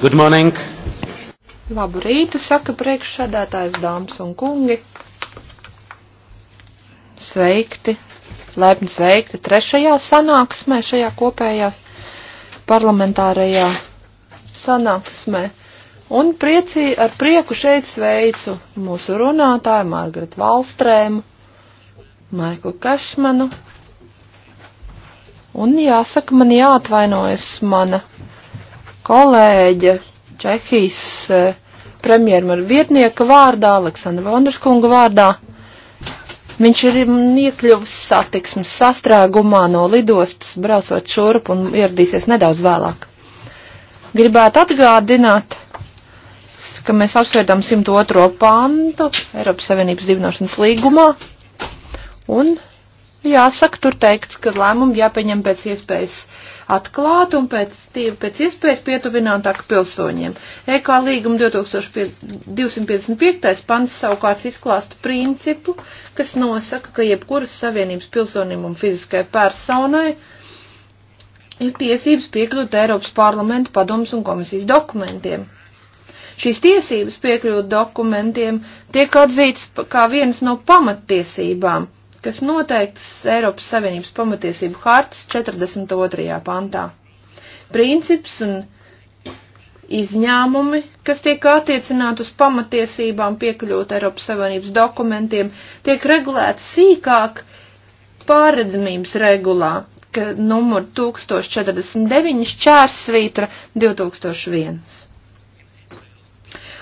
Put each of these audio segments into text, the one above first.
Good morning. Labu rītu, saka priekšsādātājs dāmas un kungi. Sveikti, laipni sveikti trešajā sanāksmē, šajā kopējā parlamentārajā sanāksmē. Un priecī, ar prieku šeit sveicu mūsu runātāju Margaretu Valstrēmu, Maiklu Kašmanu. Un jāsaka, man jāatvainojas mana kolēģe Čehijas e, premjermara vietnieka vārdā, Aleksandra Vondraškunga vārdā. Viņš ir iekļuvis satiksmes sastrēgumā no lidostas, braucot šurp un ieradīsies nedaudz vēlāk. Gribētu atgādināt, ka mēs apsvērdām 102. pantu Eiropas Savienības dibināšanas līgumā. Un jāsaka, tur teikts, ka lēmumi jāpieņem pēc iespējas uh, atklāti un pēc, tie, pēc iespējas pietuvinātāk pilsoņiem. EK līguma 2255. pants savukārt izklāsta principu, kas nosaka, ka jebkuras savienības pilsonim un fiziskai personai ir tiesības piekļūt Eiropas parlamenta padomus un komisijas dokumentiem. Šīs tiesības piekļūt dokumentiem tiek atzīts kā vienas no pamattiesībām kas noteikts Eiropas Savienības pamatiesību hartas 42. pantā. Princips un izņēmumi, kas tiek attiecināti uz pamatiesībām piekļūt Eiropas Savienības dokumentiem, tiek regulēts sīkāk pārredzamības regulā, ka numur 1049 šķērsvītra 2001.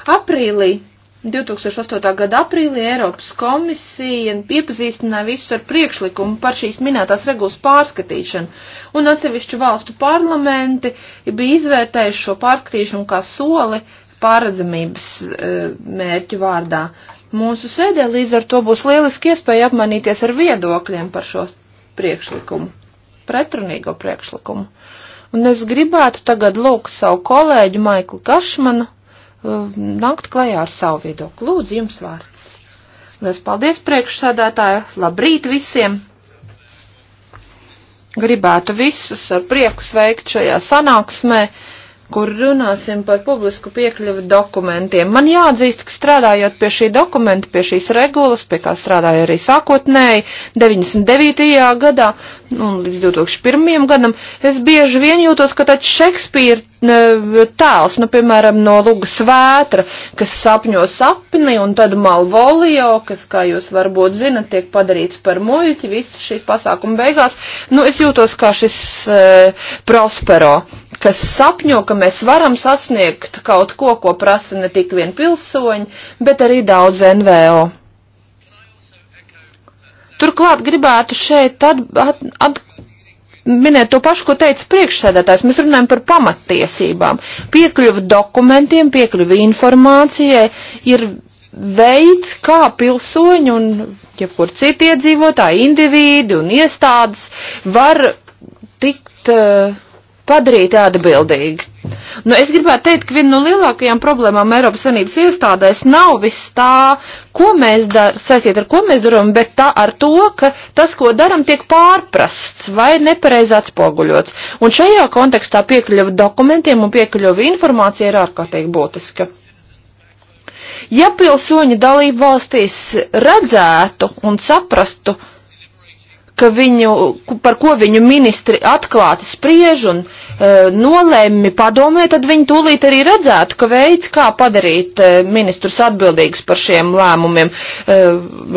Aprīlī 2008. gada aprīlī Eiropas komisija piepazīstināja visus ar priekšlikumu par šīs minētās regulas pārskatīšanu, un atsevišķu valstu parlamenti bija izvērtējuši šo pārskatīšanu kā soli pārredzamības e, mērķu vārdā. Mūsu sēdē līdz ar to būs lieliski iespēja apmainīties ar viedokļiem par šo priekšlikumu, pretrunīgo priekšlikumu. Un es gribētu tagad lūgt savu kolēģi Maiklu Kašmanu Um, nākt klajā ar savu viedokli. Lūdzu, jums vārds. Lielas paldies priekšsādātāju, labrīt visiem! Gribētu visus ar prieku sveikt šajā sanāksmē kur runāsim par publisku piekļuvu dokumentiem. Man jāatzīst, ka strādājot pie šī dokumenta, pie šīs regulas, pie kā strādāja arī sākotnēji 99. gadā un līdz 2001. gadam, es bieži vien jūtos, ka tāds Šekspīra tēls, nu, piemēram, no Lugas vētra, kas sapņo sapni, un tad Malvolio, kas, kā jūs varbūt zinat, tiek padarīts par muļķi visu šī pasākuma beigās, nu, es jūtos kā šis uh, Prospero kas sapņo, ka mēs varam sasniegt kaut ko, ko prasa ne tik vien pilsoņi, bet arī daudz NVO. Turklāt gribētu šeit at, at, at, minēt to pašu, ko teica priekšsēdētājs. Mēs runājam par pamattiesībām. Piekļuva dokumentiem, piekļuva informācijai ir veids, kā pilsoņi un jebkur ja citi iedzīvotāji, individi un iestādes var tikt. Uh, padarīti atbildīgi. Nu, es gribētu teikt, ka viena no lielākajām problēmām Eiropas Sanības iestādēs nav viss tā, ko mēs darām, saistīt ar ko mēs darām, bet tā ar to, ka tas, ko darām, tiek pārprasts vai nepareiz atspoguļots. Un šajā kontekstā piekļuva dokumentiem un piekļuva informācija ir ārkārtīgi būtiska. Ja pilsoņi dalību valstīs redzētu un saprastu, ka viņu, par ko viņu ministri atklāti spriež un e, nolēmi padomē, tad viņi tūlīt arī redzētu, ka veids, kā padarīt e, ministrus atbildīgus par šiem lēmumiem, e,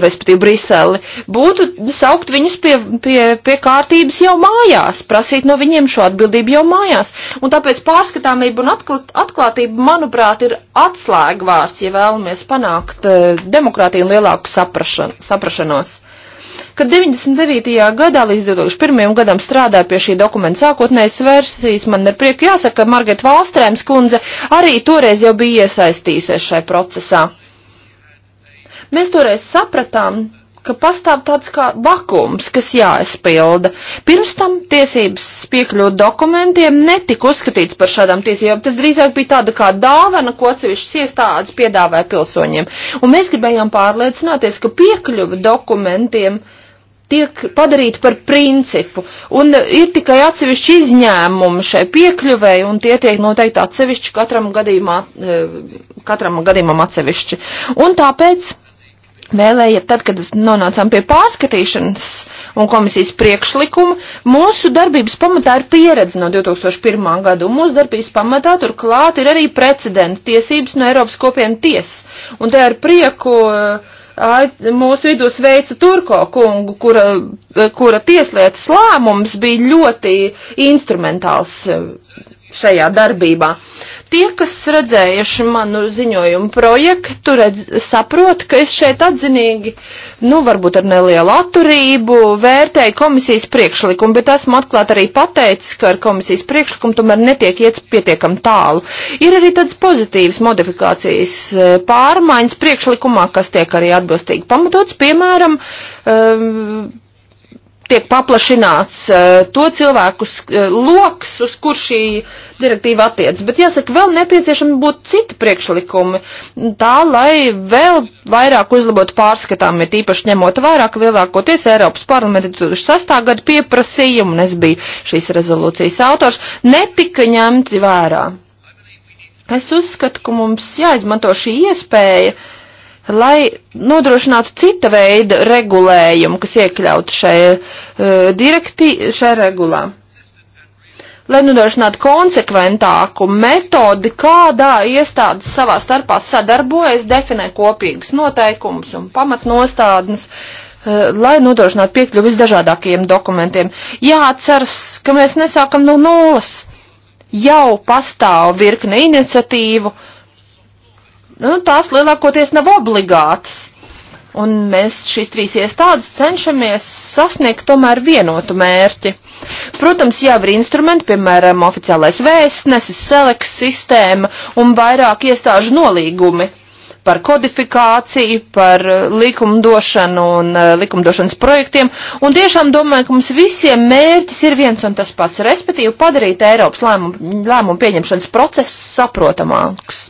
respektīvi Briseli, būtu saukt viņus pie, pie, pie kārtības jau mājās, prasīt no viņiem šo atbildību jau mājās. Un tāpēc pārskatāmība un atklāt, atklātība, manuprāt, ir atslēgvārds, ja vēlamies panākt e, demokrātiju un lielāku saprašan, saprašanos. Kad 99. gadā līdz 2001. gadam strādāju pie šī dokumenta sākotnējas versijas, man ir prieku jāsaka, ka Margaret Valstrēms kundze arī toreiz jau bija iesaistījusies šai procesā. Mēs toreiz sapratām, ka pastāv tāds kā vakums, kas jāizpilda. Pirms tam tiesības piekļūt dokumentiem netika uzskatīts par šādām tiesībām. Tas drīzāk bija tāda kā dāvana, ko atsevišķas iestādes piedāvāja pilsoņiem. Un mēs gribējām pārliecināties, ka piekļuva dokumentiem tiek padarīta par principu. Un uh, ir tikai atsevišķi izņēmumi šai piekļuvēji, un tie tiek noteikti atsevišķi katram gadījumā, uh, katram gadījumam atsevišķi. Un tāpēc vēlēja, tad, kad nonācām pie pārskatīšanas un komisijas priekšlikuma, mūsu darbības pamatā ir pieredze no 2001. gada, un mūsu darbības pamatā turklāt ir arī precedenta tiesības no Eiropas kopienu tiesas. Un te ar prieku eh, mūsu vidū sveicu Turko kungu, kura, eh, kura tieslietas lēmums bija ļoti instrumentāls eh, šajā darbībā. Tie, kas redzējuši manu ziņojumu projektu, redz, saprot, ka es šeit atzinīgi, nu, varbūt ar nelielu atturību vērtēju komisijas priekšlikumu, bet esmu atklāt arī pateicis, ka ar komisijas priekšlikumu tomēr netiek iet pietiekam tālu. Ir arī tādas pozitīvas modifikācijas e, pārmaiņas priekšlikumā, kas tiek arī atbilstīgi pamatots, piemēram, um, tiek paplašināts eh, to cilvēku eh, loks, uz kur šī direktīva attiec. Bet jāsaka, vēl nepieciešami būtu citi priekšlikumi, tā lai vēl vairāk uzlabotu pārskatām, ir īpaši ņemot vairāk lielākoties Eiropas parlamenta 2006. gada pieprasījumu, un es biju šīs rezolūcijas autors, netika ņemti vērā. Es uzskatu, ka mums jāizmanto šī iespēja. Uh, lai nodrošinātu cita veida regulējumu, kas iekļautu šajā uh, e, direktī, šajā regulā. Lai nodrošinātu konsekventāku metodi, kādā iestādes savā starpā sadarbojas, definē kopīgas noteikumus un pamatnostādnes, uh, lai nodrošinātu piekļuvi visdažādākajiem dokumentiem. Jāatceras, ka mēs nesākam no nulles. Jau pastāv virkne iniciatīvu, uh, nu, tās lielākoties nav obligātas. Un mēs šīs trīs iestādes cenšamies sasniegt tomēr vienotu mērķi. Protams, jau ir instrumenti, piemēram, oficiālais vēstnesis, seleks sistēma un vairāk iestāžu nolīgumi par kodifikāciju, par eh, likumdošanu un eh, likumdošanas projektiem. Un tiešām domāju, ka mums visiem mērķis ir viens un tas pats, respektīvi padarīt Eiropas lēmumu, lēmumu pieņemšanas procesus saprotamākus.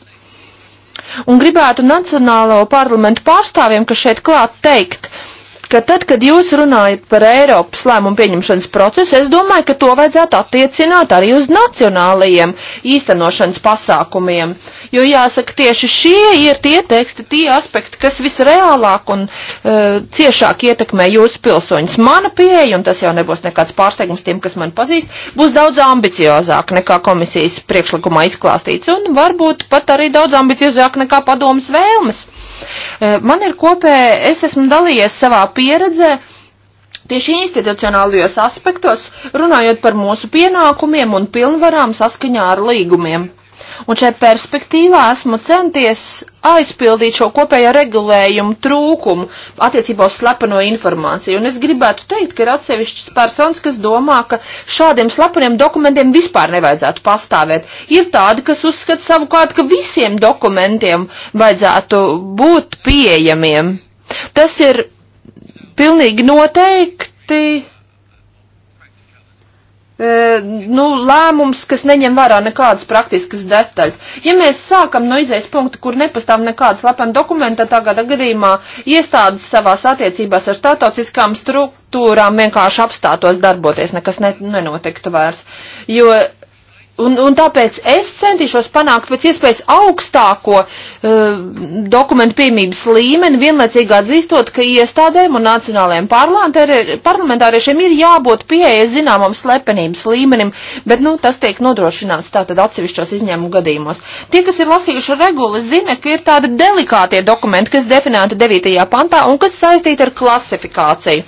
Un gribētu nacionālo parlamentu pārstāvjiem, kas šeit klāt teikt, uh, ka tad, kad jūs runājat par Eiropas lēmumu pieņemšanas procesu, es domāju, ka to vajadzētu attiecināt arī uz nacionālajiem īstenošanas pasākumiem. Jo jāsaka, tieši šie ir tie teksti, tie aspekti, kas visreālāk un uh, ciešāk ietekmē jūsu pilsoņus. Mana pieeja, un tas jau nebūs nekāds pārsteigums tiem, kas mani pazīst, būs daudz ambiciozāk nekā komisijas priekšlikumā izklāstīts, un varbūt pat arī daudz ambiciozāk nekā padomas vēlmes. Uh, man ir kopē, es esmu dalījies savā pieeja pieredzē, Tieši institucionālajos aspektos, runājot par mūsu pienākumiem un pilnvarām saskaņā ar līgumiem. Un šai perspektīvā esmu centies aizpildīt šo kopējo regulējumu trūkumu attiecībā uz slepeno informāciju. Un es gribētu teikt, ka ir atsevišķas personas, kas domā, ka šādiem slepeniem dokumentiem vispār nevajadzētu pastāvēt. Ir tādi, kas uzskata savukārt, ka visiem dokumentiem vajadzētu būt pieejamiem. Tas ir pilnīgi noteikti e, nu, lēmums, kas neņem vērā nekādas praktiskas detaļas. Ja mēs sākam no izējas punkta, kur nepastāv nekāda slepena dokumenta, tagad gadījumā iestādes savās attiecībās ar startautiskām struktūrām vienkārši apstātos darboties, nekas ne, nenotiktu vairs. Jo Un, un tāpēc es centīšos panākt pēc iespējas augstāko uh, dokumentu piemības līmeni, vienlaicīgi atzīstot, ka iestādēm un nacionālajiem parlamentāriešiem ir jābūt pieeja zināmam slepenības līmenim, bet, nu, tas tiek nodrošināts tātad atsevišķos izņēmumu gadījumos. Tie, kas ir lasījuši regulu, zina, ka ir tādi delikātie dokumenti, kas definēti 9. pantā un kas saistīti ar klasifikāciju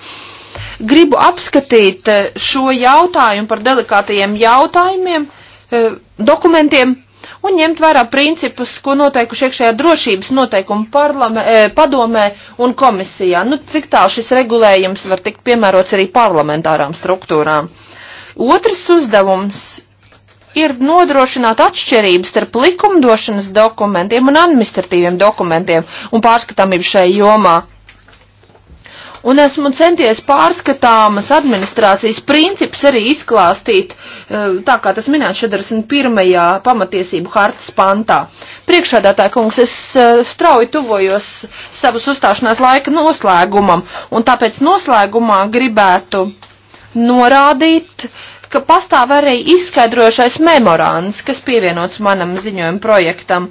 gribu apskatīt eh, šo jautājumu par delikātajiem jautājumiem E, dokumentiem un ņemt vērā principus, ko noteikuši iekšējā drošības noteikumu parlamē, e, padomē un komisijā. Nu, cik tālu šis regulējums var tikt piemērots arī parlamentārām struktūrām. Otrs uzdevums ir nodrošināt atšķirības starp likumdošanas dokumentiem un administratīviem dokumentiem un pārskatāmību šai jomā un esmu centies pārskatāmas administrācijas principus arī izklāstīt, eh, tā kā tas minēts 41. pamatiesību hartas pantā. Priekšādātāja kungs, es eh, strauji tuvojos savas uzstāšanās laika noslēgumam, un tāpēc noslēgumā gribētu norādīt, ka pastāv arī izskaidrojušais memorands, kas pievienots manam ziņojuma projektam.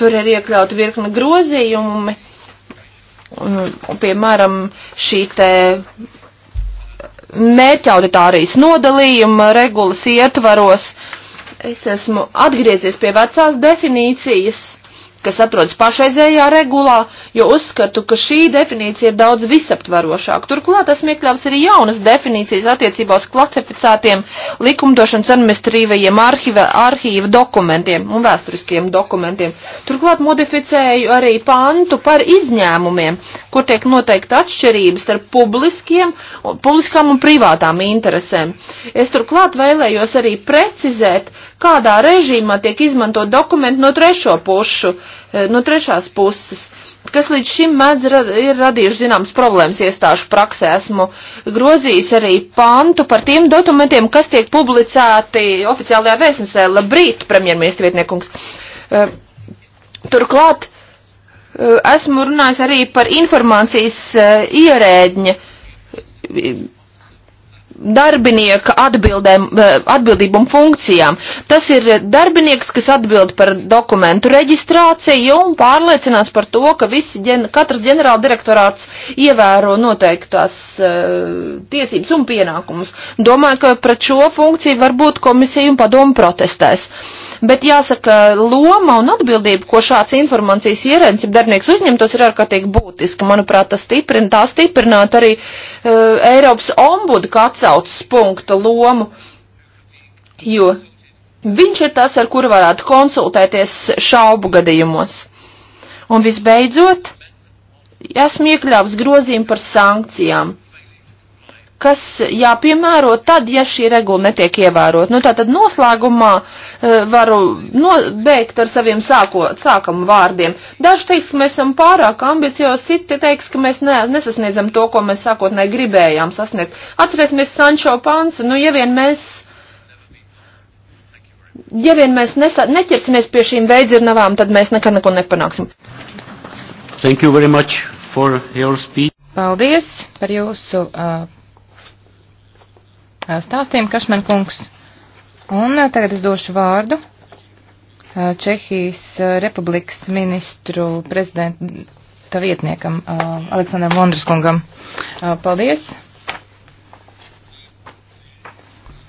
Tur ir iekļaut virkni grozījumi Un, un piemēram, šī te mērķauditārijas nodalījuma regulas ietvaros es esmu atgriezies pie vecās definīcijas kas atrodas pašaizējā regulā, jo uzskatu, ka šī definīcija ir daudz visaptvarošāka. Turklāt esmu iekļāvis arī jaunas definīcijas attiecībā uz klasificētiem likumdošanas administrīvajiem arhīva, arhīva dokumentiem un vēsturiskiem dokumentiem. Turklāt modificēju arī pantu par izņēmumiem, kur tiek noteikta atšķirības starp publiskiem, publiskām un privātām interesēm. Es turklāt vēlējos arī precizēt, kādā režīmā tiek izmantot dokumenti no trešo pušu Eh, no trešās puses, kas līdz šim mēdz rad, ir radījuši zināmas problēmas iestāžu praksē. Esmu grozījis arī pantu par tiem dokumentiem, kas tiek publicēti oficiālajā vēstnesē. Labrīt, premjerministra vietniekums. Eh, turklāt eh, esmu runājis arī par informācijas ierēģņa darbinieka atbildēm, eh, atbildību un funkcijām. Tas ir darbinieks, kas atbild par dokumentu reģistrāciju un pārliecinās par to, ka visi, katrs ģenerāldirektorāts ievēro noteiktās uh, tiesības un pienākumus. Domāju, ka pret šo funkciju varbūt komisija un padomu protestēs. Bet jāsaka, loma un atbildība, ko šāds informācijas ierēns, ja darbinieks uzņemtos, ir ārkārtīgi būtiska. Manuprāt, tas stiprina, tā stiprināt arī uh, Uh, Eiropas ombudu kā atsaucas punktu lomu, jo viņš ir tas, ar kuru varētu konsultēties šaubu gadījumos. Un visbeidzot, esmu iekļāvis grozījumu par sankcijām kas jāpiemēro tad, ja šī regula netiek ievērot. Nu, tātad noslēgumā e, varu beigt ar saviem sāko, sākamu vārdiem. Daži teiks, ka mēs esam pārāk ambiciozi, citi teiks, ka mēs ne, nesasniedzam to, ko mēs sākotnēji gribējām sasniegt. Atcerēsimies Sančo Pansu, nu, ja vien mēs ja vien mēs nesa, neķersimies pie šīm veidzirnavām, tad mēs nekad neko nepanāksim. Thank you very much for your speech. Paldies par jūsu uh, Eh, stāstiem, Kašmenkungs. Un eh, tagad es došu vārdu eh, Čehijas republikas ministru prezidenta vietniekam Aleksandram Vondraskungam. Paldies!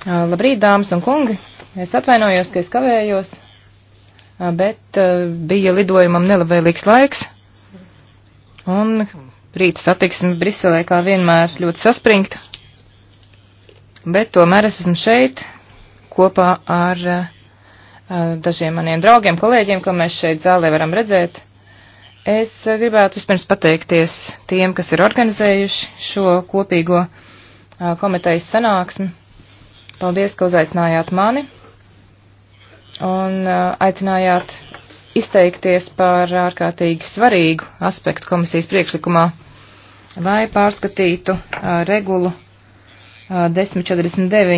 Labrīt, dāmas un kungi! Es atvainojos, ka es kavējos, bet bija lidojumam nelabvēlīgs laiks. Un rīta satiksme Briselē kā vienmēr ļoti saspringta bet tomēr es esmu šeit kopā ar eh, eh, dažiem maniem draugiem, kolēģiem, ko mēs šeit zālē varam redzēt. Es eh, gribētu vispirms pateikties tiem, kas ir organizējuši šo kopīgo komitejas sanāksmi. Paldies, ka uzaicinājāt mani un aicinājāt izteikties par ārkārtīgi svarīgu aspektu komisijas priekšlikumā, lai pārskatītu regulu 1049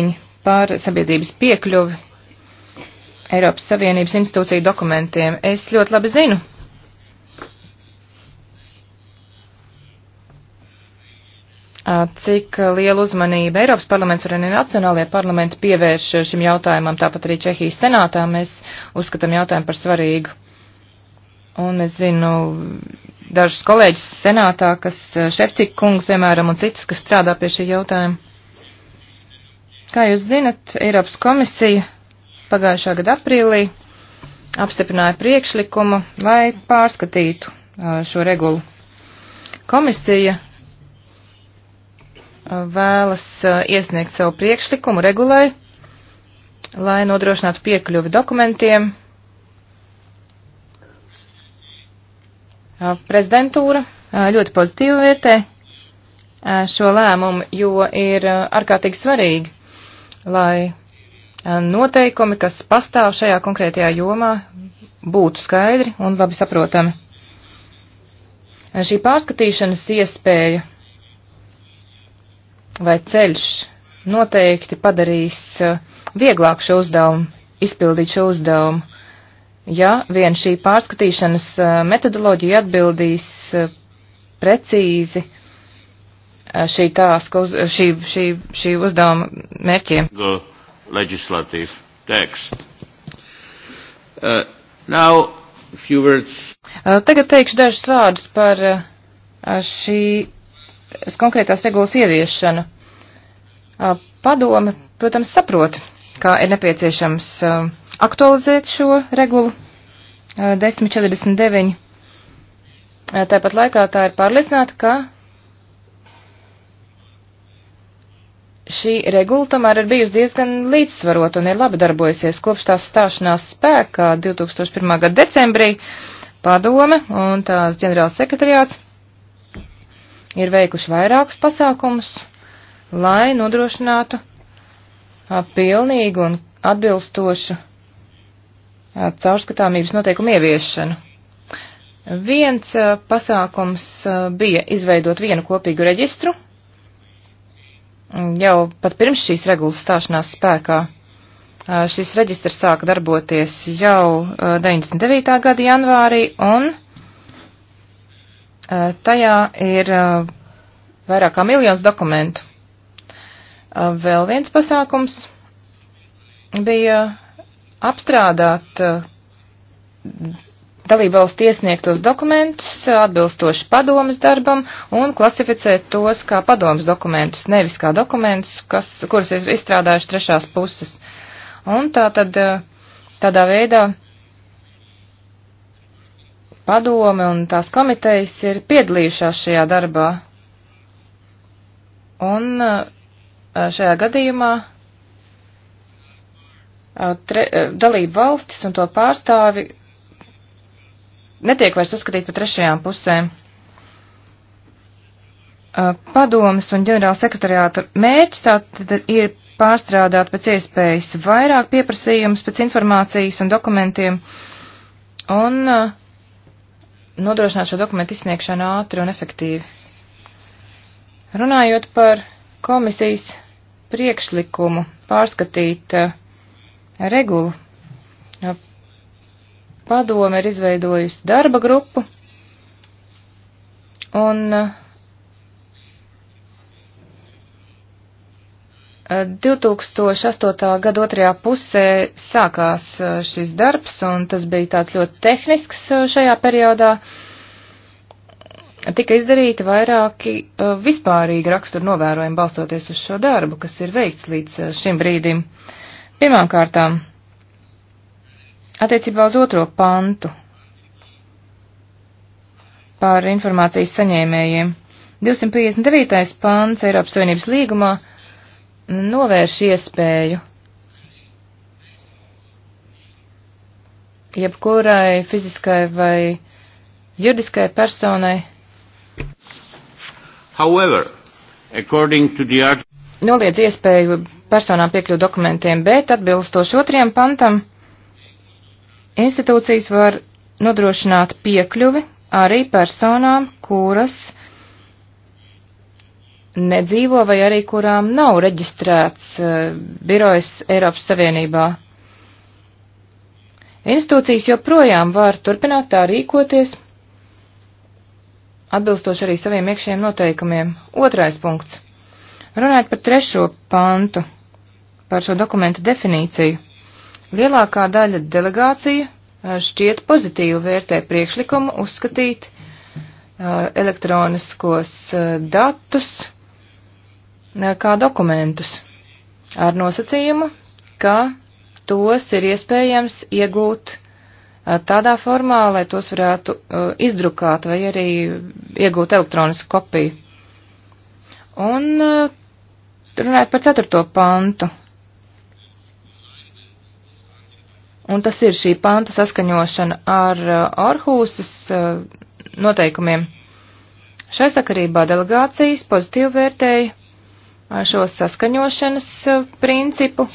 uh, par sabiedrības piekļuvi Eiropas Savienības institūciju dokumentiem. Es ļoti labi zinu. Uh, cik lielu uzmanību Eiropas parlaments un arī nacionālajie parlamenti pievērš šim jautājumam, tāpat arī Čehijas senātā mēs uzskatām jautājumu par svarīgu. Un es zinu dažus kolēģus senātā, kas uh, Šefcik kungu, piemēram, un citus, kas strādā pie šī jautājuma. Kā jūs zinat, Eiropas komisija pagājušā gada aprīlī apstiprināja priekšlikumu, lai pārskatītu šo regulu. Komisija vēlas iesniegt savu priekšlikumu regulai, lai nodrošinātu piekļuvi dokumentiem. Prezidentūra ļoti pozitīvi vērtē šo lēmumu, jo ir ārkārtīgi svarīgi lai eh, noteikumi, kas pastāv šajā konkrētajā jomā, būtu skaidri un labi saprotami. Eh, šī pārskatīšanas iespēja vai ceļš noteikti padarīs eh, vieglāk šo uzdevumu, izpildīt šo uzdevumu, ja vien šī pārskatīšanas metodoloģija atbildīs precīzi Eh, šī tāska, uz, eh, šī, šī, šī uzdevuma mērķiem. Legislative text. Uh, now, few words. Uh, tagad teikšu dažus vārdus par uh, šī konkrētās regulas ieviešanu. Uh, padome, protams, saprot, kā ir nepieciešams uh, aktualizēt šo regulu uh, 1049. Tāpat laikā tā ir pārliecināta, ka šī regula tomēr ir bijusi diezgan līdzsvarota un ir labi darbojusies kopš tās stāšanās spēkā 2001. gada decembrī padome un tās ģenerāls sekretariāts ir veikuši vairākus pasākumus, lai nodrošinātu pilnīgu un atbilstošu caurskatāmības noteikumu ieviešanu. Viens pasākums bija izveidot vienu kopīgu reģistru jau pat pirms šīs regulas stāšanās spēkā. Šis reģistrs sāka darboties jau 99. gada janvārī, un tajā ir vairāk kā miljons dokumentu. Vēl viens pasākums bija apstrādāt dalībvalstu iesniegtos dokumentus atbilstoši padomas darbam un klasificēt tos kā padomas dokumentus, nevis kā dokumentus, kas, kurus ir izstrādājuši trešās puses. Un tā tad tādā veidā padome un tās komitejas ir piedalījušās šajā darbā. Un eh, šajā gadījumā eh, tre, eh, dalību valstis un to pārstāvi netiek vairs uzskatīt par trešajām pusēm. Padomas un ģenerāla sekretariāta mērķis tātad ir pārstrādāt pēc iespējas vairāk pieprasījums pēc informācijas un dokumentiem un nodrošināt šo dokumentu izsniegšanu ātri un efektīvi. Runājot par komisijas priekšlikumu pārskatīt regulu padome ir izveidojusi darba grupu, un 2008. Eh, gada otrajā pusē sākās eh, šis darbs, un tas bija tāds ļoti tehnisks eh, šajā periodā. Tika izdarīti vairāki vispārīgi raksturu novērojumi balstoties uz šo darbu, kas ir veikts līdz šim brīdim. Pirmām kārtām Attiecībā uz otro pantu par informācijas saņēmējiem. 259. pants Eiropas Savienības līgumā novērš iespēju jebkurai fiziskai vai juridiskai personai. However, according to the act... Noliedz iespēju personām piekļūt dokumentiem, bet atbilstoši otriem pantam Institūcijas var nodrošināt piekļuvi arī personām, kuras nedzīvo vai arī kurām nav reģistrēts uh, eh, birojs Eiropas Savienībā. Institūcijas joprojām var turpināt tā rīkoties, atbilstoši arī saviem iekšējiem noteikumiem. Otrais punkts. Runājot par trešo pantu, par šo dokumentu definīciju. Lielākā daļa delegācija eh, šķiet pozitīvi vērtē priekšlikumu uzskatīt eh, elektroniskos eh, datus kā dokumentus ar nosacījumu, ka tos ir iespējams iegūt tādā formā, lai tos varētu izdrukāt vai arī iegūt elektronisku kopiju. Un runājot par ceturto pantu, Un tas ir šī panta saskaņošana ar Orhūsas uh, uh, noteikumiem. Šai sakarībā delegācijas pozitīvi vērtēja uh, šo saskaņošanas principu.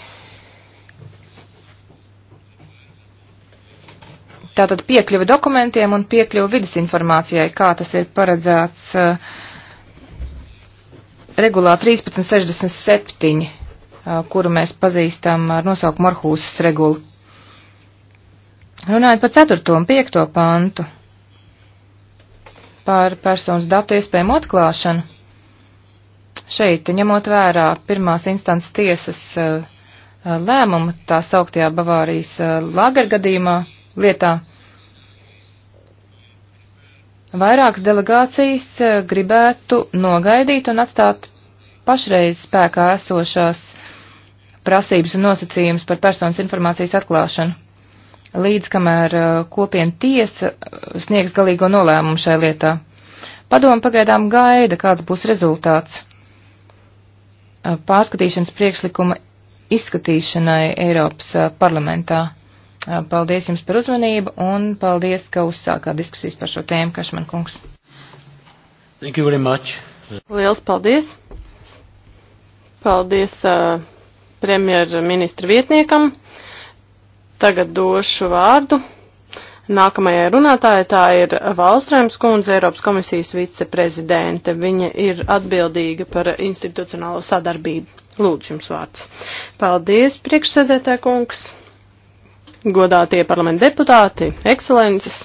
Tātad piekļuva dokumentiem un piekļuva vidas informācijai, kā tas ir paredzēts regulā 1367, kuru mēs pazīstam ar nosaukumu Orhūsas regulu. Runājot par 4. un 5. pantu par personas datu iespējumu atklāšanu, šeit, ņemot vērā pirmās instances tiesas eh, lēmumu tā sauktajā Bavārijas eh, lagergadījumā lietā, vairākas delegācijas eh, gribētu nogaidīt un atstāt pašreiz spēkā esošās prasības un nosacījumus par personas informācijas atklāšanu līdz kamēr uh, kopiena tiesa uh, sniegs galīgo nolēmumu šai lietā. Padomu pagaidām gaida, kāds būs rezultāts uh, pārskatīšanas priekšlikuma izskatīšanai Eiropas parlamentā. Paldies jums par uzmanību un paldies, ka uzsākāt diskusijas par šo tēmu, Kašman kungs. Thank you very much. Liels paldies. Paldies uh, premjerministra vietniekam. Tagad došu vārdu. Nākamajai runātājai tā ir Valstrēms kundze, Eiropas komisijas viceprezidente. Viņa ir atbildīga par institucionālo sadarbību. Lūdzu, jums vārds. Paldies, priekšsēdētāj kungs, godātie parlamenta deputāti, ekscelences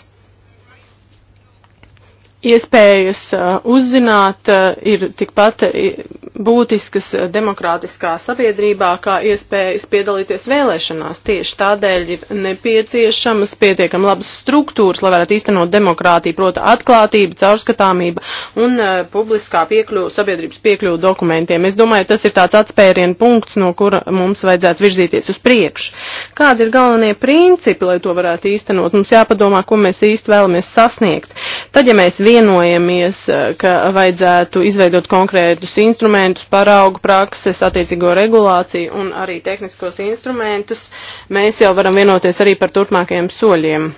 iespējas uh, uzzināt uh, ir tikpat uh, būtiskas demokrātiskā sabiedrībā, kā iespējas piedalīties vēlēšanās. Tieši tādēļ ir nepieciešamas pietiekam labas struktūras, lai varētu īstenot demokrātiju, proti atklātība, caurskatāmība un uh, publiskā piekļuva, sabiedrības piekļuva dokumentiem. Es domāju, tas ir tāds atspērienu punkts, no kura mums vajadzētu virzīties uz priekšu. Kādi ir galvenie principi, lai to varētu īstenot? Mums jāpadomā, ko mēs īsti vēlamies sasniegt. Tad, ja mēs vienojamies, eh, ka vajadzētu izveidot konkrētus instrumentus, paraugu prakses, attiecīgo regulāciju un arī tehniskos instrumentus, mēs jau varam vienoties arī par turpmākajiem soļiem.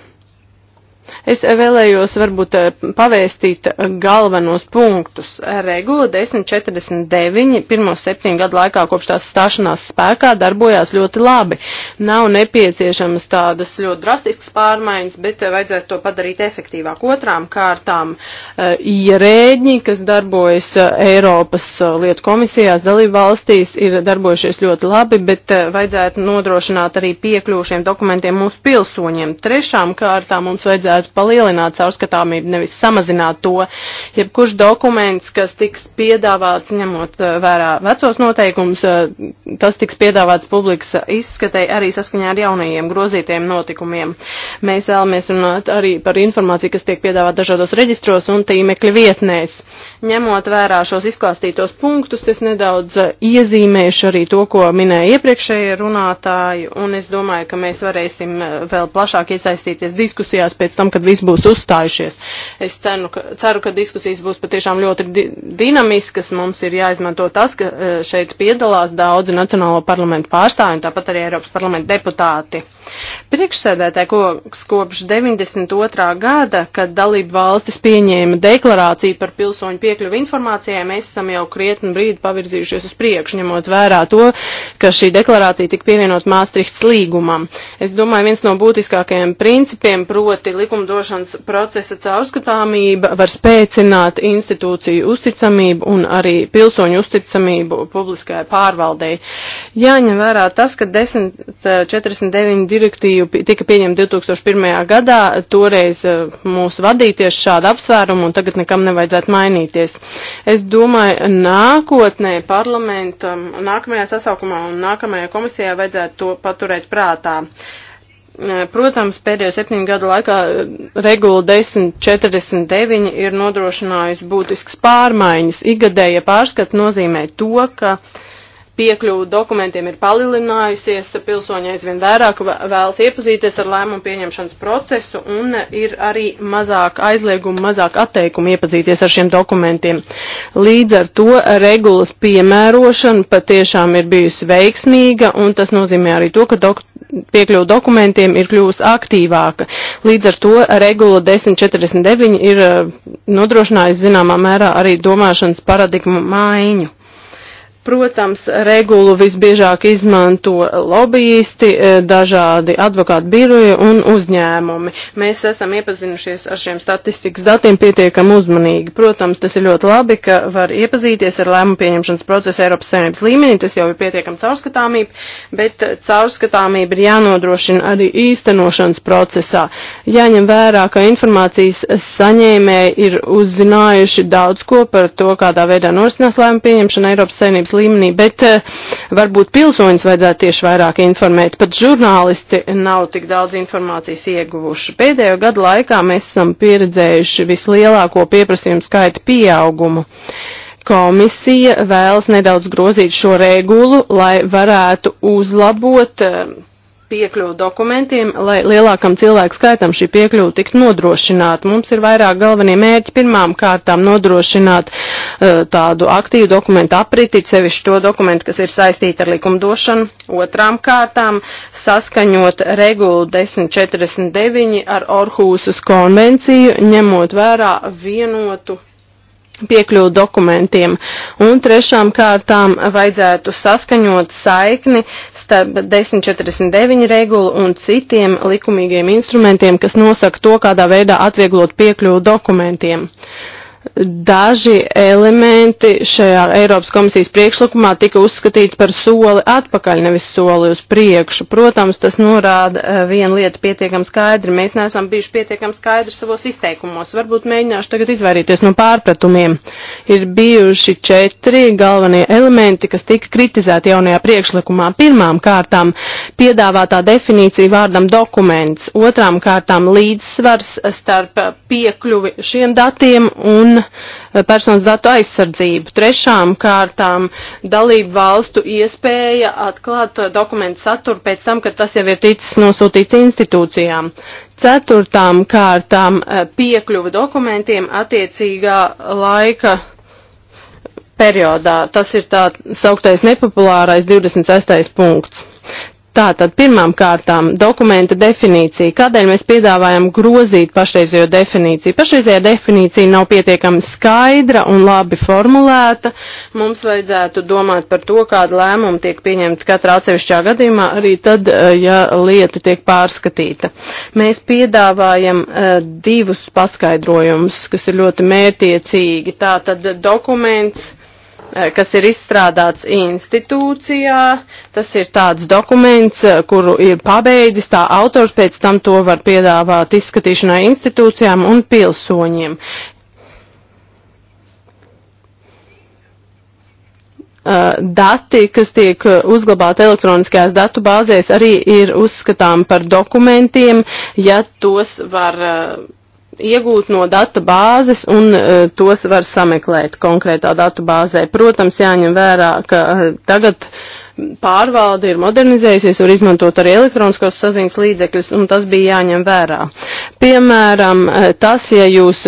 Es vēlējos varbūt eh, pavēstīt eh, galvenos punktus. Regula 1049 pirmo septiņu gadu laikā kopš tās stāšanās spēkā darbojās ļoti labi. Nav nepieciešamas tādas ļoti drastiskas pārmaiņas, bet eh, vajadzētu to padarīt efektīvāk. Otrām kārtām ierēģi, kas darbojas Eiropas lietu komisijās, dalību valstīs, ir darbojušies ļoti labi, bet vajadzētu nodrošināt arī piekļuvu šiem dokumentiem mūsu pilsoņiem. Trešām kārtām mums vajadzētu palielināt caurskatāmību, nevis samazināt to. Jebkurš dokuments, kas tiks piedāvāts, ņemot eh, vērā vecos noteikumus, eh, tas tiks piedāvāts publikas izskatē arī saskaņā ar jaunajiem grozītiem notikumiem. Mēs vēlamies runāt arī par informāciju, kas tiek piedāvāta dažādos reģistros un tīmekļa vietnēs. Ņemot vērā šos izklāstītos punktus, es nedaudz eh, iezīmēšu arī to, ko minēja iepriekšējie runātāji, un es domāju, ka mēs varēsim vēl plašāk iesaistīties diskusijās pēc tam, kad kad viss būs uzstājušies. Es cenu, ka, ceru, ka diskusijas būs patiešām ļoti di dinamiskas. Mums ir jāizmanto tas, ka eh, šeit piedalās daudzi Nacionālo parlamentu pārstāvji un tāpat arī Eiropas parlamenta deputāti. Priekšsēdētāji koks kopš 92. gada, kad dalību valstis pieņēma deklarāciju par pilsoņu piekļuvu informācijai, mēs esam jau krietni brīdi pavirzījušies uz priekšu, ņemot vērā to, ka šī deklarācija tika pievienot Māstrihts līgumam. Es domāju, viens no būtiskākajiem principiem, proti likumdošanas procesa caurskatāmība, var spēcināt institūciju uzticamību un arī pilsoņu uzticamību publiskajai pārvaldei. Jāņem vērā tas, ka 1049 direktīva tika pieņemta 2001. gadā, toreiz eh, mūsu vadīties šādu apsvērumu un tagad nekam nevajadzētu mainīties. Es domāju, nākotnē parlamentam, nākamajā sasaukumā un nākamajā komisijā vajadzētu to paturēt prātā. Eh, protams, pēdējo septiņu gadu laikā eh, regula 1049 ir nodrošinājusi būtisks pārmaiņas. Igadēja pārskata nozīmē to, ka uh, piekļuvu dokumentiem ir palielinājusies, pilsoņi aizvien vairāk vēlas iepazīties ar lēmumu pieņemšanas procesu un ir arī mazāk aizliegumu, mazāk atteikumu iepazīties ar šiem dokumentiem. Līdz ar to regulas piemērošana patiešām ir bijusi veiksmīga un tas nozīmē arī to, ka dok piekļuvu dokumentiem ir kļūst aktīvāka. Līdz ar to regula 1049 ir eh, nodrošinājusi zināmā mērā arī domāšanas paradigmu maiņu. Protams, regulu visbiežāk izmanto lobbyisti, e, dažādi advokātu biroji un uzņēmumi. Mēs esam iepazinušies ar šiem statistikas datiem pietiekam uzmanīgi. Protams, tas ir ļoti labi, ka var iepazīties ar lēmumu pieņemšanas procesu Eiropas Savienības līmenī, tas jau ir pietiekam caurskatāmība, bet caurskatāmība ir jānodrošina arī īstenošanas procesā. Jāņem vērā, ka informācijas saņēmēji ir uzzinājuši daudz ko par to, kādā veidā norisinās lēmumu pieņemšana Eiropas Savienības Eiropas līmenī, bet eh, varbūt pilsoņus vajadzētu tieši vairāk informēt. Pat žurnālisti nav tik daudz informācijas ieguvuši. Pēdējo gadu laikā mēs esam pieredzējuši vislielāko pieprasījumu skaitu pieaugumu. Komisija vēlas nedaudz grozīt šo regulu, lai varētu uzlabot eh, piekļuvu dokumentiem, lai lielākam cilvēku skaitam šī piekļuva tiktu nodrošināta. Mums ir vairāk galvenie mērķi. Pirmām kārtām nodrošināt uh, tādu aktīvu dokumentu apriti, sevišķi to dokumentu, kas ir saistīti ar likumdošanu. Otrām kārtām saskaņot regulu 1049 ar Orhūsas konvenciju, ņemot vērā vienotu piekļuvu dokumentiem. Un trešām kārtām vajadzētu saskaņot saikni starp 1049 regulu un citiem likumīgiem instrumentiem, kas nosaka to, kādā veidā atvieglot piekļuvu dokumentiem. Uh, daži elementi šajā Eiropas komisijas priekšlikumā tika uzskatīti par soli atpakaļ, nevis soli uz priekšu. Protams, tas norāda eh, vienu lietu pietiekam skaidri. Mēs neesam bijuši pietiekam skaidri savos izteikumos. Varbūt mēģināšu tagad izvairīties no pārpratumiem. Ir bijuši četri galvenie elementi, kas tika kritizēti jaunajā priekšlikumā. Pirmām kārtām piedāvātā definīcija vārdam dokuments, otrām kārtām līdzsvars starp piekļuvi šiem datiem un un eh, personas datu aizsardzību. Trešām kārtām dalību valstu iespēja atklāt eh, dokumentu saturu pēc tam, kad tas jau ir ticis nosūtīts institūcijām. Ceturtām kārtām eh, piekļuva dokumentiem attiecīgā laika periodā. Tas ir tā sauktais nepopulārais 26. punkts. Tātad pirmām kārtām dokumenta definīcija. Kādēļ mēs piedāvājam grozīt pašreizējo definīciju? Pašreizējā definīcija nav pietiekami skaidra un labi formulēta. Mums vajadzētu domāt par to, kāda lēmuma tiek pieņemta katrā atsevišķā gadījumā, arī tad, eh, ja lieta tiek pārskatīta. Mēs piedāvājam uh, divus paskaidrojumus, kas ir ļoti mērtiecīgi. Tātad dokuments Eh, kas ir izstrādāts institūcijā. Tas ir tāds dokuments, eh, kuru ir pabeidzis tā autors, pēc tam to var piedāvāt izskatīšanai institūcijām un pilsoņiem. Eh, dati, kas tiek uzglabāti elektroniskajās datu bāzēs, arī ir uzskatām par dokumentiem, ja tos var uh, iegūt no datu bāzes un uh, tos var sameklēt konkrētā datu bāzē. Protams, jāņem vērā, ka e, tagad pārvalde ir modernizējusies, var izmantot arī elektroniskos saziņas līdzekļus, un tas bija jāņem vērā. Piemēram, e, tas, ja jūs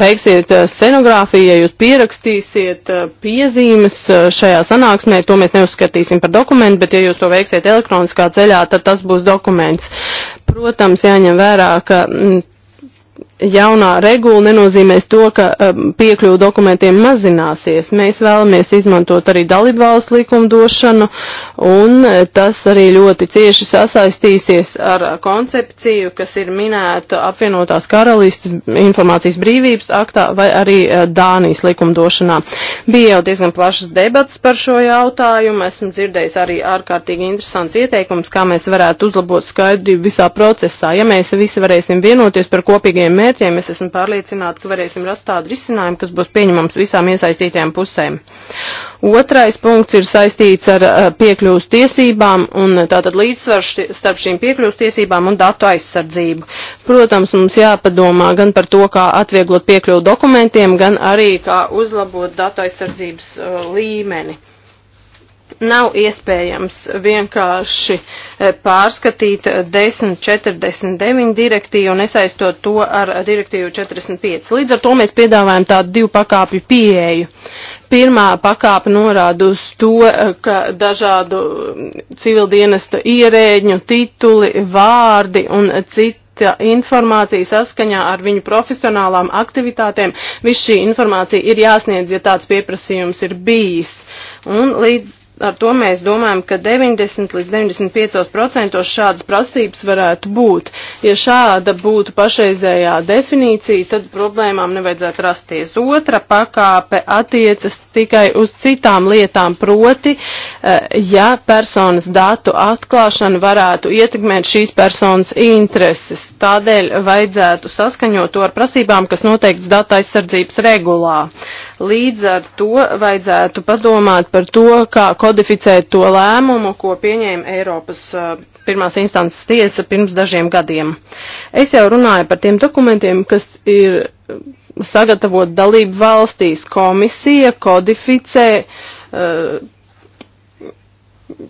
veiksiet scenogrāfiju, ja jūs pierakstīsiet piezīmes šajā sanāksmē, to mēs neuzskatīsim par dokumentu, bet ja jūs to veiksiet elektroniskā ceļā, tad tas būs dokuments. Protams, jāņem vērā, ka jaunā regula nenozīmēs to, ka um, piekļuvu dokumentiem mazināsies. Mēs vēlamies izmantot arī dalībvalsts likumdošanu, un e, tas arī ļoti cieši sasaistīsies ar e, koncepciju, kas ir minēta apvienotās karalistas informācijas brīvības aktā vai arī e, Dānijas likumdošanā. Bija jau diezgan plašas debats par šo jautājumu, esmu dzirdējis arī ārkārtīgi interesants ieteikums, kā mēs varētu uzlabot skaidrību visā procesā. Ja mēs visi varēsim vienoties par kopīgiem mērķiem, mērķiem. Es esmu pārliecināta, ka varēsim rast tādu risinājumu, kas būs pieņemams visām iesaistītajām pusēm. Otrais punkts ir saistīts ar eh, piekļūs tiesībām un eh, tātad līdzsvars starp šīm piekļūs tiesībām un datu aizsardzību. Protams, mums jāpadomā gan par to, kā atvieglot piekļuvu dokumentiem, gan arī kā uzlabot datu aizsardzības uh, līmeni nav iespējams vienkārši e, pārskatīt 1049 direktīvu un nesaistot to ar direktīvu 45. Līdz ar to mēs piedāvājam tādu divu pakāpju pieeju. Pirmā pakāpe norāda uz to, e, ka dažādu mm, civildienesta ierēģņu tituli, vārdi un citi sniegta informācija saskaņā ar viņu profesionālām aktivitātēm. Viss šī informācija ir jāsniedz, ja tāds pieprasījums ir bijis. Un līdz ar to mēs domājam, ka 90 līdz 95% šādas prasības varētu būt. Ja šāda būtu pašreizējā definīcija, tad problēmām nevajadzētu rasties. Otra pakāpe attiecas tikai uz citām lietām, proti, eh, ja personas datu atklāšana varētu ietekmēt šīs personas intereses. Tādēļ vajadzētu saskaņot to ar prasībām, kas noteikts data aizsardzības regulā. Līdz ar to vajadzētu padomāt par to, kā kodificēt to lēmumu, ko pieņēma Eiropas uh, pirmās instances tiesa pirms dažiem gadiem. Es jau runāju par tiem dokumentiem, kas ir uh, sagatavot dalību valstīs. Komisija kodificē uh,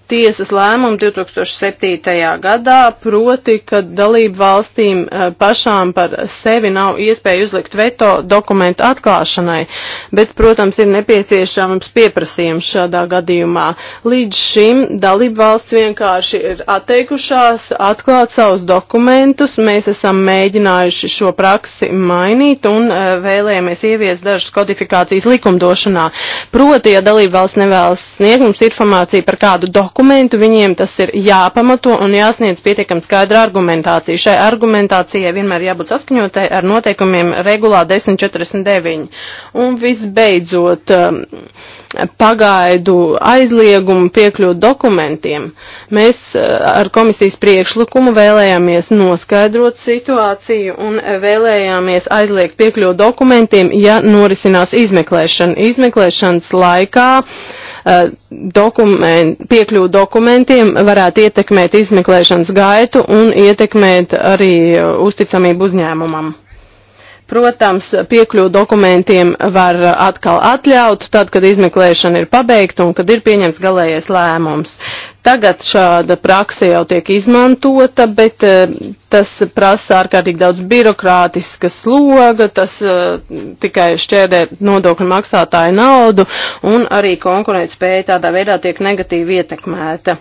tiesas lēmumu 2007. gadā, proti, ka dalību valstīm eh, pašām par sevi nav iespēja uzlikt veto dokumentu atklāšanai, bet, protams, ir nepieciešams pieprasījums šādā gadījumā. Līdz šim dalību valsts vienkārši ir atteikušās atklāt savus dokumentus, mēs esam mēģinājuši šo praksi mainīt un eh, vēlējamies ievies dažas kodifikācijas likumdošanā. Proti, ja dalību valsts nevēlas sniegt mums informāciju par kādu dokumentu, viņiem tas ir jāpamato un jāsniedz pietiekami skaidra argumentācija. Šai argumentācijai vienmēr jābūt saskaņotai ar noteikumiem regulā 1049. Un visbeidzot, um, pagaidu aizliegumu piekļūt dokumentiem. Mēs uh, ar komisijas priekšlikumu vēlējāmies noskaidrot situāciju un vēlējāmies aizliegt piekļūt dokumentiem, ja norisinās izmeklēšana. Izmeklēšanas laikā uh, Eh, dokument, piekļuvu dokumentiem varētu ietekmēt izmeklēšanas gaitu un ietekmēt arī eh, uzticamību uzņēmumam. Protams, piekļuvu dokumentiem var atkal atļaut tad, kad izmeklēšana ir pabeigta un kad ir pieņemts galējais lēmums. Tagad šāda praksa jau tiek izmantota, bet eh, tas prasa ārkārtīgi daudz birokrātiska sloga, tas eh, tikai šķērdē nodokļu maksātāju naudu un arī konkurētspēja tādā veidā tiek negatīvi ietekmēta.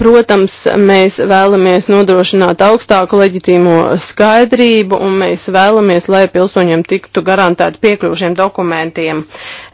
Protams, mēs vēlamies nodrošināt augstāku leģitīmo skaidrību un mēs vēlamies, lai pilsoņiem tiktu garantēti piekļūšiem dokumentiem.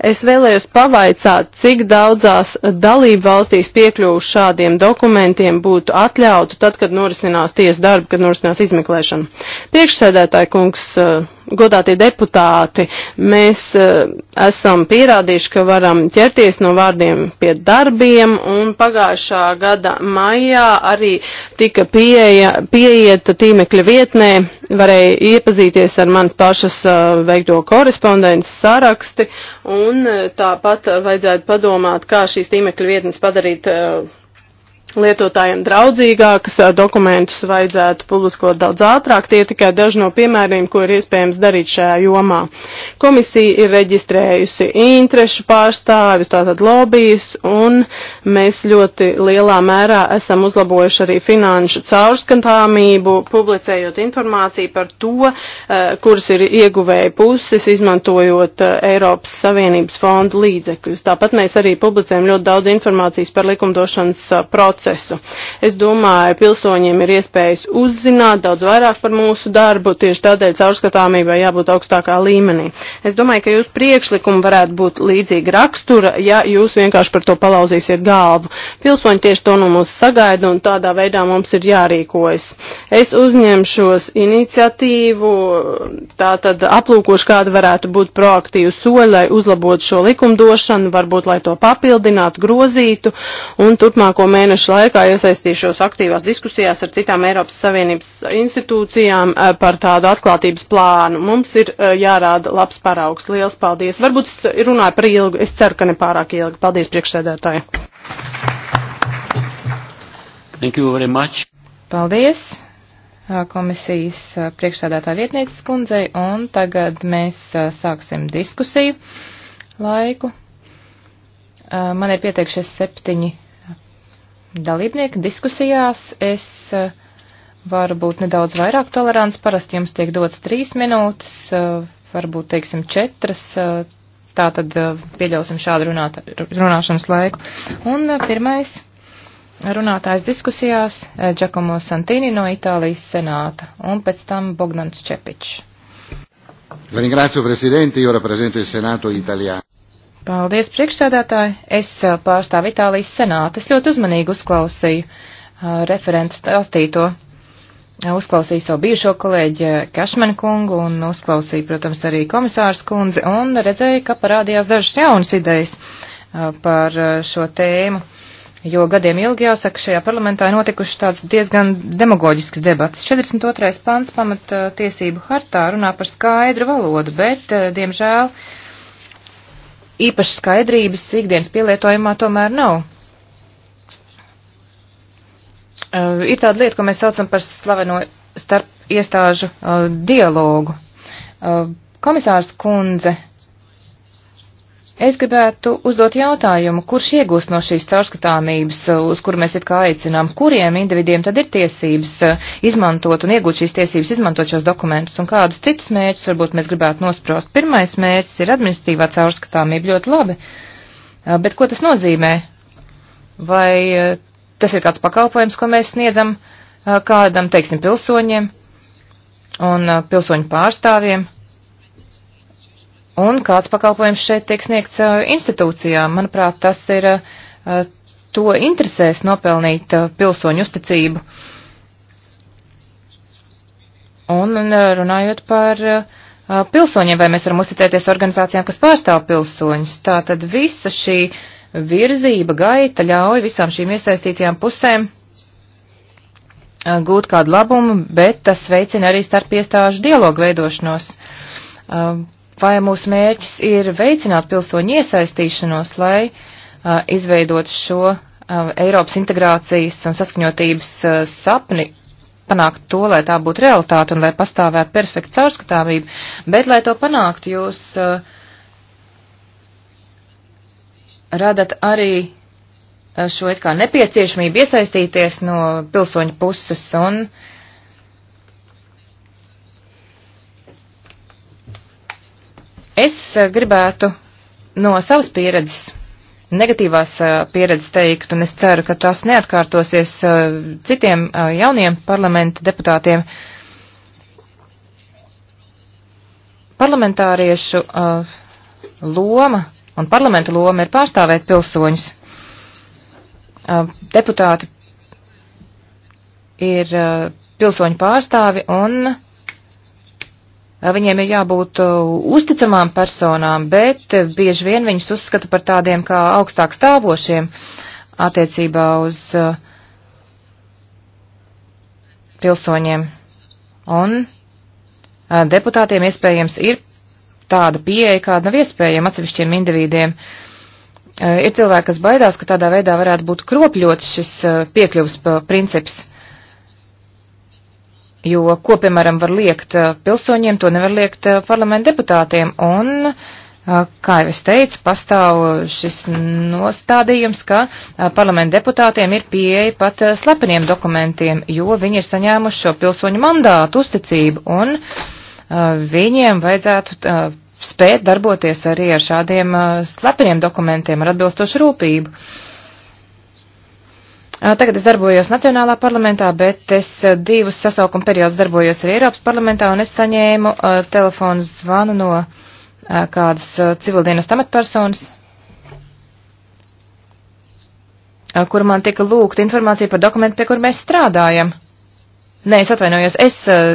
Es vēlējos pavaicāt, cik daudzās dalību valstīs piekļūs šādiem šiem dokumentiem būtu atļautu tad, kad norisinās tiesa darba, kad norisinās izmeklēšana. Priekšsēdētāji kungs, eh, godātie deputāti, mēs eh, esam pierādījuši, ka varam ķerties no vārdiem pie darbiem, un pagājušā gada maijā arī tika pieeja, pieieta tīmekļa vietnē, varēja iepazīties ar manas pašas eh, veikto korespondences saraksti, un tāpat vajadzētu padomāt, kā šīs tīmekļa vietnes padarīt uh, lietotājiem draudzīgākas, dokumentus vajadzētu publiskot daudz ātrāk. Tie tikai daži no piemēriem, ko ir iespējams darīt šajā jomā. Komisija ir reģistrējusi interešu pārstāvis, tātad lobijas, un mēs ļoti lielā mērā esam uzlabojuši arī finanšu caurskatāmību, publicējot informāciju par to, kuras ir ieguvēja puses, izmantojot Eiropas Savienības fondu līdzekļus. Tāpat mēs arī publicējam ļoti daudz informācijas par likumdošanas procesu procesu. Es domāju, pilsoņiem ir iespējas uzzināt daudz vairāk par mūsu darbu, tieši tādēļ caurskatāmībai jābūt augstākā līmenī. Es domāju, ka jūs priekšlikumi varētu būt līdzīga rakstura, ja jūs vienkārši par to palauzīsiet galvu. Pilsoņi tieši to no mums sagaida un tādā veidā mums ir jārīkojas. Es uzņemšos iniciatīvu, tātad aplūkošu, kāda varētu būt proaktīva soļa, lai uzlabotu šo likumdošanu, varbūt, lai to papildinātu, grozītu, un turpmāko mēnešu mēnešu laikā iesaistīšos aktīvās diskusijās ar citām Eiropas Savienības institūcijām eh, par tādu atklātības plānu. Mums ir eh, jārāda labs paraugs. Liels paldies. Varbūt es runāju par ilgu. Es ceru, ka ne pārāk ilgi. Paldies priekšsēdētāji. Thank you very much. Paldies eh, komisijas priekšsēdētāja vietnieces kundzei, un tagad mēs sāksim diskusiju laiku. Man ir pieteikšies septiņi dalībnieki diskusijās. Es eh, varu būt nedaudz vairāk tolerants. Parasti jums tiek dots trīs minūtes, eh, varbūt, teiksim, četras. Eh, tā tad pieļausim šādu runāt, runāšanas laiku. Un pirmais runātājs diskusijās - Giacomo Santini no Itālijas senāta un pēc tam Bogdans Čepičs. La ringrazio Presidente, io rappresento il Senato italiano. Paldies, priekšsēdētāji. Es pārstāvu Itālijas senātu. Es ļoti uzmanīgi uzklausīju uh, referentu stāstīto. Uzklausīju savu bijušo kolēģi Kašmenu kungu un uzklausīju, protams, arī komisārs kundzi un redzēju, ka parādījās dažas jaunas idejas uh, par uh, šo tēmu. Jo gadiem ilgi jāsaka, šajā parlamentā ir notikušas tāds diezgan demagoģisks debats. 42. pants pamat tiesību hartā runā par skaidru valodu, bet, diemžēl, uh, īpaši skaidrības ikdienas pielietojumā tomēr nav. Uh, ir tāda lieta, ko mēs saucam par slaveno starp iestāžu uh, dialogu. Uh, komisārs Kundze Es gribētu uzdot jautājumu, kurš iegūst no šīs caurskatāmības, uz kuru mēs it kā aicinām, kuriem individiem tad ir tiesības eh, izmantot un iegūt šīs tiesības izmantot šos dokumentus un kādus citus mērķus varbūt mēs gribētu nosprost. Pirmais mērķis ir administratīvā caurskatāmība ļoti labi, eh, bet ko tas nozīmē? Vai eh, tas ir kāds pakalpojums, ko mēs sniedzam kādam, teiksim, pilsoņiem un pilsoņu pārstāvjiem? un kāds pakalpojums šeit tiek sniegts uh, institūcijām. Manuprāt, tas ir uh, to interesēs nopelnīt uh, pilsoņu uzticību. Un runājot par pilsoņiem, vai mēs varam uzticēties organizācijām, kas pārstāv pilsoņus, tā tad visa šī virzība gaita ļauj visām šīm iesaistītajām pusēm gūt kādu labumu, bet tas veicina arī starp iestāžu dialogu veidošanos. Uh, vai mūsu mērķis ir veicināt pilsoņu iesaistīšanos, lai uh, izveidot šo uh, Eiropas integrācijas un saskaņotības uh, sapni, panākt to, lai tā būtu realitāte un lai pastāvētu perfekta caurskatāvība, bet, lai to panāktu, jūs uh, radat arī uh, šo it kā nepieciešamību iesaistīties no pilsoņu puses un uh, Es eh, gribētu no savas pieredzes, negatīvās eh, pieredzes teikt, un es ceru, ka tas neatkārtosies eh, citiem jauniem parlamenta deputātiem. Parlamentāriešu loma un parlamenta loma ir pārstāvēt pilsoņus. Deputāti ir pilsoņu pārstāvi un Viņiem ir jābūt uzticamām personām, bet bieži vien viņus uzskata par tādiem kā augstāk stāvošiem attiecībā uz pilsoņiem. Un deputātiem iespējams ir tāda pieeja, kāda nav iespējama atsevišķiem individiem. Ir cilvēki, kas baidās, ka tādā veidā varētu būt kropļots šis piekļuvs princips. Jo, ko, piemēram, var liekt eh, pilsoņiem, to nevar liekt eh, parlamenta deputātiem. Un, eh, kā jau es teicu, pastāv šis nostādījums, ka parlamenta deputātiem ir pieeja pat slepeniem dokumentiem, jo viņi ir saņēmuši šo pilsoņu mandātu uzticību, un viņiem vajadzētu spēt darboties arī ar šādiem slepeniem dokumentiem ar atbilstošu rūpību. Tagad es darbojos Nacionālā parlamentā, bet es divus sasaukuma periodus darbojos arī Eiropas parlamentā, un es saņēmu uh, telefonu zvanu no uh, kādas uh, civildienas amatpersonas, kur man tika lūgta informācija par dokumentu, pie kur mēs strādājam. Nē, es atvainojos, es uh,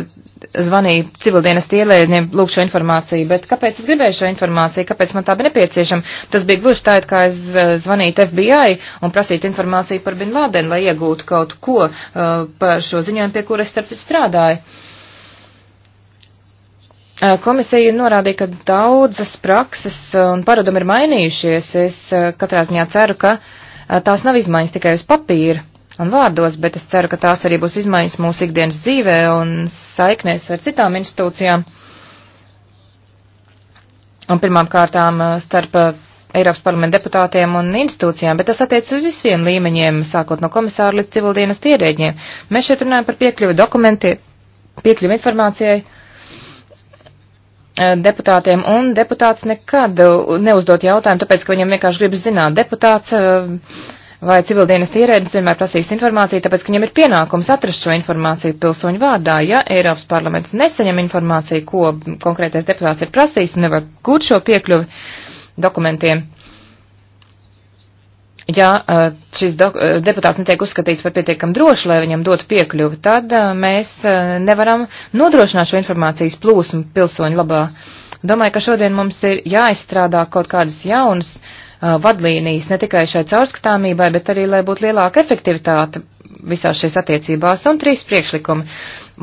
zvanīju civildienas ielēdņiem, lūk šo informāciju, bet kāpēc es gribēju šo informāciju, kāpēc man tā bija nepieciešama? Tas bija gluži tā, it kā es uh, eh, zvanītu FBI un prasītu informāciju par Bin Ladenu, lai iegūtu kaut ko uh, par šo ziņojumu, pie kuras starp citu strādāju. Komisija norādīja, ka daudzas prakses un paradumi ir mainījušies. Es katrā ziņā ceru, ka tās nav izmaiņas tikai uz papīra un vārdos, bet es ceru, ka tās arī būs izmaiņas mūsu ikdienas dzīvē un saiknēs ar citām institūcijām. Un pirmām kārtām uh, starp uh, Eiropas parlamenta deputātiem un institūcijām, bet tas attiec uz visiem līmeņiem, sākot no komisāra līdz civildienas ierēģiem. Mēs šeit runājam par piekļuvi dokumentiem, piekļuvi informācijai uh, deputātiem, un deputāts nekad neuzdot jautājumu, tāpēc, ka viņam vienkārši gribas zināt. Deputāts uh, vai civildienas ierēdnis vienmēr prasīs informāciju, tāpēc, ka viņam ir pienākums atrast šo informāciju pilsoņu vārdā. Ja Eiropas parlaments nesaņem informāciju, ko konkrētais deputāts ir prasījis un nevar gūt šo piekļuvi dokumentiem, ja uh, šis uh, deputāts netiek uzskatīts par pietiekam drošu, lai viņam dotu piekļuvi, tad uh, mēs nevaram nodrošināt šo informācijas plūsmu pilsoņu labā. Domāju, ka šodien mums ir jāizstrādā kaut kādas jaunas uh, Uh, vadlīnijas ne tikai šai caurskatāmībai, bet arī, lai būtu lielāka efektivitāte visās šīs attiecībās, un trīs priekšlikumi.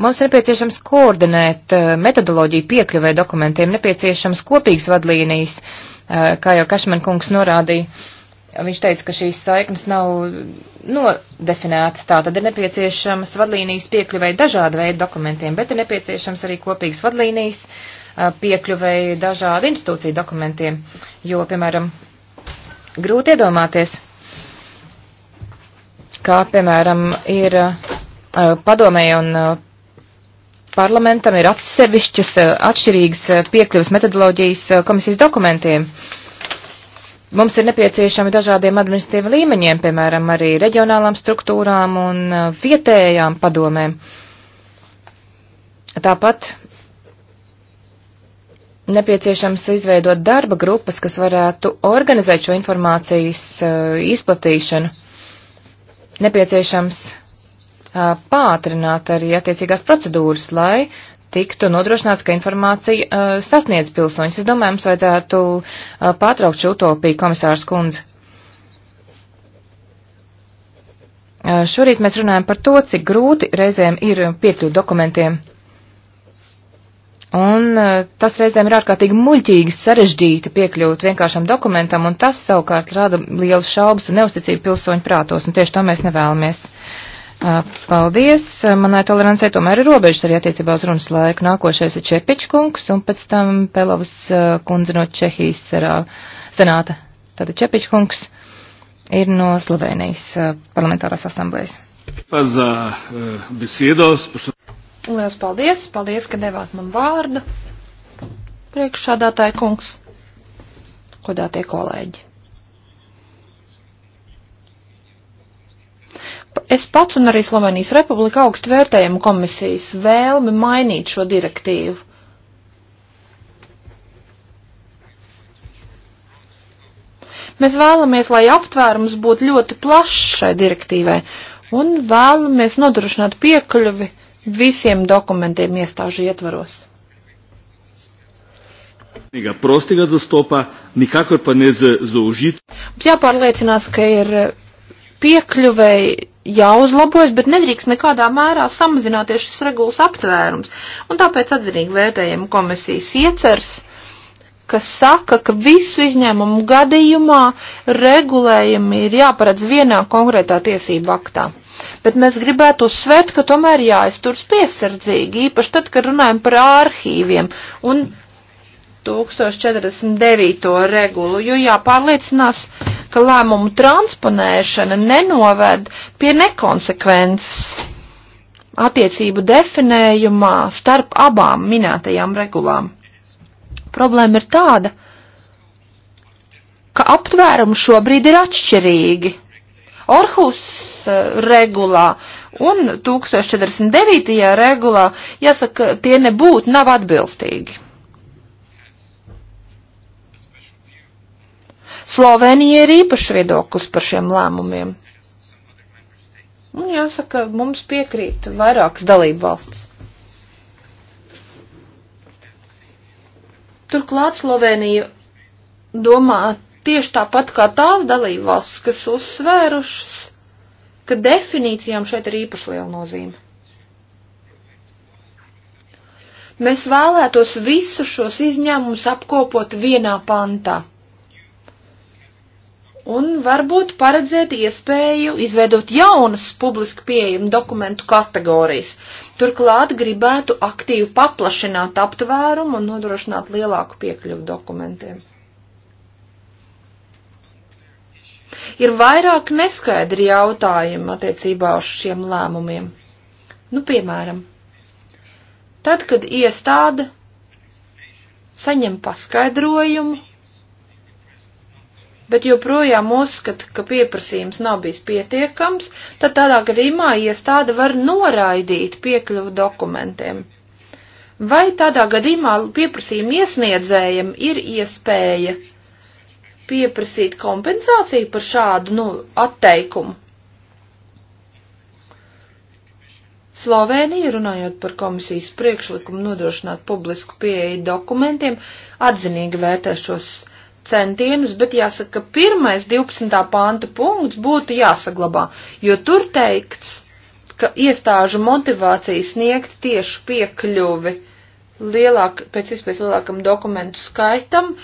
Mums ir nepieciešams koordinēt uh, metodoloģiju piekļuvē dokumentiem, nepieciešams kopīgas vadlīnijas, uh, kā jau Kašman kungs norādīja. Viņš teica, ka šīs saiknes nav nodefinētas, tā tad ir nepieciešams vadlīnijas piekļuvēji dažādu veidu dokumentiem, bet ir nepieciešams arī kopīgas vadlīnijas piekļuvēji dažādu institūciju dokumentiem, jo, piemēram, grūti iedomāties, kā, piemēram, ir padomēji un parlamentam ir atsevišķas atšķirīgas piekļuvas metodoloģijas komisijas dokumentiem. Mums ir nepieciešami dažādiem administratīviem līmeņiem, piemēram, arī reģionālām struktūrām un vietējām padomēm. Tāpat nepieciešams izveidot darba grupas, kas varētu organizēt šo informācijas uh, izplatīšanu. Nepieciešams uh, pātrināt arī attiecīgās procedūras, lai tiktu nodrošināts, ka informācija uh, sasniedz pilsoņus. Es domāju, mums vajadzētu pārtraukt šo utopiju, komisārs kundze. Šorīt mēs runājam par to, cik grūti reizēm ir piekļūt dokumentiem. Un e, tas reizēm ir ārkārtīgi muļķīgi sarežģīti piekļūt vienkāršam dokumentam, un tas savukārt rada lielu šaubas un neusticību pilsoņu prātos, un tieši to mēs nevēlamies. E, paldies. E, manai tolerancei tomēr ir robežas arī attiecībā uz runas laiku. Nākošais ir Čepičkungs, un pēc tam Pelavas kundze no Čehijas senāta. Tātad Čepičkungs ir no Slovenijas parlamentārās asamblējas. Pa za besedo, spoštovani Lielas paldies! Paldies, ka devāt man vārdu. Priekšsādātāja kungs, kodātie kolēģi. Es pats un arī Slovenijas Republika augstu vērtējumu komisijas vēlmi mainīt šo direktīvu. Mēs vēlamies, lai aptvērums būtu ļoti plašs šai direktīvai un vēlamies nodrošināt piekļuvi visiem dokumentiem iestāžu ietvaros. Prostīgā dostopa, nikakor pa ne zaužīt. Mums jāpārliecinās, ka ir piekļuvēji jāuzlabojas, bet nedrīkst nekādā mērā samazināties šis regulas aptvērums. Un tāpēc atzinīgi vērtējam komisijas iecers, kas saka, ka visu izņēmumu gadījumā regulējumi ir jāparedz vienā konkrētā tiesību aktā bet mēs gribētu uzsvērt, ka tomēr jāizturas piesardzīgi, īpaši tad, kad runājam par arhīviem un 1049. regulu, jo jāpārliecinās, ka lēmumu transponēšana nenoved pie nekonsekvences attiecību definējumā starp abām minētajām regulām. Problēma ir tāda, ka aptvērumi šobrīd ir atšķirīgi Orhus eh, regulā un 1049. regulā, jāsaka, tie nebūtu, nav atbilstīgi. Slovenija ir īpašs viedoklis par šiem lēmumiem. Un jāsaka, mums piekrīt vairākas dalību valstis. Turklāt Slovenija domā Tieši tāpat kā tās dalībvalstis, kas uzsvērušas, ka definīcijām šeit ir īpaši liela nozīme. Mēs vēlētos visu šos izņēmumus apkopot vienā pantā un varbūt paredzēt iespēju izveidot jaunas publiski pieejamu dokumentu kategorijas. Turklāt gribētu aktīvi paplašināt aptvērumu un nodrošināt lielāku piekļuvu dokumentiem. ir vairāk neskaidri jautājumi attiecībā uz šiem lēmumiem. Nu, piemēram, tad, kad iestāde saņem paskaidrojumu, bet joprojām uzskata, ka pieprasījums nav bijis pietiekams, tad tādā gadījumā iestāde var noraidīt piekļuvu dokumentiem. Vai tādā gadījumā pieprasījuma iesniedzējiem ir iespēja pieprasīt kompensāciju par šādu, nu, atteikumu? Slovēnija, runājot par komisijas priekšlikumu nodrošināt publisku pieeju dokumentiem, atzinīgi vērtē šos centienus, bet jāsaka, ka pirmais 12. pānta punkts būtu jāsaglabā, jo tur teikts, ka iestāžu motivācija sniegt tieši piekļuvi lielāk, pēc iespējas lielākam dokumentu skaitam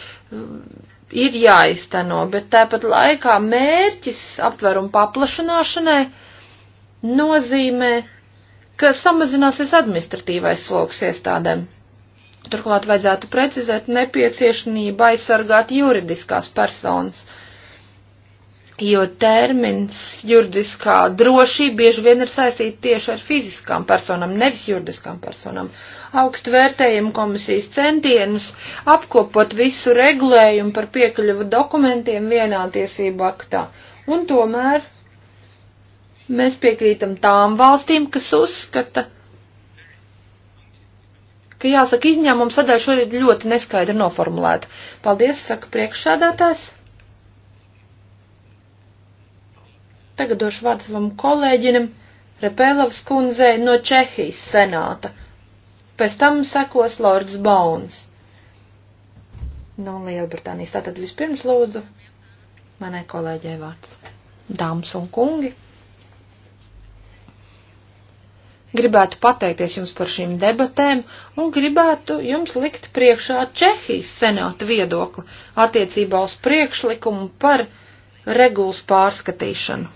ir jāizteno, bet tāpat laikā mērķis aptverumu paplašanāšanai nozīmē, ka samazināsies administratīvais sloks iestādēm. Turklāt vajadzētu precizēt nepieciešamību aizsargāt juridiskās personas jo termins juridiskā drošība bieži vien ir saistīta tieši ar fiziskām personām, nevis juridiskām personām. Augstu vērtējumu komisijas centienus apkopot visu regulējumu par piekļuvu dokumentiem vienā tiesību aktā. Un tomēr mēs piekrītam tām valstīm, kas uzskata, ka jāsaka izņēmuma sadaļa šorīt ļoti neskaidri noformulēta. Paldies, saka priekšsādātājs. Tagad došu vārdu savam kolēģinam Repēlovs kundzei no Čehijas senāta. Pēc tam sekos Lords Bauns no Lielbritānijas. Tātad vispirms lūdzu manai kolēģei vārds. Dāmas un kungi, gribētu pateikties jums par šīm debatēm un gribētu jums likt priekšā Čehijas senāta viedokli attiecībā uz priekšlikumu par regulas pārskatīšanu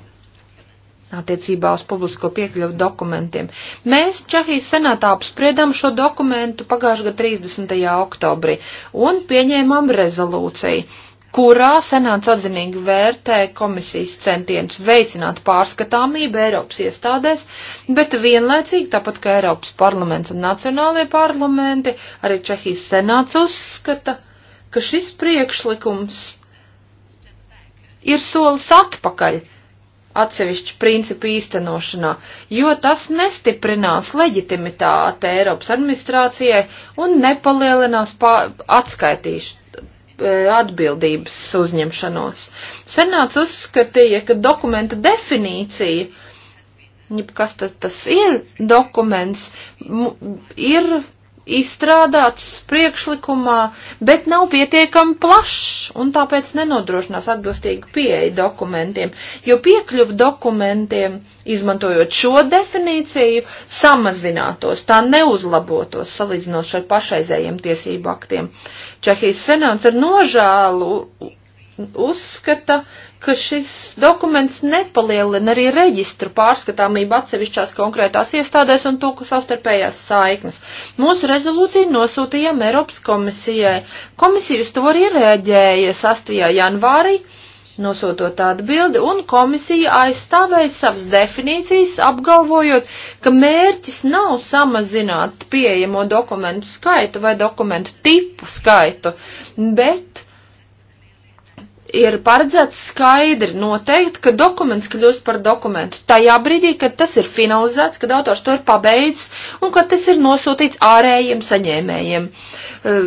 attiecībā uz publisko piekļuvu dokumentiem. Mēs Čehijas senātā apspriedām šo dokumentu pagājušā gada 30. oktobrī un pieņēmām rezolūciju, kurā senāts atzinīgi vērtē komisijas centienus veicināt pārskatāmību Eiropas iestādēs, bet vienlaicīgi, tāpat kā Eiropas parlaments un nacionālajie parlamenti, arī Čehijas senāts uzskata, ka šis priekšlikums ir solis atpakaļ atsevišķu principu īstenošanā, jo tas nestiprinās leģitimitāti Eiropas administrācijai un nepalielinās atskaitīšu e, atbildības uzņemšanos. Senāts uzskatīja, ka dokumenta definīcija, kas tad tas ir dokuments, ir izstrādāts priekšlikumā, bet nav pietiekami plašs un tāpēc nenodrošinās atbilstīgu pieeju dokumentiem, jo piekļuvu dokumentiem, izmantojot šo definīciju, samazinātos, tā neuzlabotos salīdzinot ar pašreizējiem tiesību aktiem. Čehijas senāts ar nožēlu uzskata, ka šis dokuments nepalielina arī reģistru pārskatāmību atsevišķās konkrētās iestādēs un to, ka savstarpējās saiknes. Mūsu rezolūciju nosūtījām Eiropas komisijai. Komisija uz to arī reaģēja 8. janvārī, nosūtot atbildi, un komisija aizstāvēja savas definīcijas, apgalvojot, ka mērķis nav samazināt pieejamo dokumentu skaitu vai dokumentu tipu skaitu, bet ir paredzēts skaidri noteikt, ka dokuments kļūst par dokumentu tajā brīdī, kad tas ir finalizēts, kad autors to ir pabeidzis un kad tas ir nosūtīts ārējiem saņēmējiem. Uh,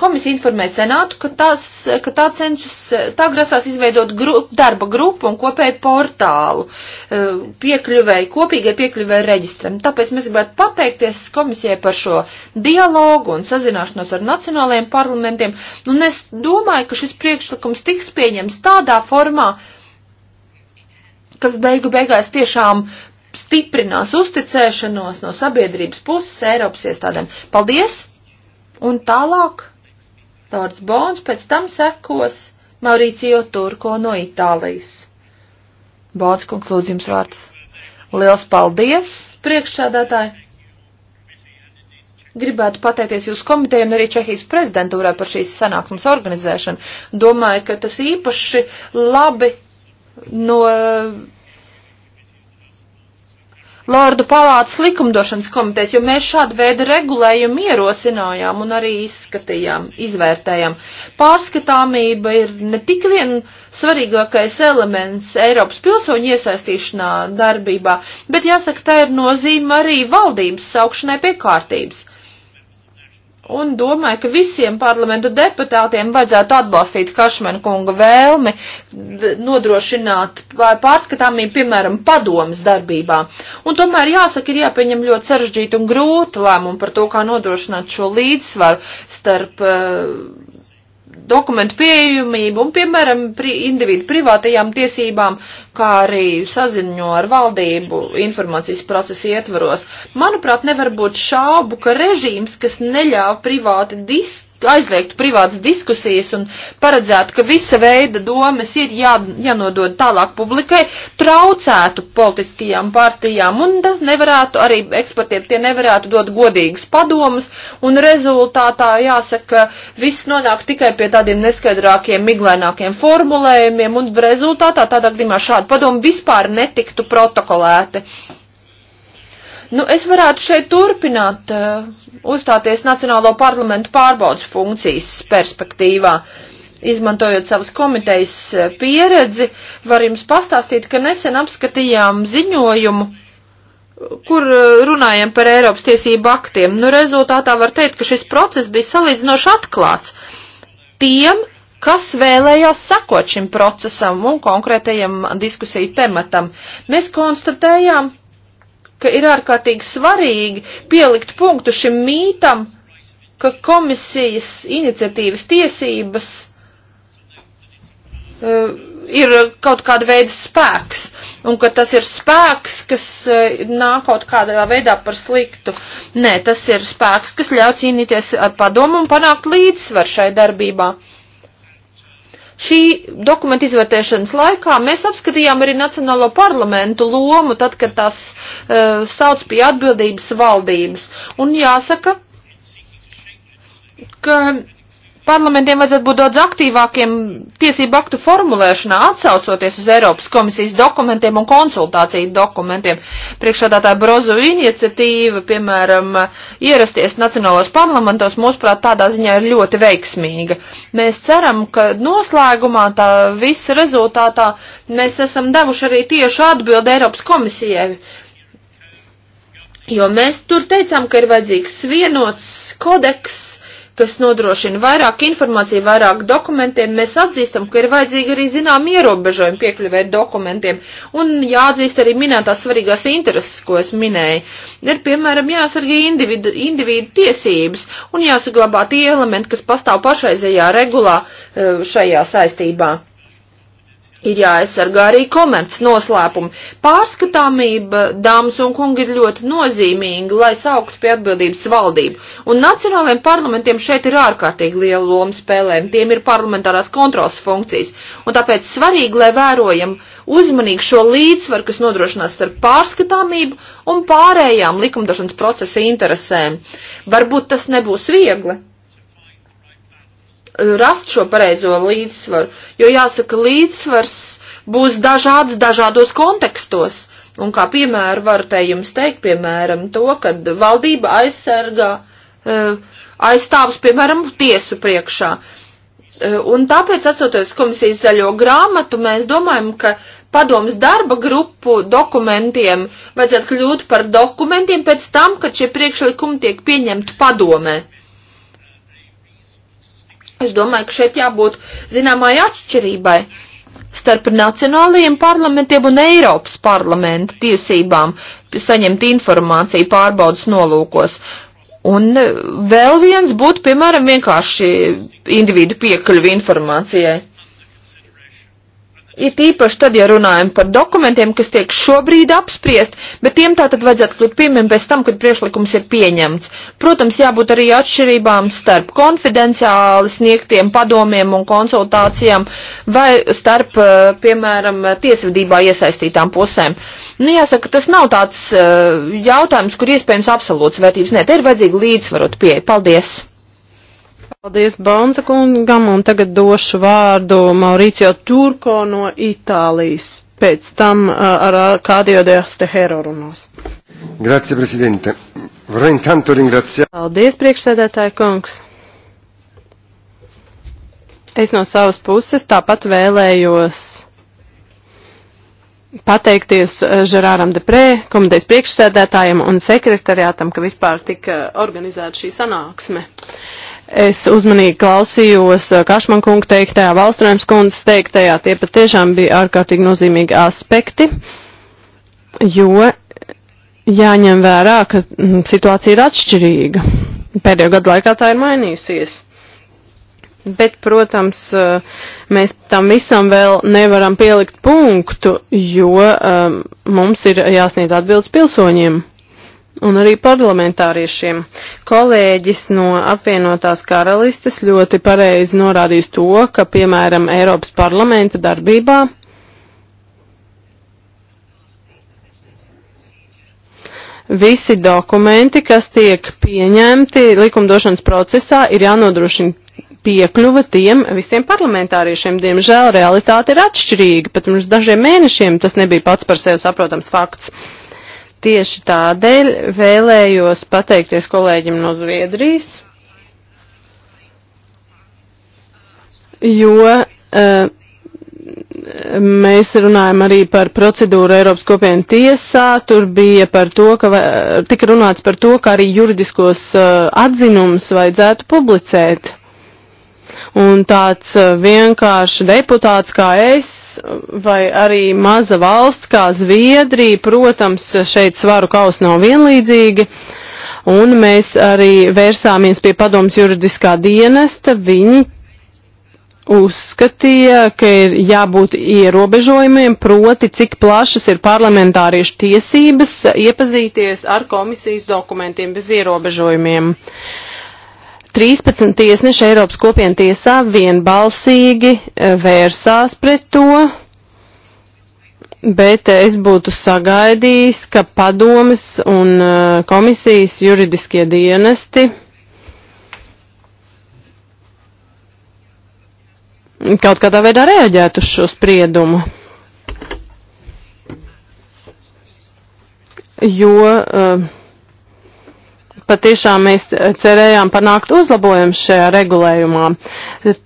Komisija informēja senātu, ka, tās, ka tā cenšas, tā grasās izveidot grup, darba grupu un kopēju portālu e, piekļuvēju, kopīgai piekļuvēju reģistram. Tāpēc mēs gribētu pateikties komisijai par šo dialogu un sazināšanos ar nacionālajiem parlamentiem. Un es domāju, ka šis priekšlikums tiks pieņems tādā formā, kas beigu beigās tiešām stiprinās uzticēšanos no sabiedrības puses Eiropas iestādēm. Paldies! Un tālāk Lords Bons, pēc tam sekos Mauricio Turko no Itālijas. Bons, kungs, lūdzu jums vārds. Liels paldies, priekšsādātāji! Gribētu pateikties jūsu komitejai un arī Čehijas prezidentūrai par šīs sanāksmes organizēšanu. Domāju, ka tas īpaši labi no Lordu palātas likumdošanas komitejas, jo mēs šādu veidu regulējumu ierosinājām un arī izskatījām, izvērtējām. Pārskatāmība ir ne tik vien svarīgākais elements Eiropas pilsoņu iesaistīšanā darbībā, bet jāsaka, tā ir nozīme arī valdības saukšanai pie kārtības un domāju, ka visiem parlamentu deputātiem vajadzētu atbalstīt Kašmena kunga vēlmi nodrošināt pārskatāmību, piemēram, padomas darbībā. Un tomēr jāsaka, ir jāpieņem ļoti sarežģīti un grūti lēmumi par to, kā nodrošināt šo līdzsvaru starp uh, dokumentu pieejamību un, piemēram, pri, individu privātajām tiesībām, kā arī saziņo ar valdību informācijas procesu ietvaros. Manuprāt, nevar būt šaubu, ka režīms, kas neļāva privāti disk aizliegtu privātas diskusijas un paredzētu, ka visa veida domas ir jā, jānodod tālāk publikai, traucētu politiskajām partijām un tas nevarētu arī ekspertiem, tie nevarētu dot godīgas padomus un rezultātā jāsaka, ka viss nonāk tikai pie tādiem neskaidrākiem, miglēnākiem formulējumiem un rezultātā tādā gadījumā šāda padoma vispār netiktu protokolēti. Nu, es varētu šeit turpināt uh, uzstāties Nacionālo parlamentu pārbaudas funkcijas perspektīvā. Izmantojot savas komitejas eh, pieredzi, var jums pastāstīt, ka nesen apskatījām ziņojumu, kur eh, runājam par Eiropas tiesību aktiem. Nu, rezultātā var teikt, ka šis process bija salīdzinoši atklāts tiem, kas vēlējās sekot šim procesam un konkrētajam diskusiju tematam. Mēs konstatējām, ka ir ārkārtīgi svarīgi pielikt punktu šim mītam, ka komisijas iniciatīvas tiesības uh, ir kaut kāda veida spēks, un ka tas ir spēks, kas uh, nāk kaut kādā veidā par sliktu. Nē, tas ir spēks, kas ļauj cīnīties ar padomu un panākt līdzsvaru šai darbībā. Uh, Šī dokumenta izvērtēšanas laikā mēs apskatījām arī Nacionālo parlamentu lomu, tad, kad tās uh, sauc pie atbildības valdības. Un jāsaka, ka Parlamentiem vajadzētu būt daudz aktīvākiem tiesību aktu formulēšanā, atsaucoties uz Eiropas komisijas dokumentiem un konsultāciju dokumentiem. Priekšādātāja Brozu iniciatīva, piemēram, ierasties nacionālos parlamentos, mūsuprāt, tādā ziņā ir ļoti veiksmīga. Mēs ceram, ka noslēgumā tā visa rezultātā mēs esam devuši arī tiešu atbildi Eiropas komisijai. Jo mēs tur teicām, ka ir vajadzīgs vienots kodeks, kas nodrošina vairāk informāciju, vairāk dokumentiem, mēs atzīstam, ka ir vajadzīgi arī zinām ierobežojumi piekļuvēt dokumentiem un jāatzīst arī minētās svarīgās intereses, ko es minēju. Ir, piemēram, jāsargī individu, individu tiesības un jāsaglabā tie elementi, kas pastāv pašreizējā regulā eh, šajā saistībā. Ir jāaizsargā arī komerc noslēpumi. Pārskatāmība, dāmas un kungi, ir ļoti nozīmīga, lai sauktu pie atbildības valdību. Un nacionālajiem parlamentiem šeit ir ārkārtīgi liela loma spēlēm. Tiem ir parlamentārās kontrols funkcijas. Un tāpēc svarīgi, lai vērojam uzmanīgi šo līdzsvaru, kas nodrošinās starp pārskatāmību un pārējām likumdošanas procesa interesēm. Varbūt tas nebūs viegli rast šo pareizo līdzsvaru, jo jāsaka, līdzsvars būs dažāds dažādos kontekstos. Un kā piemēru var te jums teikt, piemēram, to, ka valdība aizsargā, e, aizstāvs, piemēram, tiesu priekšā. E, un tāpēc, atsoties komisijas zaļo grāmatu, mēs domājam, ka padomas darba grupu dokumentiem vajadzētu kļūt par dokumentiem pēc tam, kad šie priekšlikumi tiek pieņemti padomē. Es domāju, ka šeit jābūt zināmai atšķirībai starp nacionālajiem parlamentiem un Eiropas parlamenta tiesībām saņemt informāciju pārbaudas nolūkos. Un vēl viens būtu, piemēram, vienkārši individu piekļuvi informācijai. It īpaši tad, ja runājam par dokumentiem, kas tiek šobrīd apspriest, bet tiem tā tad vajadzētu kļūt pirmiem pēc tam, kad priešlikums ir pieņemts. Protams, jābūt arī atšķirībām starp konfidenciāli sniegtiem padomiem un konsultācijām vai starp, eh, piemēram, tiesvedībā iesaistītām pusēm. Nu, jāsaka, tas nav tāds eh, jautājums, kur iespējams absolūts vērtības. Nē, te ir vajadzīga līdzsvarot pieeja. Paldies! Paldies Bonza kungam un tagad došu vārdu Mauricio Turko no Itālijas. Pēc tam uh, ar Kādio de Astehero runos. Grazie, prezidente. Vorrei intanto ringraziare. Paldies, priekšsēdētāja kungs. Es no savas puses tāpat vēlējos pateikties uh, Žerāram Deprē, komitejas priekšsēdētājiem un sekretariātam, ka vispār tika organizēta šī sanāksme. Uh, Es uzmanīgi klausījos eh, Kašmankunga teiktajā, Valstrēms kundas teiktajā, tie patiešām bija ārkārtīgi nozīmīgi aspekti, jo jāņem vērā, ka mm, situācija ir atšķirīga. Pēdējo gadu laikā tā ir mainījusies. Bet, protams, eh, mēs tam visam vēl nevaram pielikt punktu, jo um, mums ir jāsniedz atbildes pilsoņiem un arī parlamentāriešiem. Kolēģis no apvienotās karalistes ļoti pareizi norādījis to, ka, piemēram, Eiropas parlamenta darbībā visi dokumenti, kas tiek pieņemti likumdošanas procesā, ir jānodrošina piekļuva tiem visiem parlamentāriešiem. Diemžēl realitāte ir atšķirīga, pat pirms dažiem mēnešiem tas nebija pats par sevi saprotams fakts. Tieši tādēļ vēlējos pateikties kolēģim no Zviedrijas, jo uh, mēs runājam arī par procedūru Eiropas kopienu tiesā, tur bija par to, ka tika runāts par to, ka arī juridiskos eh, atzinumus vajadzētu publicēt. Un tāds eh, vienkārši deputāts kā es vai arī maza valsts kā Zviedrija, protams, šeit svaru kaus nav vienlīdzīgi. Un mēs arī vērsāmies pie padoms juridiskā dienesta. Viņi uzskatīja, ka ir jābūt ierobežojumiem, proti, cik plašas ir parlamentāriešu tiesības iepazīties ar komisijas dokumentiem bez ierobežojumiem. Uh, 13 tiesneši Eiropas kopienu tiesā vienbalsīgi e, vērsās pret to, bet e, es būtu sagaidījis, ka padomas un e, komisijas juridiskie dienesti kaut kādā veidā reaģētu uz šo spriedumu. Jo uh, patiešām mēs eh, cerējām panākt uzlabojumus šajā regulējumā.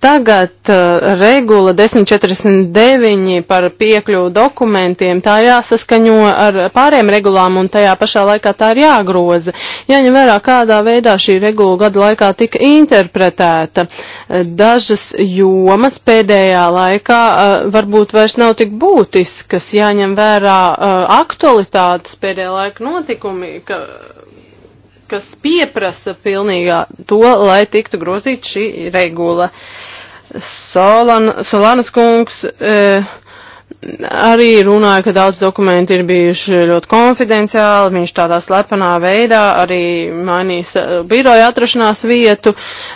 Tagad uh, regula 1049 par piekļuvu dokumentiem, tā jāsaskaņo ar pāriem regulām un tajā pašā laikā tā ir jāgroza. Jāņem vērā, kādā veidā šī regula gadu laikā tika interpretēta. Eh, dažas jomas pēdējā laikā uh, varbūt vairs nav tik būtiskas, jāņem vērā uh, aktualitātes pēdējā laika notikumi, ka kas pieprasa pilnīgā to, lai tiktu grozīt šī regula. Solan, Solanas kungs. E, arī runāja, ka daudz dokumenti ir bijuši ļoti konfidenciāli, viņš tādā slepenā veidā arī mainīs eh, biroja atrašanās vietu,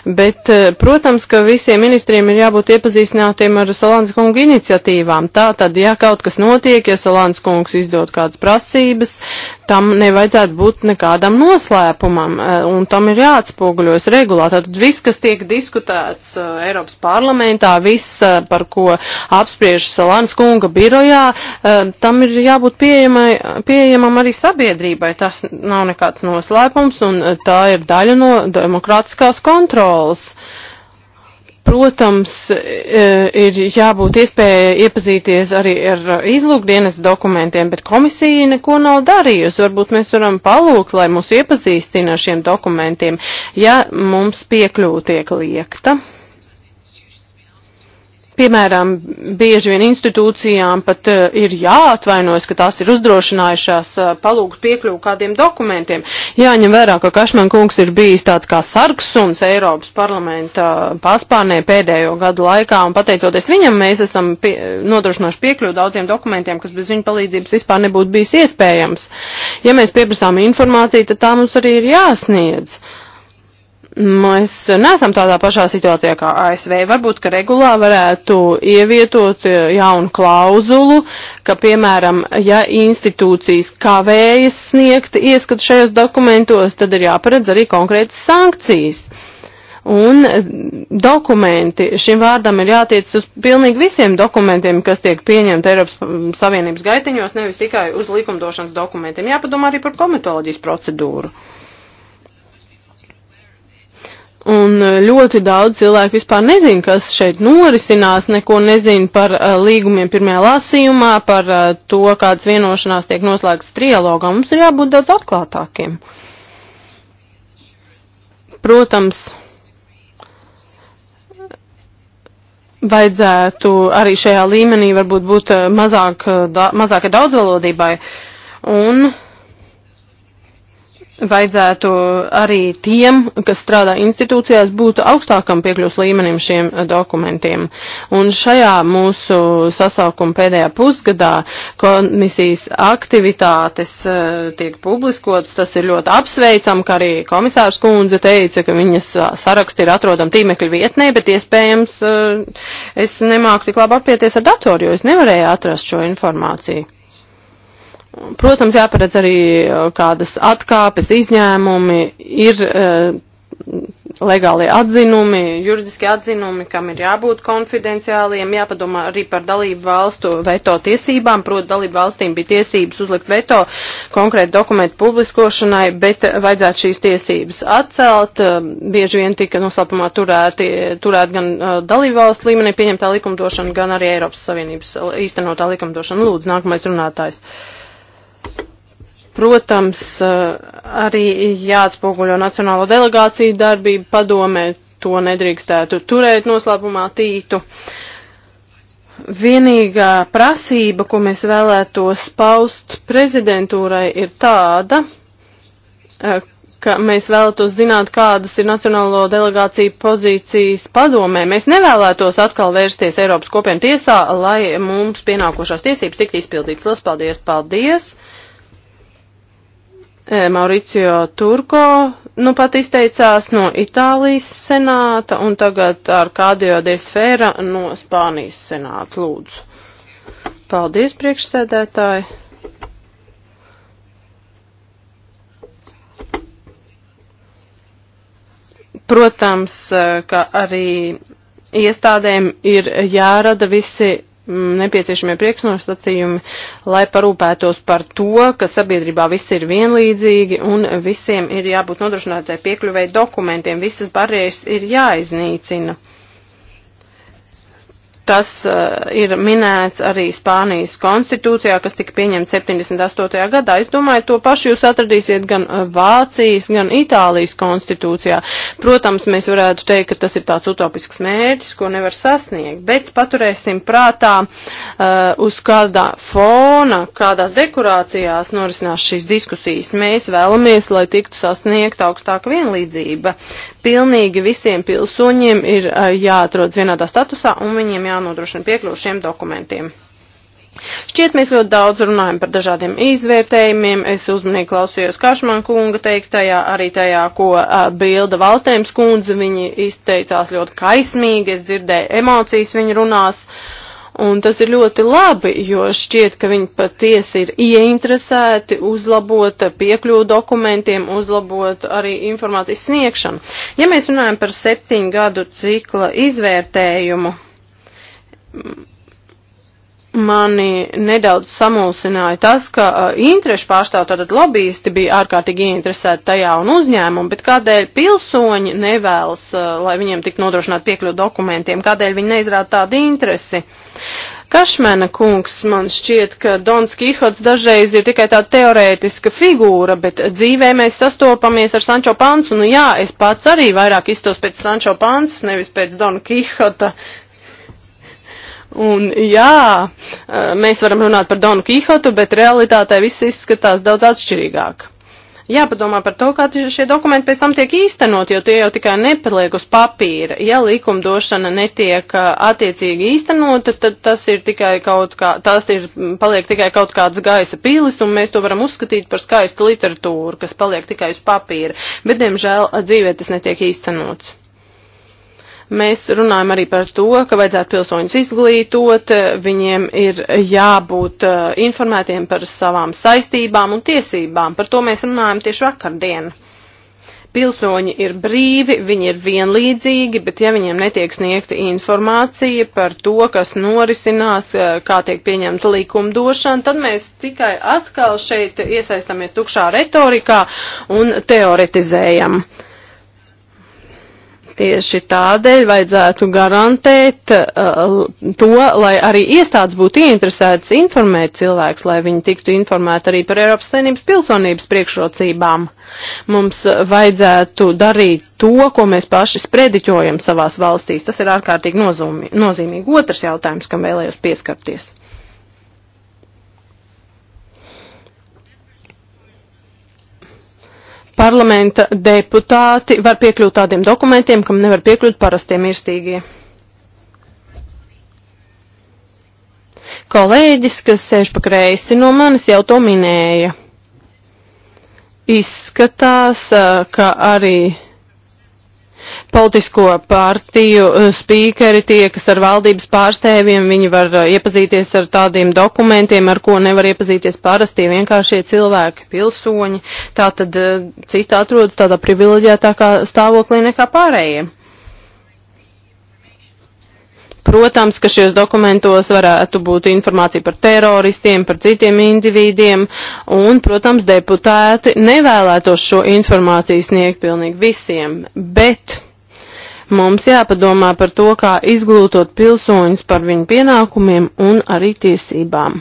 bet, eh, protams, ka visiem ministriem ir jābūt iepazīstinātiem ar Solāns kungu iniciatīvām. Tā tad, ja kaut kas notiek, ja Solāns kungs izdod kādas prasības, tam nevajadzētu būt nekādam noslēpumam, eh, un tam ir jāatspoguļojas regulā. Tātad viss, kas tiek diskutēts Eiropas parlamentā, viss, par ko apspriež Solāns kunga darbu birojā, eh, tam ir jābūt pieejamai, pieejamam arī sabiedrībai. Tas nav nekāds noslēpums un eh, tā ir daļa no demokrātiskās kontrolas. Protams, eh, ir jābūt iespēja iepazīties arī ar izlūkdienas dokumentiem, bet komisija neko nav darījusi. Varbūt mēs varam palūkt, lai mūs iepazīstina ar šiem dokumentiem, ja mums piekļūtiek liekta. Piemēram, bieži vien institūcijām pat uh, ir jāatvainojas, ka tās ir uzdrošinājušās uh, palūgt piekļuvu kādiem dokumentiem. Jāņem vērā, ka Kašman kungs ir bijis tāds kā sarksuns Eiropas parlamenta paspārnē pēdējo gadu laikā, un pateicoties viņam, mēs esam pie, nodrošinājuši piekļuvu daudziem dokumentiem, kas bez viņa palīdzības vispār nebūtu bijis iespējams. Ja mēs pieprasām informāciju, tad tā mums arī ir jāsniedz. Uh, Mēs neesam tādā pašā situācijā kā ASV. Varbūt, ka regulā varētu ievietot eh, jaunu klauzulu, ka, piemēram, ja institūcijas kavējas sniegt ieskat šajos dokumentos, tad ir jāparedz arī konkrētas sankcijas. Un eh, dokumenti, šim vārdam ir jātiec uz pilnīgi visiem dokumentiem, kas tiek pieņemti Eiropas Savienības gaitiņos, nevis tikai uz likumdošanas dokumentiem. Jāpadomā arī par komitoloģijas procedūru. Un e, ļoti daudz cilvēku vispār nezina, kas šeit norisinās, neko nezina par uh, līgumiem pirmajā lasījumā, par uh, to, kādas vienošanās tiek noslēgts trialogā. Mums ir jābūt daudz atklātākiem. Protams, vajadzētu arī šajā līmenī varbūt būt mazāk, da, mazākai daudzvalodībai. Un, uh, vajadzētu arī tiem, kas strādā institūcijās, būt augstākam piekļuvs līmenim šiem dokumentiem. Un šajā mūsu sasaukuma pēdējā pusgadā komisijas aktivitātes eh, tiek publiskotas, tas ir ļoti apsveicam, ka arī komisārs kundze teica, ka viņas saraksti ir atrodam tīmekļa vietnē, bet iespējams eh, es nemāku tik labi apieties ar datoru, jo es nevarēju atrast šo informāciju. Protams, jāparedz arī uh, kādas atkāpes, izņēmumi, ir uh, legālie atzinumi, juridiski atzinumi, kam ir jābūt konfidenciāliem, jāpadomā arī par dalību valstu veto tiesībām, proti dalību valstīm bija tiesības uzlikt veto konkrēti dokumentu publiskošanai, bet vajadzētu šīs tiesības atcelt, um, bieži vien tika noslēpumā turēti, turēt gan uh, dalību valstu līmenī pieņemtā likumdošana, gan arī Eiropas Savienības īstenotā likumdošana. Lūdzu, nākamais runātājs. Uh, Protams, eh, arī jāatspoguļo Nacionālo delegāciju darbību padomē, to nedrīkstētu turēt noslēpumā tītu. Vienīgā prasība, ko mēs vēlētos paust prezidentūrai, ir tāda, eh, ka mēs vēlētos zināt, kādas ir Nacionālo delegāciju pozīcijas padomē. Mēs nevēlētos atkal vērsties Eiropas kopienu tiesā, lai mums pienākošās tiesības tiktu izpildītas. Lielas paldies! Paldies! Mauricio Turko nu pat izteicās no Itālijas senāta un tagad ar Kādio de Sfēra no Spānijas senāta lūdzu. Paldies, priekšsēdētāji! Protams, ka arī iestādēm ir jārada visi Mm, nepieciešamie priekšnosacījumi, lai parūpētos par to, ka sabiedrībā viss ir vienlīdzīgi un visiem ir jābūt nodrošinātai piekļuvēji dokumentiem, visas barjeras ir jāiznīcina. Tas uh, ir minēts arī Spānijas konstitūcijā, kas tika pieņemta 78. gadā. Es domāju, to pašu jūs atradīsiet gan uh, Vācijas, gan Itālijas konstitūcijā. Protams, mēs varētu teikt, ka tas ir tāds utopisks mērķis, ko nevar sasniegt, bet paturēsim prātā, uh, uz kādā fona, kādās dekorācijās norisinās šīs diskusijas. Mēs vēlamies, lai tiktu sasniegta augstāka vienlīdzība. Pilnīgi visiem pilsoņiem ir uh, jāatrodas vienādā statusā un viņiem jā jānodrošina piekļuvu šiem dokumentiem. Šķiet, mēs ļoti daudz runājam par dažādiem izvērtējumiem. Es uzmanīgi klausījos Kašman kunga teiktajā, arī tajā, ko a, bilda valstējums kundze. Viņi izteicās ļoti kaismīgi, es dzirdēju emocijas viņa runās. Un tas ir ļoti labi, jo šķiet, ka viņi patiesi ir ieinteresēti uzlabot piekļuvu dokumentiem, uzlabot arī informācijas sniegšanu. Ja mēs runājam par septiņu gadu cikla izvērtējumu, mani nedaudz samulsināja tas, ka uh, interešu pārstāv tātad lobbyisti bija ārkārtīgi ieinteresēti tajā un uzņēmumu, bet kādēļ pilsoņi nevēlas, uh, lai viņiem tik nodrošināt piekļūt dokumentiem, kādēļ viņi neizrāda tādu interesi. Kašmena kungs, man šķiet, ka Dons Kihots dažreiz ir tikai tāda teorētiska figūra, bet dzīvē mēs sastopamies ar Sančo Pansu, nu jā, es pats arī vairāk iztos pēc Sančo Pansas, nevis pēc Dona Kihota, Un jā, mēs varam runāt par Donu Kihotu, bet realitātē viss izskatās daudz atšķirīgāk. Jāpadomā par to, kā šie dokumenti pēc tam tiek īstenot, jo tie jau tikai nepaliek uz papīra. Ja likumdošana netiek attiecīgi īstenota, tad tas ir tikai kaut kā, tas ir, paliek tikai kaut kāds gaisa pīlis, un mēs to varam uzskatīt par skaistu literatūru, kas paliek tikai uz papīra. Bet, diemžēl, dzīvē tas netiek īstenots. Mēs runājam arī par to, ka vajadzētu pilsoņus izglītot, viņiem ir jābūt uh, informētiem par savām saistībām un tiesībām. Par to mēs runājam tieši vakardien. Pilsoņi ir brīvi, viņi ir vienlīdzīgi, bet ja viņiem netiek sniegta informācija par to, kas norisinās, uh, kā tiek pieņemta likumdošana, tad mēs tikai atkal šeit iesaistamies tukšā retorikā un teoretizējam. Uh, Tieši tādēļ vajadzētu garantēt uh, to, lai arī iestādes būtu ieinteresētas informēt cilvēks, lai viņi tiktu informēti arī par Eiropas Savienības pilsonības priekšrocībām. Mums vajadzētu darīt to, ko mēs paši sprediķojam savās valstīs. Tas ir ārkārtīgi nozīmīgi. Otrs jautājums, kam vēlējos pieskarties. parlamenta deputāti var piekļūt tādiem dokumentiem, kam nevar piekļūt parastie mirstīgie. Kolēģis, kas sēž pa kreisi no manis, jau to minēja. Izskatās, eh, ka arī politisko partiju eh, spīkeri tiekas ar valdības pārstāvjiem, viņi var eh, iepazīties ar tādiem dokumentiem, ar ko nevar iepazīties parastie vienkāršie cilvēki, pilsoņi. Tā tad eh, citi atrodas tādā privileģētākā stāvoklī nekā pārējie. Protams, ka šajos dokumentos varētu būt informācija par teroristiem, par citiem individiem, un, protams, deputāti nevēlētos šo informāciju sniegt pilnīgi visiem, bet Mums jāpadomā par to, kā izglītot pilsoņus par viņu pienākumiem un arī tiesībām.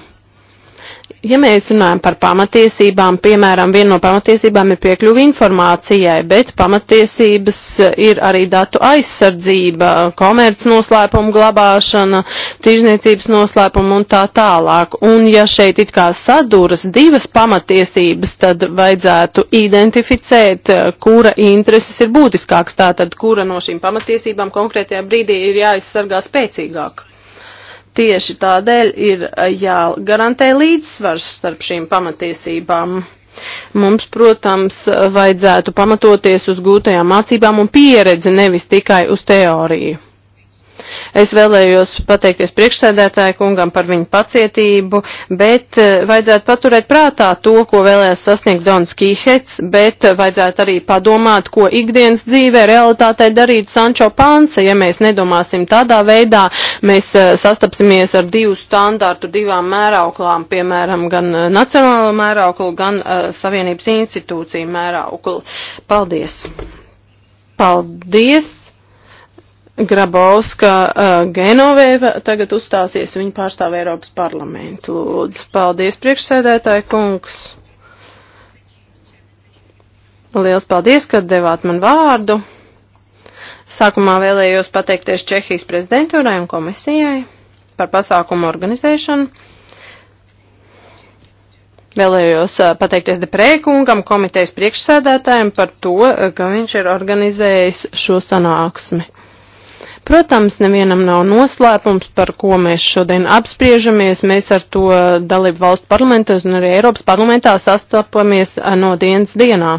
Ja mēs runājam par pamatiesībām, piemēram, viena no pamatiesībām ir piekļuva informācijai, bet pamatiesības ir arī datu aizsardzība, komerc noslēpuma glabāšana, tirzniecības noslēpuma un tā tālāk. Un ja šeit it kā saduras divas pamatiesības, tad vajadzētu identificēt, kura intereses ir būtiskāks, tātad kura no šīm pamatiesībām konkrētajā brīdī ir jāizsargā spēcīgāk. Tieši tādēļ ir eh, jāgarantē līdzsvars starp šīm pamatiesībām. Mums, protams, vajadzētu pamatoties uz gūtajām mācībām un pieredzi, nevis tikai uz teoriju. Es vēlējos pateikties priekšsēdētāju kungam par viņu pacietību, bet eh, vajadzētu paturēt prātā to, ko vēlējās sasniegt Dons Kīhets, bet vajadzētu arī padomāt, ko ikdienas dzīvē realitātē darītu Sančo Pansa. Ja mēs nedomāsim tādā veidā, mēs eh, sastapsimies ar divu standārtu, divām mērauklām, piemēram, gan eh, nacionālo mērauklu, gan uh, Savienības institūciju mērauklu. Paldies! Paldies! Grabovska uh, Genovēva tagad uzstāsies, viņa pārstāv Eiropas parlamentu. Lūdzu, paldies priekšsēdētāji kungs. Liels paldies, ka devāt man vārdu. Sākumā vēlējos pateikties Čehijas prezidentūrai un komisijai par pasākumu organizēšanu. Vēlējos uh, pateikties Deprēkungam, komitejas priekšsēdētājiem par to, uh, ka viņš ir organizējis šo sanāksmi. Protams, nevienam nav noslēpums, par ko mēs šodien apspriežamies. Mēs ar to dalību valstu parlamentos un arī Eiropas parlamentā sastapamies eh, no dienas dienā.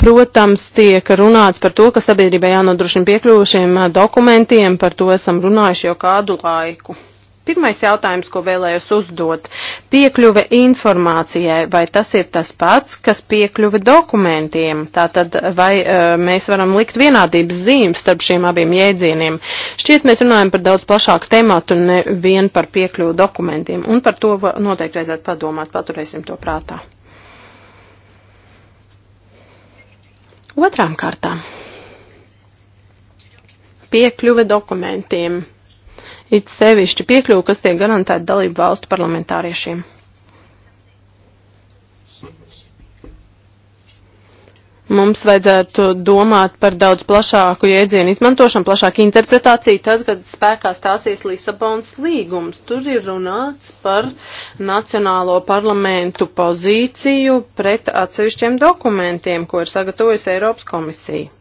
Protams, tiek runāts par to, ka sabiedrībai jānodrošina piekļuvušiem eh, dokumentiem, par to esam runājuši jau kādu laiku. Pirmais jautājums, ko vēlējos uzdot - piekļuve informācijai, vai tas ir tas pats, kas piekļuve dokumentiem? Tātad, vai uh, mēs varam likt vienādības zīmes starp šiem abiem jēdzieniem? Šķiet, mēs runājam par daudz plašāku tematu, nevien par piekļuvu dokumentiem, un par to noteikti vajadzētu padomāt, paturēsim to prātā. Otrām kārtām - piekļuve dokumentiem it sevišķi piekļuvu, kas tiek garantēta dalību valstu parlamentāriešiem. Mums vajadzētu domāt par daudz plašāku jēdzienu izmantošanu, plašāku interpretāciju tad, kad spēkā stāsies Lisabons līgums. Tur ir runāts par nacionālo parlamentu pozīciju pret atsevišķiem dokumentiem, ko ir sagatavojusi Eiropas komisija.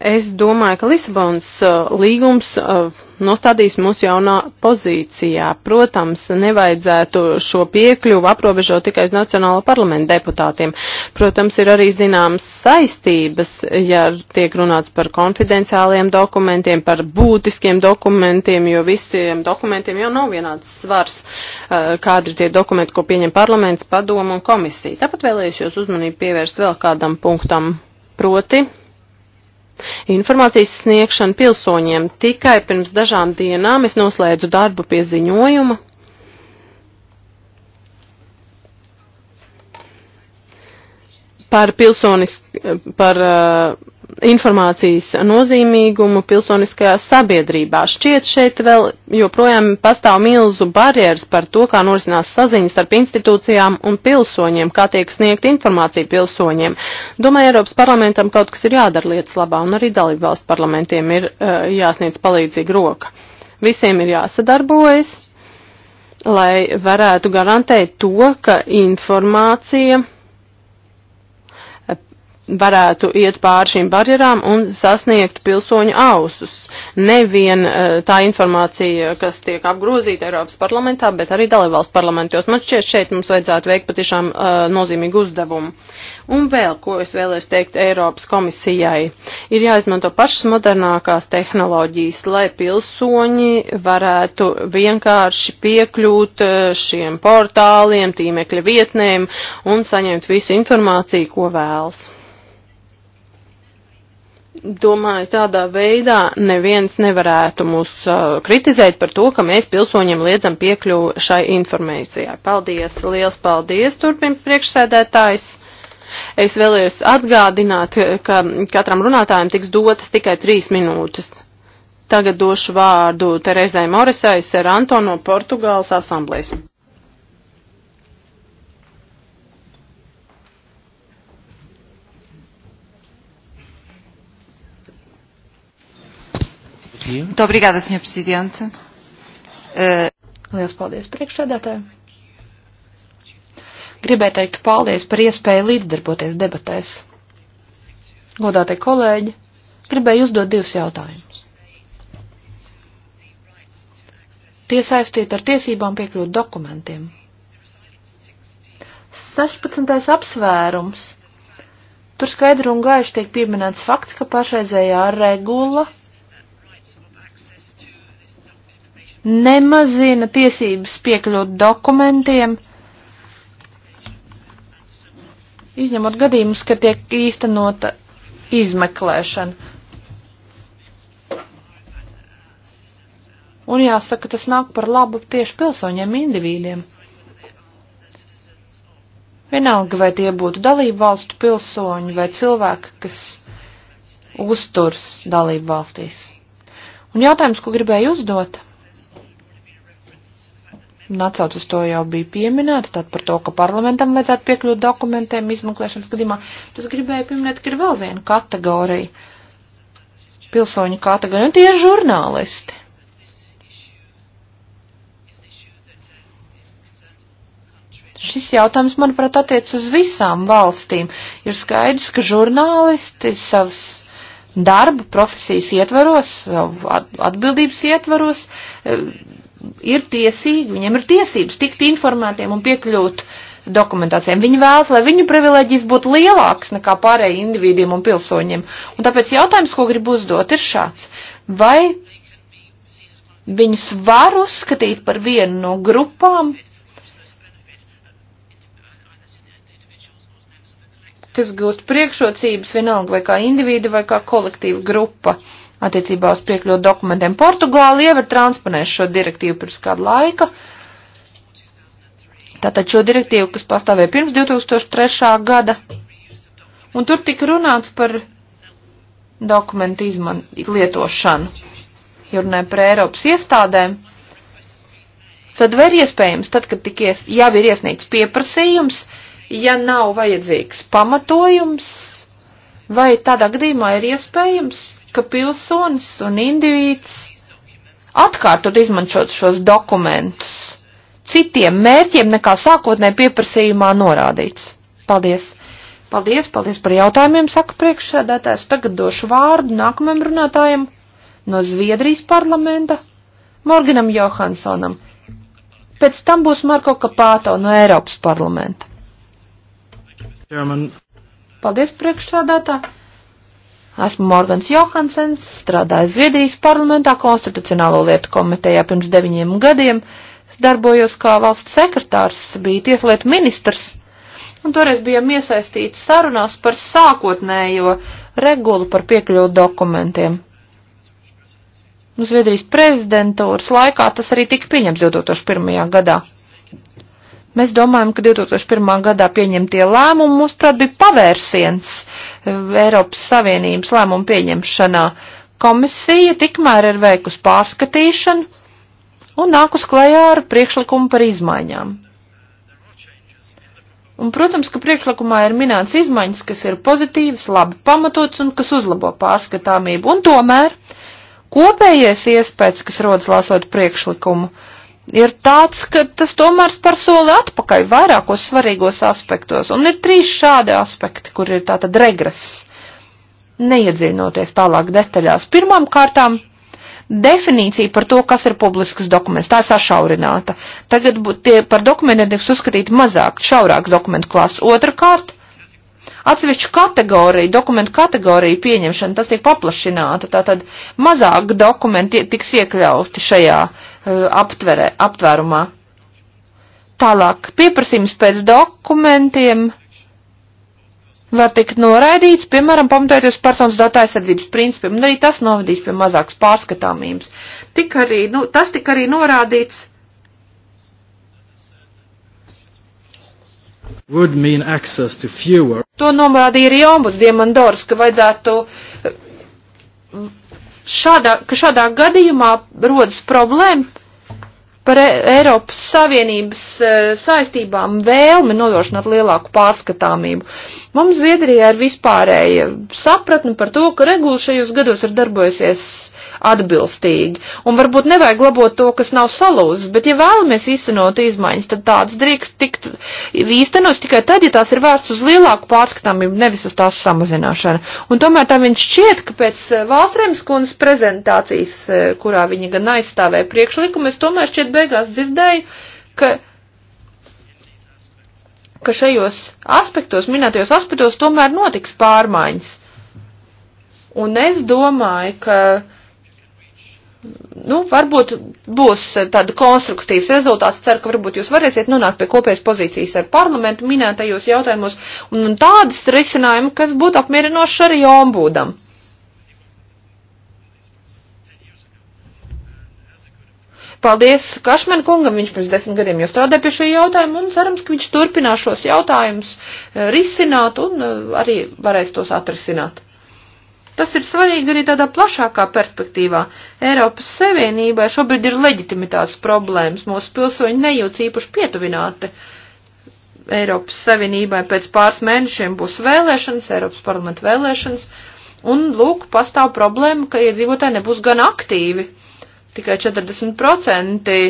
Es domāju, ka Lisabonas uh, līgums uh, nostādīs mūs jaunā pozīcijā. Protams, nevajadzētu šo piekļuvu aprobežot tikai uz Nacionālo parlamentu deputātiem. Protams, ir arī zināmas saistības, ja tiek runāts par konfidenciāliem dokumentiem, par būtiskiem dokumentiem, jo visiem dokumentiem jau nav vienāds svars, uh, kādi ir tie dokumenti, ko pieņem parlaments, padomu un komisija. Tāpat vēlējušos uzmanību pievērst vēl kādam punktam proti Informācijas sniegšana pilsoņiem tikai pirms dažām dienām es noslēdzu darbu pie ziņojuma. Par pilsonis, par uh, informācijas nozīmīgumu pilsoniskajā sabiedrībā. Šķiet šeit vēl joprojām pastāv milzu barjeras par to, kā norisinās saziņas starp institūcijām un pilsoņiem, kā tiek sniegt informācija pilsoņiem. Domāju, Eiropas parlamentam kaut kas ir jādara lietas labā, un arī dalību valstu parlamentiem ir uh, jāsniedz palīdzīga roka. Visiem ir jāsadarbojas, lai varētu garantēt to, ka informācija varētu iet pāri šīm barjerām un sasniegt pilsoņu ausus. Nevien e, tā informācija, kas tiek apgrozīta Eiropas parlamentā, bet arī dalībvalsts parlamentos. Man šķiet, šeit mums vajadzētu veikt patiešām e, nozīmīgu uzdevumu. Un vēl, ko es vēlēšu teikt Eiropas komisijai, ir jāizmanto pašas modernākās tehnoloģijas, lai pilsoņi varētu vienkārši piekļūt e, šiem portāliem, tīmekļa vietnēm un saņemt visu informāciju, ko vēlas. Domāju, tādā veidā neviens nevarētu mūs uh, kritizēt par to, ka mēs pilsoņiem liedzam piekļuvu šai informācijai. Paldies, liels paldies, turpin priekšsēdētājs. Es vēlējos atgādināt, ka katram runātājam tiks dotas tikai trīs minūtes. Tagad došu vārdu Terezai Morisai, Seranto no Portugāles asamblēs. you. Muito obrigada, Sr. Presidente. Uh... Eh, Lielas paldies priekšsēdētājai. Gribēju teikt paldies par iespēju līdzdarboties debatēs. Godātie kolēģi, gribēju uzdot divus jautājumus. Tie saistīti ar tiesībām piekļūt dokumentiem. 16. apsvērums. Tur skaidri un gaiši tiek pieminēts fakts, ka pašreizējā regula nemazina tiesības piekļūt dokumentiem, izņemot gadījumus, ka tiek īstenota izmeklēšana. Un jāsaka, tas nāk par labu tieši pilsoņiem, indivīdiem. Vienalga, vai tie būtu dalību valstu pilsoņi vai cilvēki, kas uzturs dalību valstīs. Un jautājums, ko gribēju uzdot, Nacauts uz to jau bija pieminēta, tad par to, ka parlamentam vajadzētu piekļūt dokumentiem izmeklēšanas gadījumā. Tas gribēju pieminēt, ka ir vēl viena kategorija, pilsoņu kategorija, un tie ir žurnālisti. Šis jautājums, manuprāt, attiec uz visām valstīm. Ir skaidrs, ka žurnālisti savas darba profesijas ietvaros, savu atbildības ietvaros, eh, ir tiesīgi, viņiem ir tiesības tikt informētiem un piekļūt dokumentācijām. Viņi vēlas, lai viņu privileģijas būtu lielākas nekā pārējiem individiem un pilsoņiem. Un tāpēc jautājums, ko gribu uzdot, ir šāds. Vai viņus var uzskatīt par vienu no grupām, kas gūst priekšrocības vienalga vai kā individu vai kā kolektīva grupa? Uh, attiecībā uz piekļūt dokumentiem. Portugāli jau ir transponējuši šo direktīvu pirms kādu laiku. Tātad šo direktīvu, kas pastāvēja pirms 2003. gada, un tur tika runāts par dokumentu izman, lietošanu, ja runājam par Eiropas iestādēm, tad var iespējams, tad, kad tik ies, jau ir iesniegts pieprasījums, ja nav vajadzīgs pamatojums, vai tādā gadījumā ir iespējams ka pilsonis un indivīds atkārtot izmantot šos dokumentus citiem mērķiem nekā sākotnē pieprasījumā norādīts. Paldies! Paldies, paldies par jautājumiem, saka priekšsēdētājs. Tagad došu vārdu nākamajam runātājam no Zviedrijas parlamenta, Morganam Johansonam. Pēc tam būs Marko Kapāto no Eiropas parlamenta. Paldies, priekšsēdētāji! Esmu Morgans Johansens, strādāju Zviedrijas parlamentā konstitucionālo lietu komitejā pirms deviņiem gadiem. Es darbojos kā valsts sekretārs, biju tieslietu ministrs, un toreiz bijām iesaistīti sarunās par sākotnējo regulu par piekļuvu dokumentiem. Nu, Zviedrijas prezidentūras laikā tas arī tika pieņemts 2001. gadā. Mēs domājam, ka 2001. gadā pieņemtie lēmumi, mūsuprāt, bija pavērsiens eh, Eiropas Savienības lēmumu pieņemšanā. Komisija tikmēr ir veikusi pārskatīšanu un nākus klajā ar priekšlikumu par izmaiņām. Un, protams, ka priekšlikumā ir minēts izmaiņas, kas ir pozitīvas, labi pamatots un kas uzlabo pārskatāmību. Un tomēr kopējais iespējas, kas rodas lāsot priekšlikumu, uh, ir tāds, ka tas tomēr par soli atpakaļ vairākos svarīgos aspektos. Un ir trīs šādi aspekti, kur ir tātad regress, neiedzinoties tālāk detaļās. Pirmām kārtām definīcija par to, kas ir publisks dokuments. Tā ir sašaurināta. Tagad tie par dokumentiem tiek uzskatīti mazāk, šaurāks dokumentu klāsts. Otrakārt, atsevišķu kategoriju, dokumentu kategoriju pieņemšana, tas tiek paplašināta. Tātad mazāk dokumenti tiks iekļauti šajā uh, Eh, aptverē, aptvērumā. Tālāk, pieprasījums pēc dokumentiem var tikt noraidīts, piemēram, pamatojoties personas datu aizsardzības principiem, un arī tas novadīs pie mazākas pārskatāmības. Tik arī, nu, tas tika arī norādīts. To norādīja arī ombuds Diemandors, ka vajadzētu šādā, ka šādā gadījumā rodas problēma par e Eiropas Savienības e, saistībām vēlme nodrošināt lielāku pārskatāmību. Mums Zviedrijā ir vispārēja sapratne par to, ka regula šajos gados ir darbojusies atbilstīgi. Un varbūt nevajag labot to, kas nav salūzis, bet ja vēlamies īstenot izmaiņas, tad tāds drīkst tikt īstenos tikai tad, ja tās ir vērsts uz lielāku pārskatāmību, nevis uz tās samazināšanu. Un tomēr tā viņš šķiet, ka pēc eh, Valstrēmas kundas prezentācijas, eh, kurā viņa gan aizstāvēja priekšlikumu, es tomēr šķiet beigās dzirdēju, ka ka šajos aspektos, minētajos aspektos, tomēr notiks pārmaiņas. Un es domāju, ka uh, nu, varbūt būs tāda konstruktīvs rezultāts. Ceru, ka varbūt jūs varēsiet nonākt pie kopējas pozīcijas ar parlamentu minētajos jautājumos un tādas risinājumi, kas būtu apmierinoši arī ombūdam. Paldies Kašmen kungam, viņš pirms desmit gadiem jau strādāja pie šī jautājuma un cerams, ka viņš turpinās šos jautājumus eh, risināt un eh, arī varēs tos atrisināt. Tas ir svarīgi arī tādā plašākā perspektīvā. Eiropas Savienībai šobrīd ir leģitimitātes problēmas. Mūsu pilsoņi nejūtas īpaši pietuvināti. Eiropas Savienībai pēc pāris mēnešiem būs vēlēšanas, Eiropas parlamenta vēlēšanas, un lūk, pastāv problēma, ka iedzīvotāji nebūs gan aktīvi. Tikai 40% eh,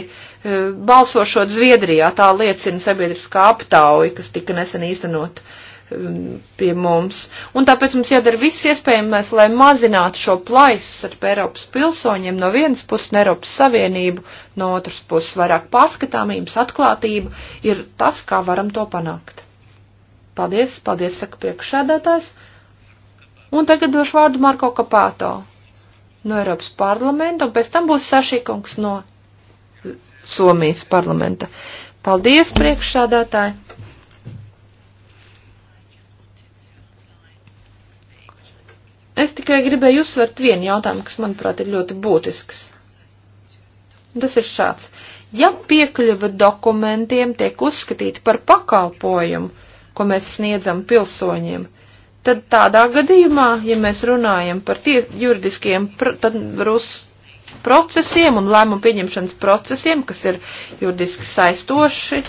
balsošot Zviedrijā, tā liecina sabiedriskā aptauja, kas tika nesen īstenota. Uh, Um, pie mums. Un tāpēc mums jādara viss iespējamais, lai mazinātu šo plaisu starp Eiropas pilsoņiem no vienas puses un Eiropas Savienību, no otras puses vairāk pārskatāmības, atklātība ir tas, kā varam to panākt. Paldies, paldies, saka priekšsēdētājs. Un tagad došu vārdu Marko Kapāto no Eiropas parlamenta, un pēc tam būs Sašīkungs no Somijas parlamenta. Paldies, priekšsādātāji! tikai gribēju uzsvert vienu jautājumu, kas, manuprāt, ir ļoti būtisks. Tas ir šāds. Ja piekļuva dokumentiem tiek uzskatīta par pakalpojumu, ko mēs sniedzam pilsoņiem, tad tādā gadījumā, ja mēs runājam par ties, juridiskiem pr procesiem un lēmumu pieņemšanas procesiem, kas ir juridiski saistoši,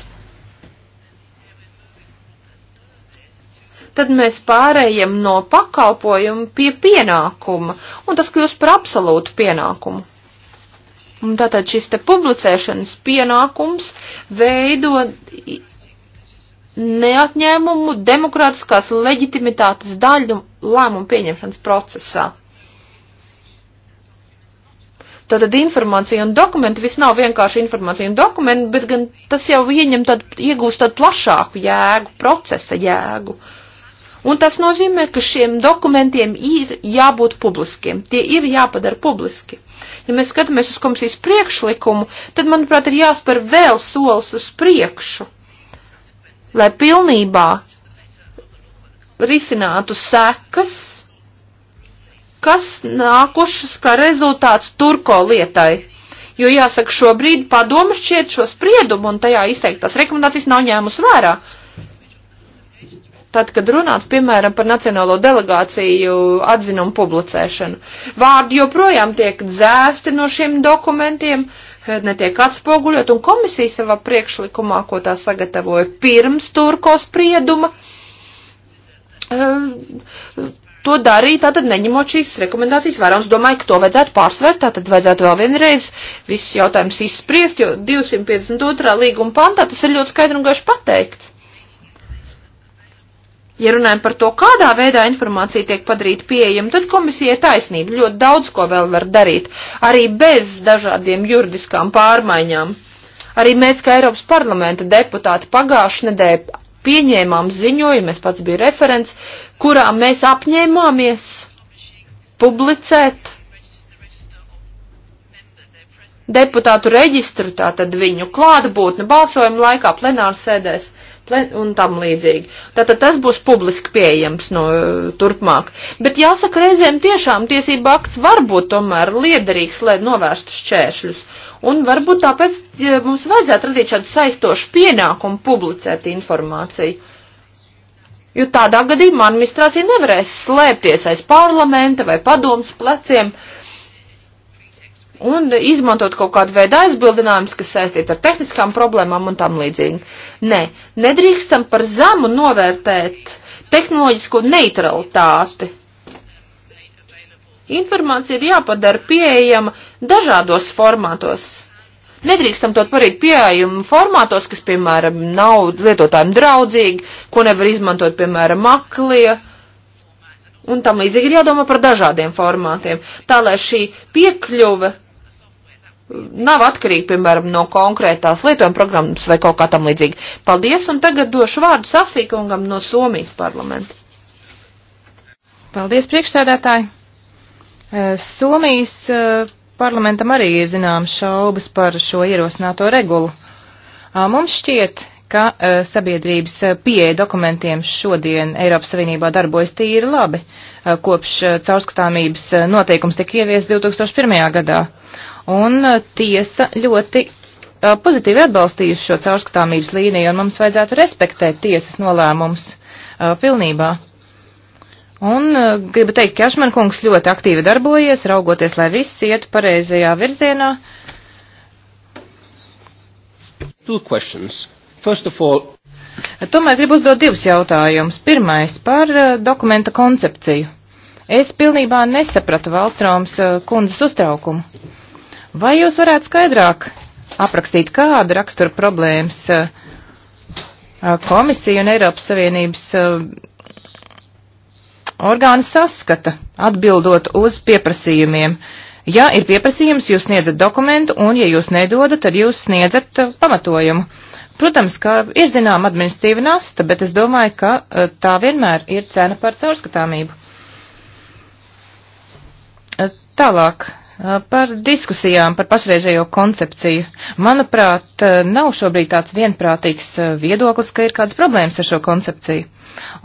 tad mēs pārējiem no pakalpojuma pie pienākuma, un tas kļūst par absolūtu pienākumu. Un tātad šis te publicēšanas pienākums veido neatņēmumu demokrātiskās leģitimitātes daļu lēmumu pieņemšanas procesā. Tātad informācija un dokumenti viss nav vienkārši informācija un dokumenti, bet gan tas jau ieņem tādu, iegūst tādu plašāku jēgu, procesa jēgu. Uh, Un tas nozīmē, ka šiem dokumentiem ir jābūt publiskiem, tie ir jāpadara publiski. Ja mēs skatāmies uz komisijas priekšlikumu, tad, manuprāt, ir jāspēr vēl solis uz priekšu, lai pilnībā risinātu sekas, kas nākušas kā rezultāts Turko lietai. Jo jāsaka, šobrīd padomu šķiet šo spriedumu un tajā izteiktās rekomendācijas nav ņēmus vērā. Uh, Tad, kad runāts, piemēram, par nacionālo delegāciju atzinumu publicēšanu, vārdi joprojām tiek dzēsti no šiem dokumentiem, netiek atspoguļot, un komisija savā priekšlikumā, ko tā sagatavoja pirms turko sprieduma, eh, to darīja, tātad neņemot šīs rekomendācijas vērā. Un es domāju, ka to vajadzētu pārsvērt, tātad vajadzētu vēl vienreiz visus jautājumus izspriest, jo 252. līguma pantā tas ir ļoti skaidri un gaiši pateikts. Ja runājam par to, kādā veidā informācija tiek padarīta pieejama, tad komisijai taisnība ļoti daudz ko vēl var darīt, arī bez dažādiem juridiskām pārmaiņām. Arī mēs, kā Eiropas parlamenta deputāti, pagājušajā nedēļā pieņēmām ziņojumu, es pats biju referents, kurā mēs apņēmāmies publicēt deputātu reģistru, tātad viņu klātbūtni balsojuma laikā plenārsēdēs. sēdēs un tam līdzīgi. Tātad tas būs publiski pieejams no eh, turpmāk. Bet jāsaka, reizēm tiešām tiesība akts var būt tomēr liederīgs, lai novērstu šķēršļus. Un varbūt tāpēc mums vajadzētu radīt šādu saistošu pienākumu publicēt informāciju. Jo tādā gadījumā administrācija nevarēs slēpties aiz parlamenta vai padomas pleciem. Uh, un izmantot kaut kādu veidu aizbildinājumus, kas saistīti ar tehniskām problēmām un tam līdzīgi. Nē, nedrīkstam par zemu novērtēt tehnoloģisko neutralitāti. Informācija ir jāpadara pieejama dažādos formātos. Nedrīkstam to parīt pieejamu formātos, kas, piemēram, nav lietotājiem draudzīgi, ko nevar izmantot, piemēram, maklie. Un tam līdzīgi ir jādomā par dažādiem formātiem, tā lai šī piekļuve nav atkarīgi, piemēram, no konkrētās lietojuma programmas vai kaut kā tam līdzīgi. Paldies, un tagad došu vārdu sasīkungam no Somijas parlamenta. Paldies, priekšsēdētāji. Eh, Somijas eh, parlamentam arī ir zināmas šaubas par šo ierosināto regulu. Ah, mums šķiet, ka eh, sabiedrības pieeja dokumentiem šodien Eiropas Savienībā darbojas tīri labi, kopš caurskatāmības noteikums tika ievies 2001. gadā. Un uh, tiesa ļoti uh, pozitīvi atbalstījusi šo caurskatāmības līniju, un mums vajadzētu respektēt tiesas nolēmums uh, pilnībā. Un gribu teikt, ka Ašman kungs ļoti aktīvi darbojies, raugoties, lai viss ietu pareizajā virzienā. All... Tomēr gribu uzdot divus jautājumus. Pirmais par dokumenta koncepciju. Es pilnībā nesapratu Valstroms kundzes uztraukumu. Vai jūs varētu skaidrāk aprakstīt, kāda rakstura problēmas eh, eh, komisija un Eiropas Savienības eh, orgāni saskata, atbildot uz pieprasījumiem? Ja ir pieprasījums, jūs sniedzat dokumentu, un ja jūs nedodat, tad jūs sniedzat pamatojumu. Protams, ka ir zinām administratīva nasta, bet es domāju, ka tā vienmēr ir cena par caurskatāmību. Tālāk Par diskusijām par pašreizējo koncepciju. Manuprāt, nav šobrīd tāds vienprātīgs viedoklis, ka ir kādas problēmas ar šo koncepciju.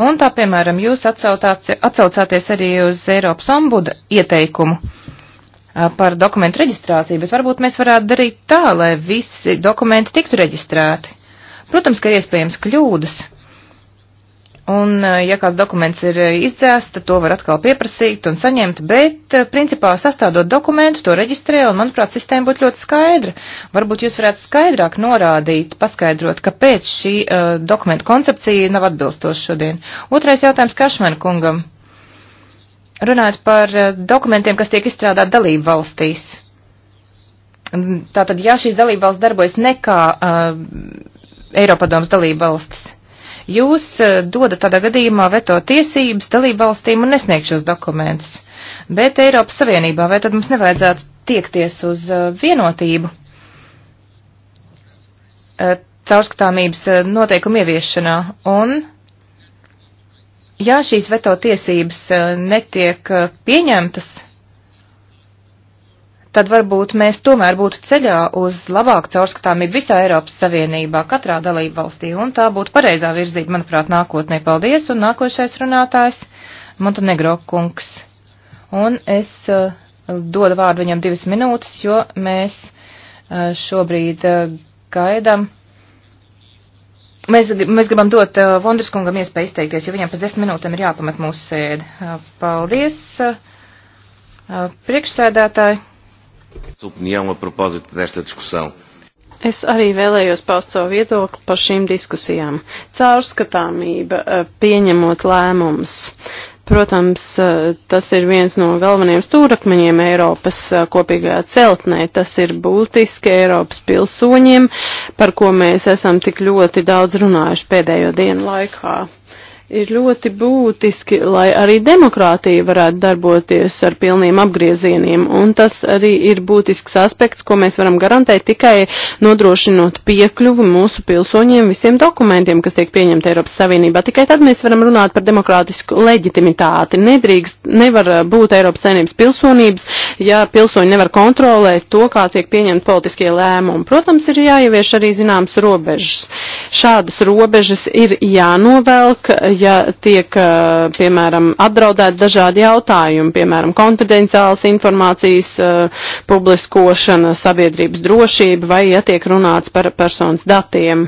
Un tā, piemēram, jūs atsaucāties arī uz Eiropas ombuda ieteikumu par dokumentu reģistrāciju, bet varbūt mēs varētu darīt tā, lai visi dokumenti tiktu reģistrēti. Protams, ka ir iespējams kļūdas, Un, eh, ja kāds dokuments ir eh, izdzēsts, tad to var atkal pieprasīt un saņemt, bet, eh, principā, sastādot dokumentu, to reģistrē, un, manuprāt, sistēma būtu ļoti skaidra. Varbūt jūs varētu skaidrāk norādīt, paskaidrot, kāpēc šī uh, dokumenta koncepcija nav atbilstoša šodien. Otrais jautājums Kašmena kungam. Runājot par uh, dokumentiem, kas tiek izstrādāt dalību valstīs. Tātad, ja šīs dalība valsts darbojas nekā uh, Eiropadoms dalība valstis, Jūs eh, dodat tādā gadījumā veto tiesības dalību valstīm un nesniegt šos dokumentus. Bet Eiropas Savienībā vai tad mums nevajadzētu tiekties uz eh, vienotību? Eh, caurskatāmības noteikumu ieviešanā un ja šīs veto tiesības netiek pieņemtas, tad varbūt mēs tomēr būtu ceļā uz labāku caurskatāmību visā Eiropas Savienībā, katrā dalība valstī, un tā būtu pareizā virzība, manuprāt, nākotnē. Paldies, un nākošais runātājs Montenegro kungs. Un es uh, dodu vārdu viņam divas minūtes, jo mēs uh, šobrīd uh, gaidam. Mēs, mēs gribam dot uh, Vondras kungam iespēju izteikties, jo viņam pēc desmit minūtēm ir jāpamet mūsu sēde. Uh, paldies, uh, uh, priekšsēdētāji! Es arī vēlējos paust savu viedokli par šīm diskusijām. Caurskatāmība eh, pieņemot lēmumus. Protams, eh, tas ir viens no galvenajiem stūrakmeņiem Eiropas eh, kopīgajā celtnē. Tas ir būtiski Eiropas pilsoņiem, par ko mēs esam tik ļoti daudz runājuši pēdējo dienu laikā ir ļoti būtiski, lai arī demokrātija varētu darboties ar pilniem apgriezieniem. Un tas arī ir būtisks aspekts, ko mēs varam garantēt tikai nodrošinot piekļuvu mūsu pilsoņiem visiem dokumentiem, kas tiek pieņemti Eiropas Savienībā. Tikai tad mēs varam runāt par demokrātisku leģitimitāti. Nedrīkst, nevar būt Eiropas Savienības pilsonības, ja pilsoņi nevar kontrolēt to, kā tiek pieņemt politiskie lēmumi. Protams, ir jāievieš arī zināmas robežas. Šādas robežas ir jānovelk, ja tiek, piemēram, apdraudēti dažādi jautājumi, piemēram, konfidenciālas informācijas publiskošana, sabiedrības drošība vai ja tiek runāts par personas datiem.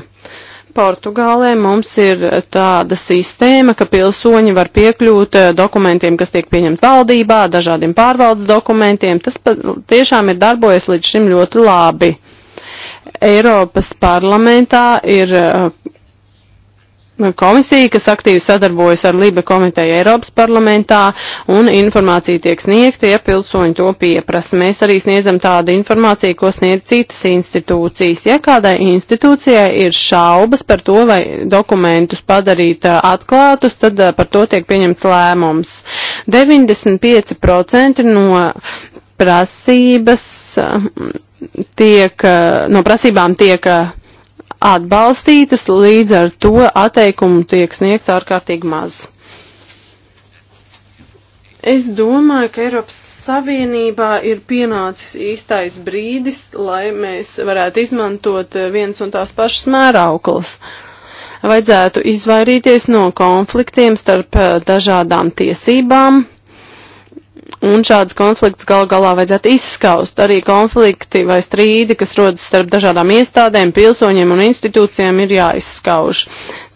Portugālē mums ir tāda sistēma, ka pilsoņi var piekļūt dokumentiem, kas tiek pieņemti valdībā, dažādiem pārvaldes dokumentiem. Tas tiešām ir darbojies līdz šim ļoti labi. Eiropas parlamentā ir komisija, kas aktīvi sadarbojas ar Libe komiteju Eiropas parlamentā, un informācija tiek sniegta, ja pilsoņi to pieprasa. Mēs arī sniedzam tādu informāciju, ko sniedz citas institūcijas. Ja kādai institūcijai ir šaubas par to, vai dokumentus padarīt atklātus, tad par to tiek pieņemts lēmums. 95% no prasības tiek, no prasībām tiek atbalstītas, līdz ar to atteikumu tiek sniegts ārkārtīgi maz. Es domāju, ka Eiropas Savienībā ir pienācis īstais brīdis, lai mēs varētu izmantot viens un tās pašas mērauklas. Vajadzētu izvairīties no konfliktiem starp eh, dažādām tiesībām, Un šāds konflikts gal galā vajadzētu izskaust. Arī konflikti vai strīdi, kas rodas starp dažādām iestādēm, pilsoņiem un institūcijām, ir jāizskauž.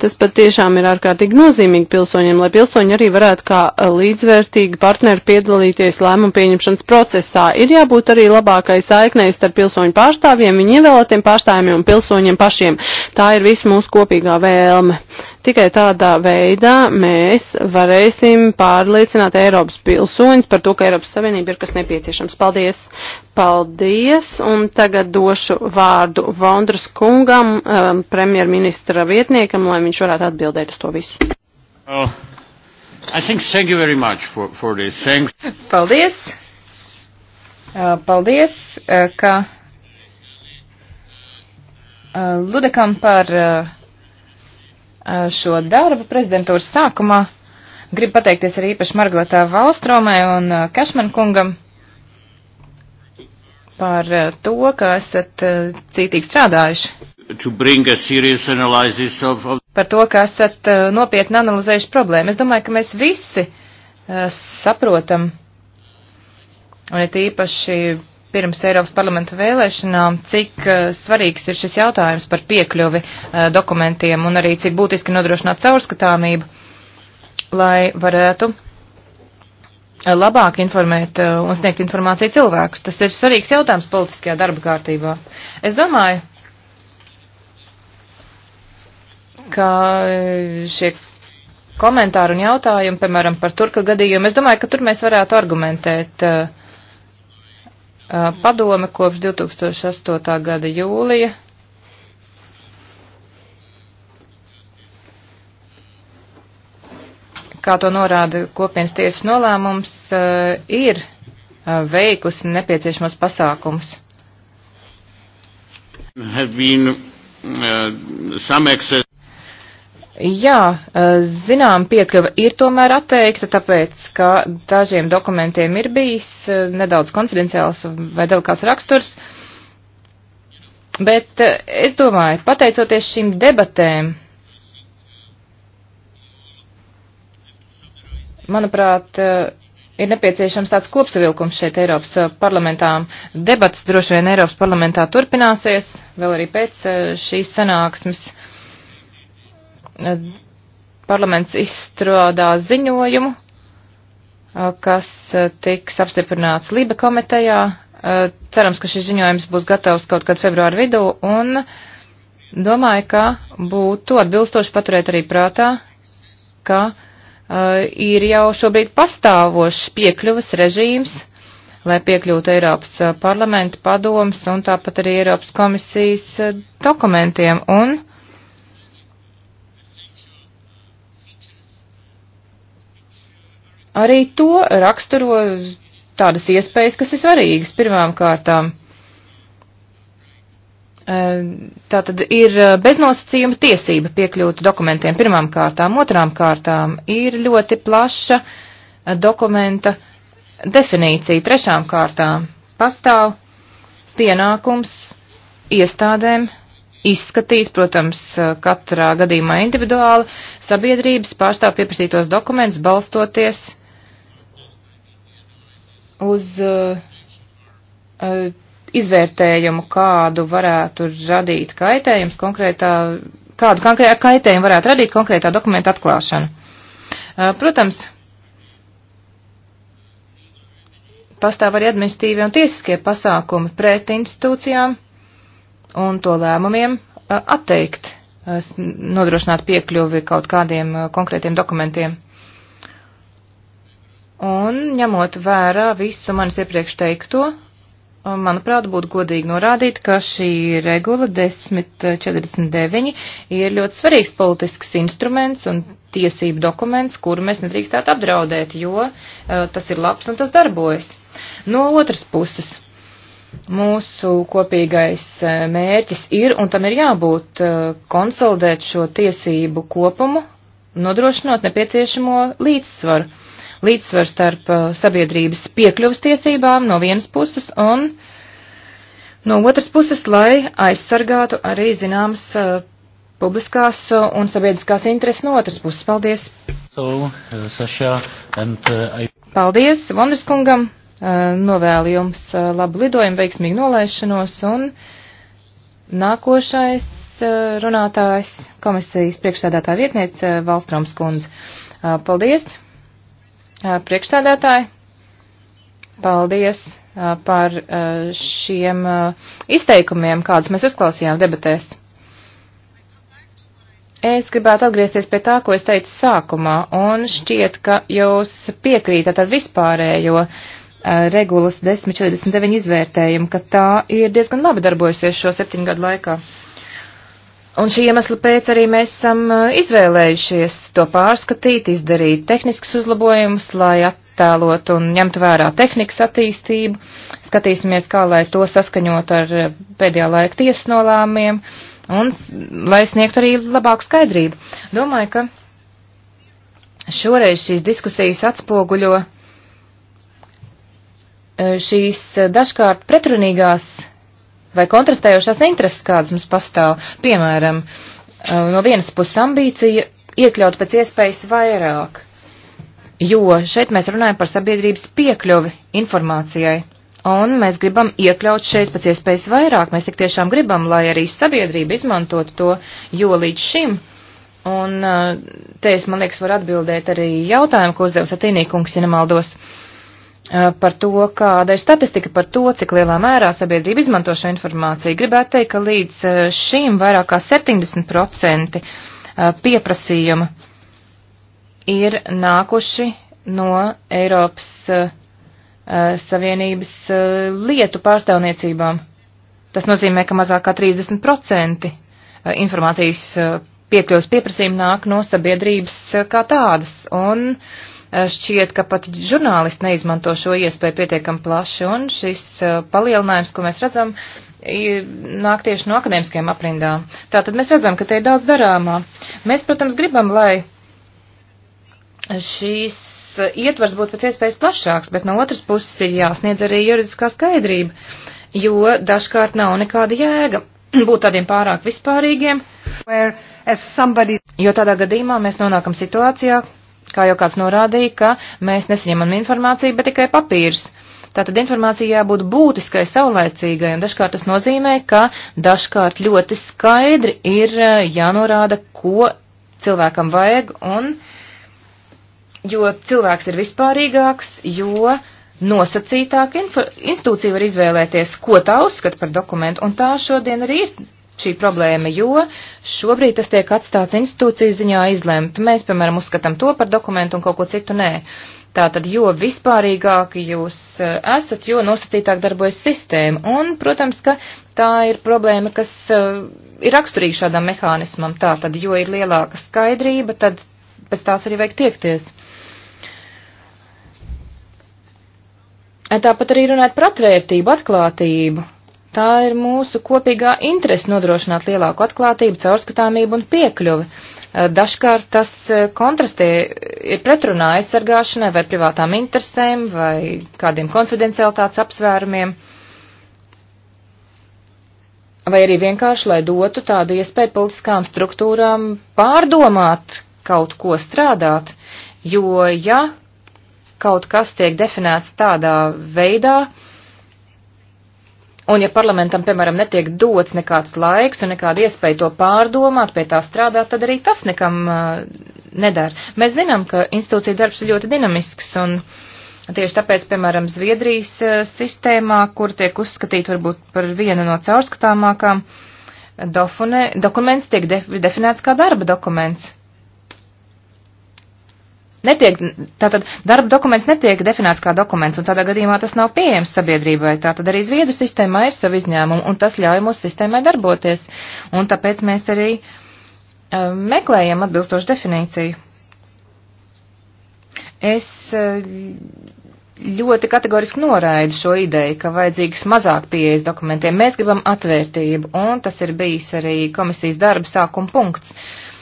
Tas patiešām ir ārkārtīgi nozīmīgi pilsoņiem, lai pilsoņi arī varētu kā eh, līdzvērtīgi partneri piedalīties lēmumu pieņemšanas procesā. Ir jābūt arī labākai saiknei starp pilsoņu pārstāvjiem, viņu ievēlētiem pārstāvjiem un pilsoņiem pašiem. Tā ir visu mūsu kopīgā vēlme. Tikai tādā veidā mēs varēsim pārliecināt Eiropas pilsoņus par to, ka Eiropas Savienība ir kas nepieciešams. Paldies! Paldies! Un tagad došu vārdu Vondras kungam, eh, premjerministra vietniekam, lai viņš viņš varētu atbildēt uz to visu. Oh. Think, for, for paldies! Paldies, ka Ludekam par šo darbu prezidentūras sākumā. Gribu pateikties arī īpaši Margotā Valstromē un Kašman kungam par to, ka esat cītīgi strādājuši of, of... par to, ka esat uh, nopietni analizējuši problēmu. Es domāju, ka mēs visi uh, saprotam, un it īpaši pirms Eiropas parlamenta vēlēšanām, cik uh, svarīgs ir šis jautājums par piekļuvi uh, dokumentiem un arī cik būtiski nodrošināt caurskatāmību, lai varētu uh, labāk informēt uh, un sniegt informāciju cilvēkus. Tas ir svarīgs jautājums politiskajā darba kārtībā. Es domāju, ka e, šie komentāri un jautājumi, piemēram, par turka gadījumu, es domāju, ka tur mēs varētu argumentēt e, e, padome kopš 2008. gada jūlija. Kā to norāda kopienas tiesas nolēmums, ir veikusi nepieciešamos pasākums. Have been, uh, some access Jā, eh, zinām, piekļuva ir tomēr atteikta, tāpēc, ka dažiem dokumentiem ir bijis eh, nedaudz konfidenciāls vai delikāts raksturs. Bet eh, es domāju, pateicoties šīm debatēm, manuprāt, ir nepieciešams tāds kopsavilkums šeit Eiropas parlamentā. Debats droši vien Eiropas parlamentā turpināsies, vēl arī pēc šīs sanāksmes. Eh, parlaments izstrādā ziņojumu, eh, kas eh, tiks apstiprināts Lība komitejā. Cerams, ka šis ziņojums būs gatavs kaut kad februāra vidū un domāju, ka būtu atbilstoši paturēt arī prātā, ka ir jau šobrīd pastāvošs piekļuvas režīms, lai piekļūtu Eiropas parlamenta padoms un tāpat arī Eiropas komisijas dokumentiem. Un, uh, arī to raksturo tādas iespējas, kas ir svarīgas pirmām kārtām. Tā tad ir beznosacījuma tiesība piekļūt dokumentiem pirmām kārtām, otrām kārtām ir ļoti plaša dokumenta definīcija, trešām kārtām pastāv pienākums iestādēm izskatīt, protams, katrā gadījumā individuāli sabiedrības pārstāv pieprasītos dokumentus balstoties uz uh, uh, izvērtējumu, kādu varētu radīt kaitējums konkrētā, kādu kaitējumu varētu radīt konkrētā dokumenta atklāšana. Uh, protams, pastāv arī administīvie un tiesiskie pasākumi pret institūcijām un to lēmumiem atteikt nodrošināt piekļuvi kaut kādiem konkrētiem dokumentiem. Un, ņemot vērā visu manis iepriekš teikto, manuprāt, būtu godīgi norādīt, ka šī regula 1049 ir ļoti svarīgs politisks instruments un tiesību dokuments, kuru mēs nedrīkstētu apdraudēt, jo eh, tas ir labs un tas darbojas. No otras puses, mūsu kopīgais eh, mērķis ir, un tam ir jābūt, eh, konsolidēt šo tiesību kopumu, nodrošinot nepieciešamo līdzsvaru līdzsvaru starp uh, sabiedrības piekļuvas tiesībām no vienas puses un no otras puses, lai aizsargātu arī zināmas uh, publiskās uh, un sabiedriskās intereses no otras puses. Paldies! So, uh, Sasha, and, uh, I... Paldies Vondraskungam! Uh, novēlu jums labu lidojumu, veiksmīgu nolaišanos un nākošais runātājs komisijas priekšsēdētā vietniece Valstroms kundze. Paldies! priekšsādātāji. Paldies par šiem izteikumiem, kādus mēs uzklausījām debatēs. Es gribētu atgriezties pie tā, ko es teicu sākumā, un šķiet, ka jūs piekrītat ar vispārējo regulas 1049 izvērtējumu, ka tā ir diezgan labi darbojusies šo septiņu gadu laikā. Un šī iemesla pēc arī mēs esam izvēlējušies to pārskatīt, izdarīt tehniskus uzlabojumus, lai attēlot un ņemt vērā tehnikas attīstību. Skatīsimies, kā lai to saskaņot ar pēdējā laika tiesas nolāmiem un lai sniegtu arī labāku skaidrību. Domāju, ka šoreiz šīs diskusijas atspoguļo šīs dažkārt pretrunīgās vai kontrastējošās intereses, kādas mums pastāv. Piemēram, no vienas puses ambīcija iekļaut pēc iespējas vairāk, jo šeit mēs runājam par sabiedrības piekļuvi informācijai. Un mēs gribam iekļaut šeit pēc iespējas vairāk. Mēs tik tiešām gribam, lai arī sabiedrība izmantot to, jo līdz šim Un te es, man liekas, varu atbildēt arī jautājumu, ko uzdeva Satīnīkungs, ja nemaldos. Uh, Eh, par to, kāda ir statistika par to, cik lielā mērā sabiedrība izmanto šo informāciju. Gribētu teikt, ka līdz eh, šim vairāk kā 70% eh, pieprasījumu ir nākuši no Eiropas Savienības lietu pārstāvniecībām. Tas nozīmē, ka mazāk kā 30% informācijas piekļuvas pieprasījumi nāk no sabiedrības kā tādas. Un uh, Eh, šķiet, ka pat žurnālisti neizmanto šo iespēju pietiekam plaši, un šis eh, palielinājums, ko mēs redzam, nāk tieši no akadēmiskiem aprindām. Tātad mēs redzam, ka te ir daudz darāmā. Mēs, protams, gribam, lai šīs eh, ietvars būtu pēc iespējas plašāks, bet no otras puses ir jāsniedz arī juridiskā skaidrība, jo dažkārt nav nekāda jēga būt tādiem pārāk vispārīgiem, jo tādā gadījumā mēs nonākam situācijā, Kā jau kāds norādīja, ka mēs nesaņemam informāciju, bet tikai papīrs. Tātad informācija jābūt būtiskai, saulēcīgai, un dažkārt tas nozīmē, ka dažkārt ļoti skaidri ir e, jānorāda, ko cilvēkam vajag, un jo cilvēks ir vispārīgāks, jo nosacītāk institūcija var izvēlēties, ko tā uzskata par dokumentu, un tā šodien arī ir šī problēma, jo šobrīd tas tiek atstāts institūcijas ziņā izlemt. Mēs, piemēram, uzskatām to par dokumentu un kaut ko citu nē. Tātad, jo vispārīgāk jūs e, esat, jo nosacītāk darbojas sistēma. Un, protams, ka tā ir problēma, kas e, ir raksturīga šādam mehānismam. Tātad, jo ir lielāka skaidrība, tad pēc tās arī vajag tiekties. Tāpat arī runāt par atvērtību, atklātību. Tā ir mūsu kopīgā interese nodrošināt lielāku atklātību, caurskatāmību un piekļuvi. Eh, dažkārt tas eh, kontrastē ir pretrunā aizsargāšanai vai privātām interesēm vai kādiem konfidencialitātes apsvērumiem. Vai arī vienkārši, lai dotu tādu iespēju politiskām struktūrām pārdomāt kaut ko strādāt, jo ja kaut kas tiek definēts tādā veidā, uh, Un ja parlamentam, piemēram, netiek dots nekāds laiks un nekāda iespēja to pārdomāt, pie tā strādāt, tad arī tas nekam uh, nedara. Mēs zinām, ka institūcija darbs ir ļoti dinamisks un tieši tāpēc, piemēram, Zviedrijas uh, sistēmā, kur tiek uzskatīta varbūt par vienu no caurskatāmākām, dofune, dokuments tiek def, definēts kā darba dokuments netiek, tātad darba dokuments netiek definēts kā dokuments, un tādā gadījumā tas nav pieejams sabiedrībai. Tātad arī Zviedru sistēmā ir savi izņēmumi, un tas ļauj mūsu sistēmai darboties. Un tāpēc mēs arī uh, meklējam atbilstošu definīciju. Es uh, ļoti kategoriski noraidu šo ideju, ka vajadzīgs mazāk pieejas dokumentiem. Mēs gribam atvērtību, un tas ir bijis arī komisijas darba sākuma punkts. Uh,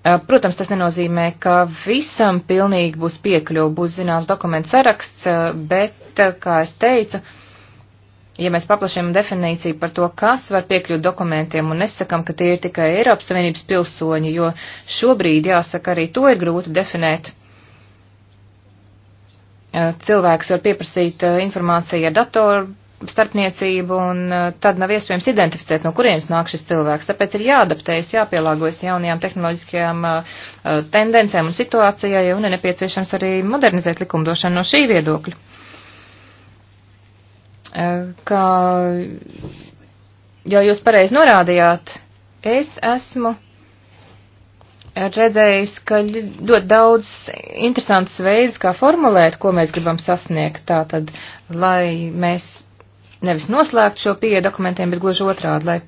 Eh, protams, tas nenozīmē, ka visam pilnīgi būs piekļuva, būs zināms dokumentu saraksts, eh, bet, eh, kā es teicu, ja mēs paplašinām definīciju par to, kas var piekļūt dokumentiem un nesakam, ka tie ir tikai Eiropas Savienības pilsoņi, jo šobrīd, jāsaka, arī to ir grūti definēt. Cilvēks var pieprasīt informāciju ar datoru starpniecību, un uh, tad nav iespējams identificēt, no kurienes nāk šis cilvēks. Tāpēc ir jāadaptējas, jāpielāgojas jaunajām tehnoloģiskajām uh, uh, tendencēm un situācijai, un ir nepieciešams arī modernizēt likumdošanu no šī viedokļa. Kā jau jūs pareizi norādījāt, es esmu redzējis, ka ļoti daudz interesants veids, kā formulēt, ko mēs gribam sasniegt, tātad, lai mēs nevis noslēgt šo pieeja dokumentiem, bet gluži otrādi, lai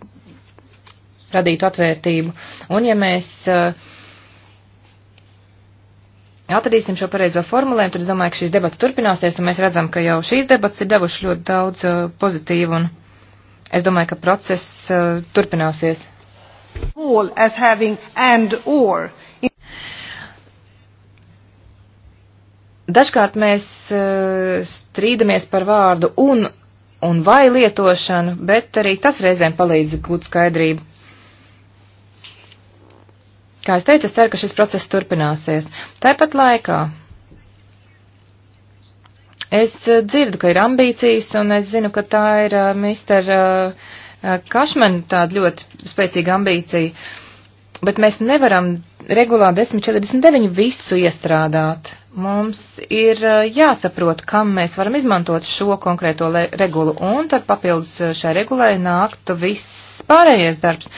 radītu atvērtību. Un ja mēs eh, atradīsim šo pareizo formulējumu, tad es domāju, ka šīs debats turpināsies, un mēs redzam, ka jau šīs debats ir devuši ļoti daudz eh, pozitīvu, un es domāju, ka process eh, turpināsies. All as having and or. Dažkārt mēs strīdamies par vārdu un un vai lietošanu, bet arī tas reizēm palīdz gūt skaidrību. Kā es teicu, es ceru, ka šis process turpināsies. Tāpat laikā es eh, dzirdu, ka ir ambīcijas, un es zinu, ka tā ir uh, Mr. Uh, Kašman tāda ļoti spēcīga ambīcija. Uh, Bet mēs nevaram regulā 1049 visu iestrādāt. Mums ir uh, jāsaprot, kam mēs varam izmantot šo konkrēto regulu, un tad papildus uh, šai regulai nāktu viss pārējais darbs.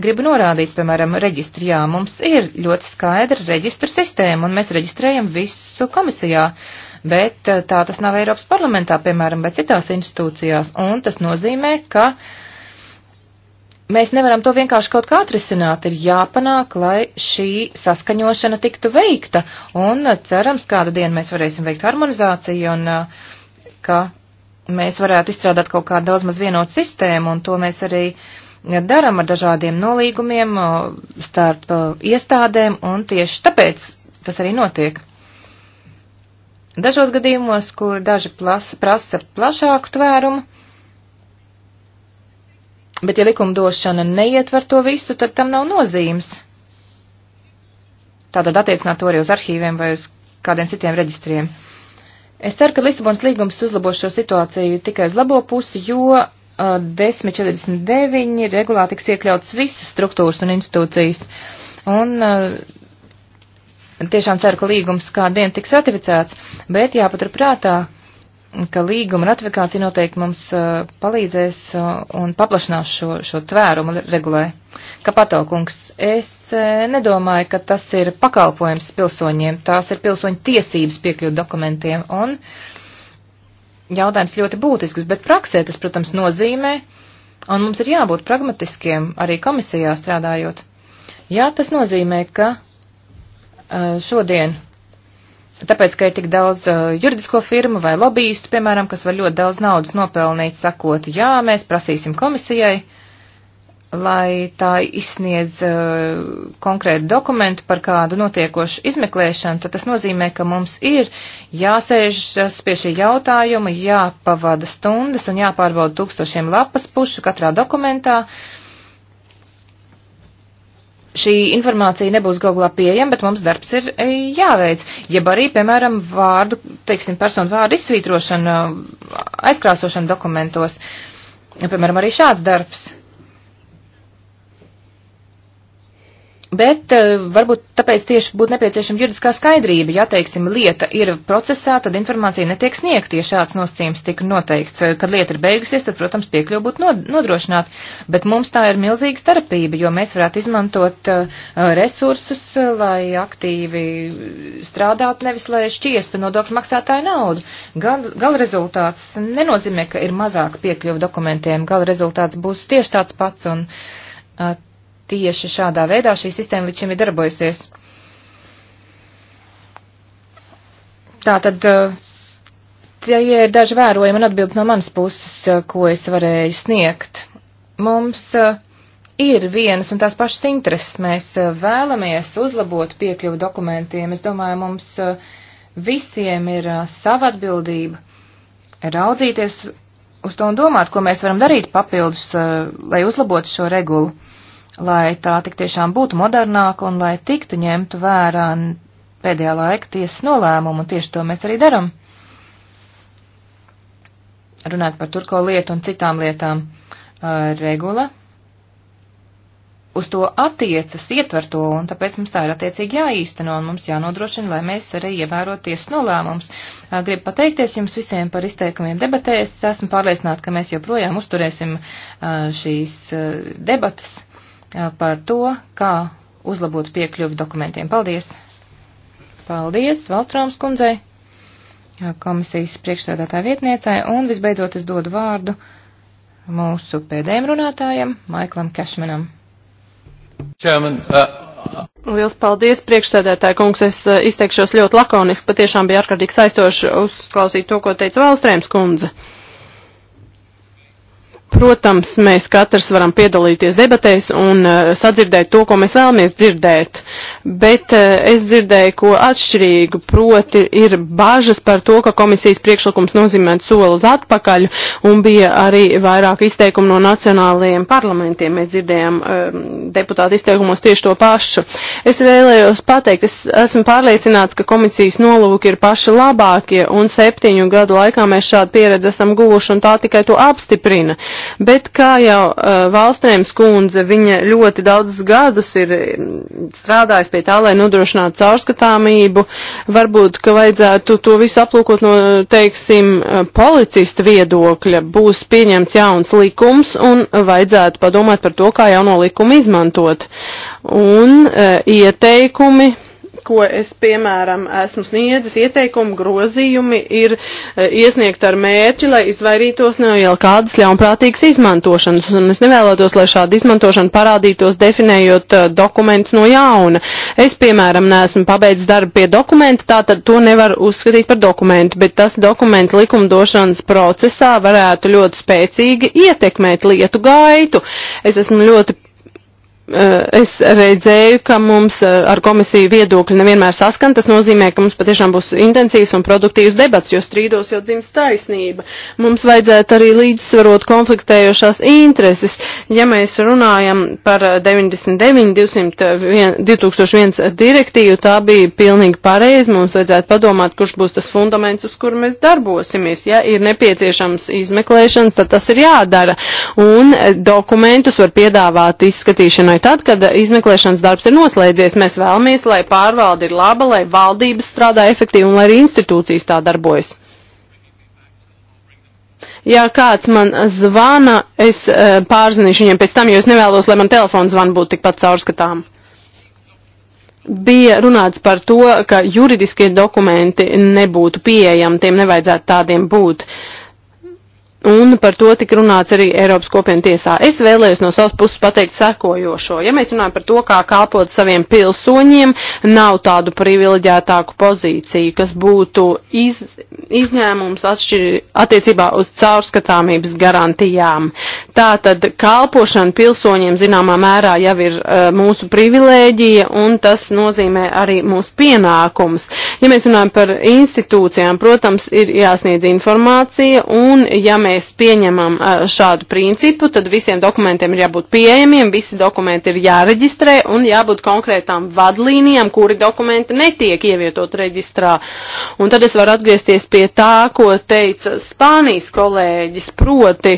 Gribu norādīt, piemēram, reģistri. Jā, mums ir ļoti skaidra reģistru sistēma, un mēs reģistrējam visu komisijā bet uh, tā tas nav Eiropas parlamentā, piemēram, vai citās institūcijās, un tas nozīmē, ka uh, mēs nevaram to vienkārši kaut kā atrisināt. Ir jāpanāk, lai šī saskaņošana tiktu veikta. Un uh, cerams, kādu dienu mēs varēsim veikt harmonizāciju un uh, ka mēs varētu izstrādāt kaut kādu daudz maz vienotu sistēmu. Un to mēs arī daram ar dažādiem nolīgumiem uh, starp iestādēm. Un tieši tāpēc tas arī notiek. Dažos gadījumos, kur daži plas, prasa plašāku tvērumu, Bet, ja likumdošana neietver to visu, tad tam nav nozīmes. Tātad attiecināt to arī uz arhīviem vai uz kādiem citiem reģistriem. Es ceru, ka Lisabonas līgums uzlabos šo situāciju tikai uz labo pusi, jo uh, 10.49 regulā tiks iekļauts visas struktūras un institūcijas. Un uh, tiešām ceru, ka līgums kādien tiks ratificēts, bet jāpaturprātā, ka līguma ratifikācija noteikti mums uh, palīdzēs uh, un paplašinās šo, šo tvērumu regulē. Kapato kungs, es uh, nedomāju, ka tas ir pakalpojums pilsoņiem, tās ir pilsoņu tiesības piekļūt dokumentiem, un jautājums ļoti būtisks, bet praksē tas, protams, nozīmē, un mums ir jābūt pragmatiskiem arī komisijā strādājot. Jā, tas nozīmē, ka uh, šodien Tāpēc, ka ir tik daudz uh, juridisko firmu vai lobbyistu, piemēram, kas var ļoti daudz naudas nopelnīt, sakot, jā, mēs prasīsim komisijai, lai tā izsniedz uh, konkrētu dokumentu par kādu notiekošu izmeklēšanu, tad tas nozīmē, ka mums ir jāsēžas pie šī jautājuma, jāpavada stundas un jāpārbauda tūkstošiem lapas pušu katrā dokumentā. Uh, šī informācija nebūs googlā pieejama, bet mums darbs ir e, jāveic. Jeb arī, piemēram, vārdu, teiksim, personu vārdu izsvītrošana, aizkrāsošana dokumentos. Piemēram, arī šāds darbs. Bet eh, varbūt tāpēc tieši būtu nepieciešama juridiskā skaidrība. Ja, teiksim, lieta ir procesā, tad informācija netiek sniegta, ja šāds nosacījums tika noteikts. Eh, kad lieta ir beigusies, tad, protams, piekļuva būtu nodrošināta. Bet mums tā ir milzīga starpība, jo mēs varētu izmantot eh, resursus, lai aktīvi strādātu, nevis lai šķiestu nodokļu maksātāju naudu. Gal, gal rezultāts nenozīmē, ka ir mazāk piekļuva dokumentiem. Gal rezultāts būs tieši tāds pats. Un, uh, tieši šādā veidā šī sistēma līdz šim ir darbojusies. Tātad tie ir daži vērojumi un atbildi no manas puses, eh, ko es varēju sniegt. Mums eh, ir vienas un tās pašas intereses. Mēs eh, vēlamies uzlabot piekļuvu dokumentiem. Es domāju, mums visiem ir sava atbildība raudzīties uz to un domāt, ko mēs varam darīt papildus, lai uzlabotu šo regulu lai tā tik tiešām būtu modernāka un lai tiktu ņemtu vērā pēdējā laika tiesas nolēmumu, un tieši to mēs arī daram. Runāt par turko lietu un citām lietām uh, regula uz to attiecas, ietver to, un tāpēc mums tā ir attiecīgi jāīsteno, un mums jānodrošina, lai mēs arī ievēroties nolēmums. Gribu pateikties jums visiem par izteikumiem debatēs, esmu pārliecināta, ka mēs joprojām uzturēsim šīs debatas par to, kā uzlabot piekļuvi dokumentiem. Paldies! Paldies Valstroms kundzei, komisijas priekšsēdētāja vietniecei, un visbeidzot es dodu vārdu mūsu pēdējiem runātājiem, Maiklam Kešmanam. Chairman, uh... Liels paldies, priekšsēdētāji kungs, es izteikšos ļoti lakoniski, patiešām bija ārkārtīgi saistoši uzklausīt to, ko teica Valstrēms kundze. Uh, Protams, mēs katrs varam piedalīties debatēs un uh, sadzirdēt to, ko mēs vēlamies dzirdēt, bet uh, es dzirdēju, ko atšķirīgu, proti ir bažas par to, ka komisijas priekšlikums nozīmētu soli uz atpakaļ un bija arī vairāk izteikumu no nacionālajiem parlamentiem. Mēs dzirdējām uh, deputātu izteikumos tieši to pašu. Es vēlējos pateikt, es esmu pārliecināts, ka komisijas nolūki ir paši labākie un septiņu gadu laikā mēs šādu pieredzi esam guvuši un tā tikai to apstiprina. Uh, Bet kā jau uh, eh, valstēms kundze, viņa ļoti daudzus gadus ir mm, strādājis pie tā, lai nodrošinātu caurskatāmību, varbūt, ka vajadzētu to visu aplūkot no, teiksim, eh, policista viedokļa, būs pieņemts jauns likums un vajadzētu padomāt par to, kā jauno likumu izmantot. Un uh, ieteikumi ko es, piemēram, esmu sniedzis, ieteikumi, grozījumi ir e, iesniegt ar mērķi, lai izvairītos no jau kādas ļaunprātīgas izmantošanas. Un es nevēlētos, lai šāda izmantošana parādītos definējot e, dokumentus no jauna. Es, piemēram, neesmu pabeidzis darbu pie dokumenta, tātad to nevar uzskatīt par dokumentu, bet tas dokuments likumdošanas procesā varētu ļoti spēcīgi ietekmēt lietu gaitu. Es esmu ļoti Eh, es redzēju, ka mums eh, ar komisiju viedokļi nevienmēr saskan. Tas nozīmē, ka mums patiešām būs intensīvs un produktīvs debats, jo strīdos jau dzimst taisnība. Mums vajadzētu arī līdzsvarot konfliktējošās intereses. Ja mēs runājam par 99, 201, 2001 direktīvu, tā bija pilnīgi pareizi. Mums vajadzētu padomāt, kurš būs tas fundaments, uz kuru mēs darbosimies. Ja ir nepieciešams izmeklēšanas, tad tas ir jādara. Un eh, dokumentus var piedāvāt izskatīšanai tad, kad izmeklēšanas darbs ir noslēdzies. Mēs vēlamies, lai pārvalde ir laba, lai valdības strādā efektīvi un lai arī institūcijas tā darbojas. Ja kāds man zvana, es eh, pārzinīšu viņiem pēc tam, jo es nevēlos, lai man telefons zvan būtu tikpat caurskatām bija runāts par to, ka juridiskie dokumenti nebūtu pieejami, tiem nevajadzētu tādiem būt. Un par to tika runāts arī Eiropas kopienu tiesā. Es vēlējos no savas puses pateikt sekojošo. Ja mēs runājam par to, kā kāpot saviem pilsoņiem, nav tādu privileģētāku pozīciju, kas būtu iz, izņēmums atšķir, attiecībā uz caurskatāmības garantijām. Tātad kalpošana pilsoņiem zināmā mērā jau ir uh, mūsu privilēģija un tas nozīmē arī mūsu pienākums. Ja mēs runājam par institūcijām, protams, ir jāsniedz informācija un ja mēs mēs pieņemam šādu principu, tad visiem dokumentiem ir jābūt pieejamiem, visi dokumenti ir jāreģistrē un jābūt konkrētām vadlīnijām, kuri dokumenti netiek ievietot reģistrā. Un tad es varu atgriezties pie tā, ko teica Spānijas kolēģis proti.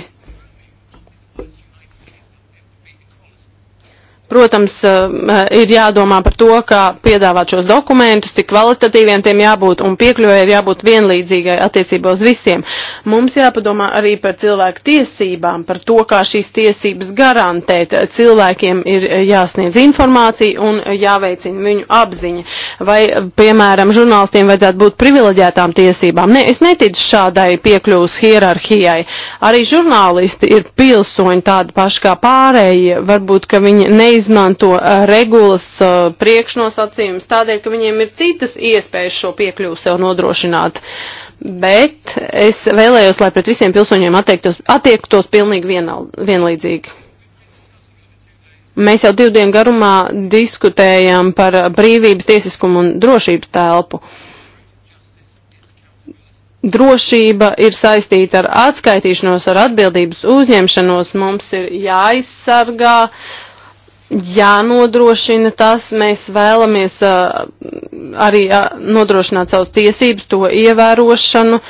Protams, eh, eh, ir jādomā par to, kā piedāvāt šos dokumentus, cik kvalitatīviem tiem jābūt un piekļuvai ir jābūt vienlīdzīgai attiecībā uz visiem. Mums jāpadomā arī par cilvēku tiesībām, par to, kā šīs tiesības garantēt. Cilvēkiem ir jāsniedz informācija un jāveicina viņu apziņa. Vai, piemēram, žurnālistiem vajadzētu būt privileģētām tiesībām? Nē, ne, es neticu šādai piekļuvas hierarhijai. Arī žurnālisti ir pilsoņi tādi paši kā pārējie. Varbūt, ka viņi neiz izmanto eh, regulas eh, priekšnosacījumus tādēļ, ka viņiem ir citas iespējas šo piekļuvu sev nodrošināt. Bet es vēlējos, lai pret visiem pilsoņiem attiektos, attiektos pilnīgi vienal, vienlīdzīgi. Mēs jau divu dienu garumā diskutējam par brīvības, tiesiskumu un drošības telpu. Drošība ir saistīta ar atskaitīšanos, ar atbildības uzņemšanos. Mums ir jāizsargā uh, jānodrošina tas, mēs vēlamies uh, arī uh, nodrošināt savus tiesības, to ievērošanu,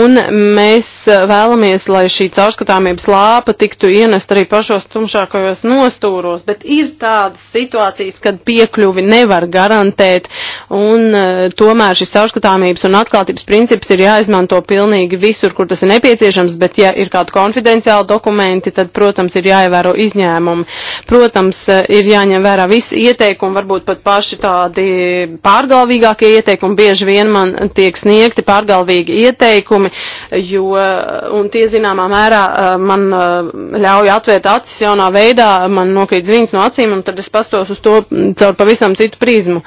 un mēs uh, vēlamies, lai šī caurskatāmības lāpa tiktu ienest arī pašos tumšākajos nostūros, bet ir tādas situācijas, kad piekļuvi nevar garantēt, un uh, tomēr šis caurskatāmības un atklātības princips ir jāizmanto pilnīgi visur, kur tas ir nepieciešams, bet ja ir kādi konfidenciāli dokumenti, tad, protams, ir jāievēro izņēmumi. Protams, uh, ir jāņem vērā visi ieteikumi, varbūt pat paši tādi pārgalvīgākie ieteikumi. Bieži vien man tiek sniegti pārgalvīgi ieteikumi, jo, un tie zināmā mērā eh, man eh, ļauj atvērt acis jaunā veidā, man nokrīt zviņas no acīm, un tad es pastos uz to mm, caur pavisam citu prizmu.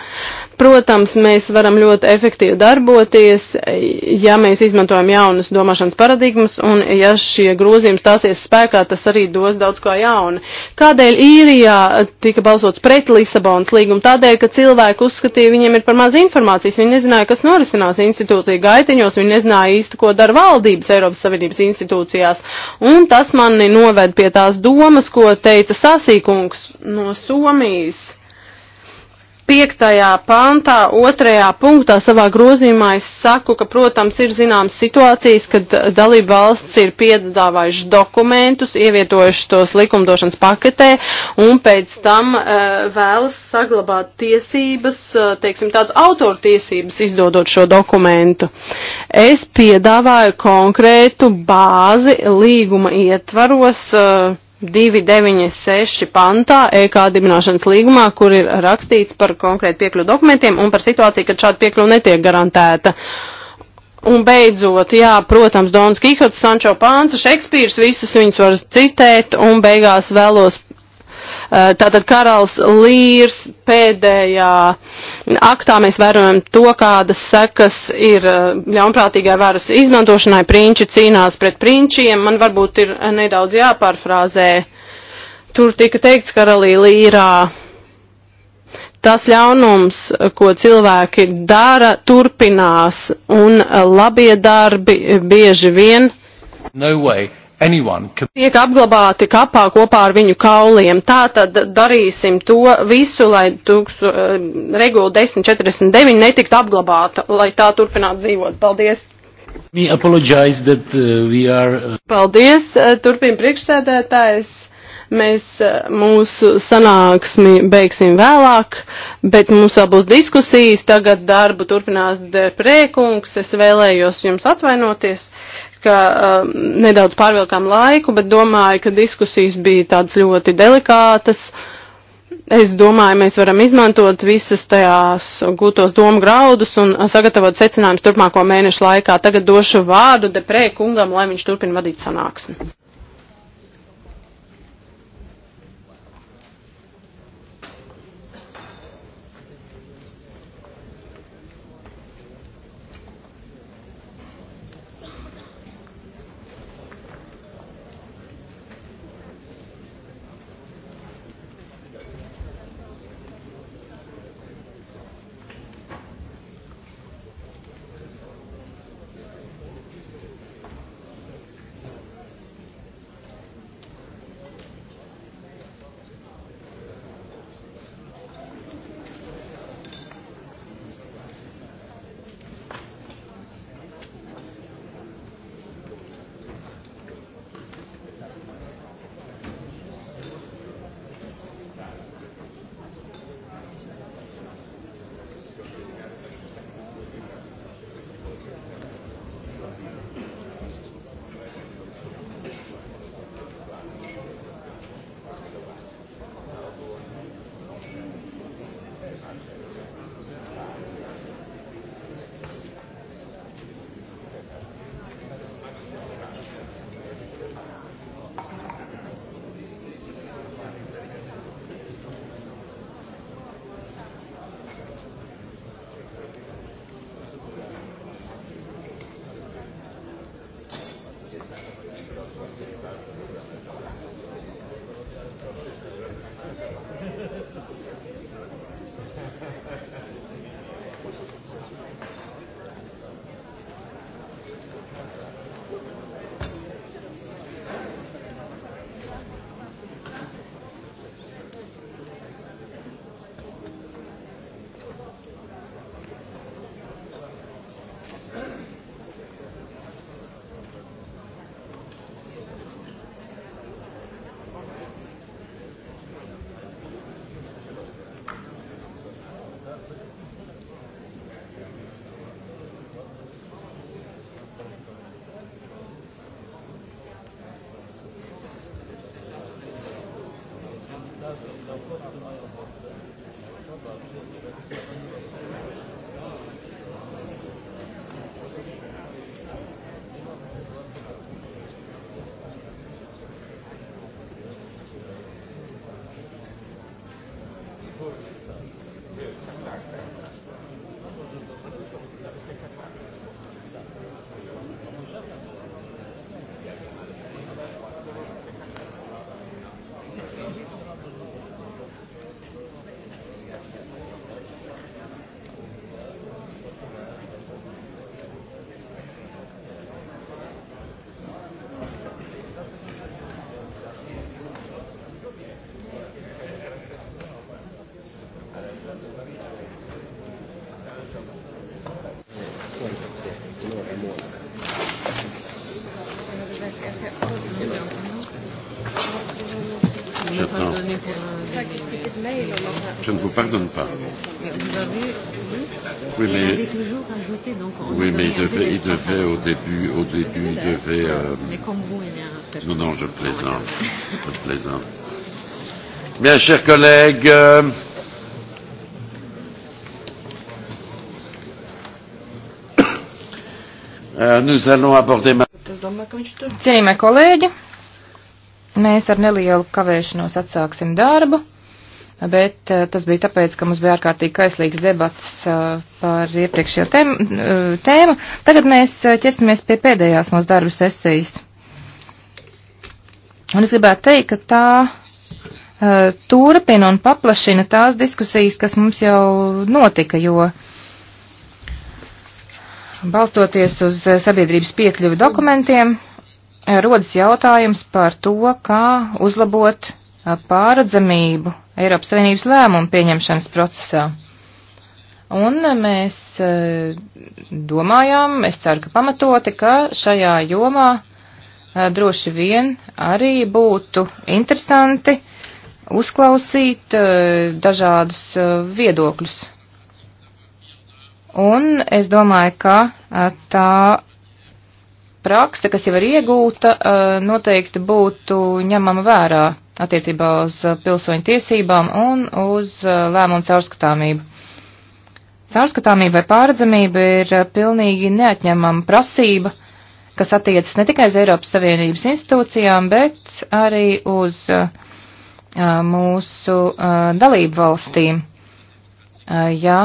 Protams, mēs varam ļoti efektīvi darboties, ja mēs izmantojam jaunas domāšanas paradigmas, un ja šie grozījumi stāsies spēkā, tas arī dos daudz ko jaunu. Kādēļ īrijā tika balsots pret Lisabonas līgumu? Tādēļ, ka cilvēki uzskatīja, viņiem ir par maz informācijas, viņi nezināja, kas norisinās institūciju gaitiņos, viņi nezināja īsti, ko dara valdības Eiropas Savienības institūcijās, un tas mani noved pie tās domas, ko teica Sasīkungs no Somijas piektajā pantā, otrajā punktā savā grozījumā es saku, ka, protams, ir zināmas situācijas, kad dalība valsts ir piedāvājuši dokumentus, ievietojuši tos likumdošanas paketē un pēc tam uh, vēlas saglabāt tiesības, uh, teiksim, tādas autortiesības izdodot šo dokumentu. Es piedāvāju konkrētu bāzi līguma ietvaros. Uh, 296 pantā EK dibināšanas līgumā, kur ir rakstīts par konkrētu piekļuvu dokumentiem un par situāciju, kad šāda piekļuva netiek garantēta. Un beidzot, jā, protams, Dons Kihots, Sančo Pānsa, Šekspīrs, visus viņus var citēt, un beigās vēlos Eh, tātad Karals Līrs pēdējā aktā mēs vērojam to, kādas sekas ir eh, ļaunprātīgai varas izmantošanai. Prinči cīnās pret prinčiem. Man varbūt ir eh, nedaudz jāpārfrāzē. Tur tika teikts Karalī Līrā tas ļaunums, ko cilvēki dara, turpinās, un labie darbi bieži vien. No way. Can... Tiek apglabāti kapā kopā ar viņu kauliem. Tā tad darīsim to visu, lai tūksu, eh, regula 1049 netiktu apglabāta, lai tā turpinātu dzīvot. Paldies! That, uh, are, uh... Paldies, eh, turpina priekšsēdētājs. Mēs eh, mūsu sanāksmi beigsim vēlāk, bet mums vēl būs diskusijas. Tagad darbu turpinās Deprēkungs. Es vēlējos jums atvainoties ka uh, nedaudz pārvilkām laiku, bet domāju, ka diskusijas bija tādas ļoti delikātas. Es domāju, mēs varam izmantot visas tajās gūtos domu graudus un sagatavot secinājumus turpmāko mēnešu laikā. Tagad došu vārdu deprē kungam, lai viņš turpina vadīt sanāksmi. voter, donc on Oui, mais il devait, il devait au début, au début, il devait. Euh... Mais comme vous, il y a un seul. Non, non, je plaisante. je plaisante. Bien, chers collègues. Euh... Euh, nous allons aborder ma... Cienījamie kolēģi, mēs ar nelielu kavēšanos atsāksim darbu bet eh, tas bija tāpēc, ka mums bija ārkārtīgi kaislīgs debats eh, par iepriekšējo eh, tēmu. Tagad mēs ķersimies pie pēdējās mūsu darbu sesijas. Un es gribētu teikt, ka tā turpina un paplašina tās diskusijas, kas mums jau notika, jo balstoties uz sabiedrības piekļuvi dokumentiem, rodas jautājums par to, kā uzlabot pāredzamību Eiropas Savienības lēmumu pieņemšanas procesā. Un mēs e, domājām, es ceru, ka pamatoti, ka šajā jomā e, droši vien arī būtu interesanti uzklausīt e, dažādus viedokļus. Un es domāju, ka tā prakse, kas jau ir iegūta, noteikti būtu ņemama vērā attiecībā uz uh, pilsoņu tiesībām un uz uh, lēmumu caurskatāmību. Caurskatāmība vai pārredzamība ir uh, pilnīgi neatņemama prasība, kas attiecas ne tikai uz Eiropas Savienības institūcijām, bet arī uz mūsu dalību valstīm. Ja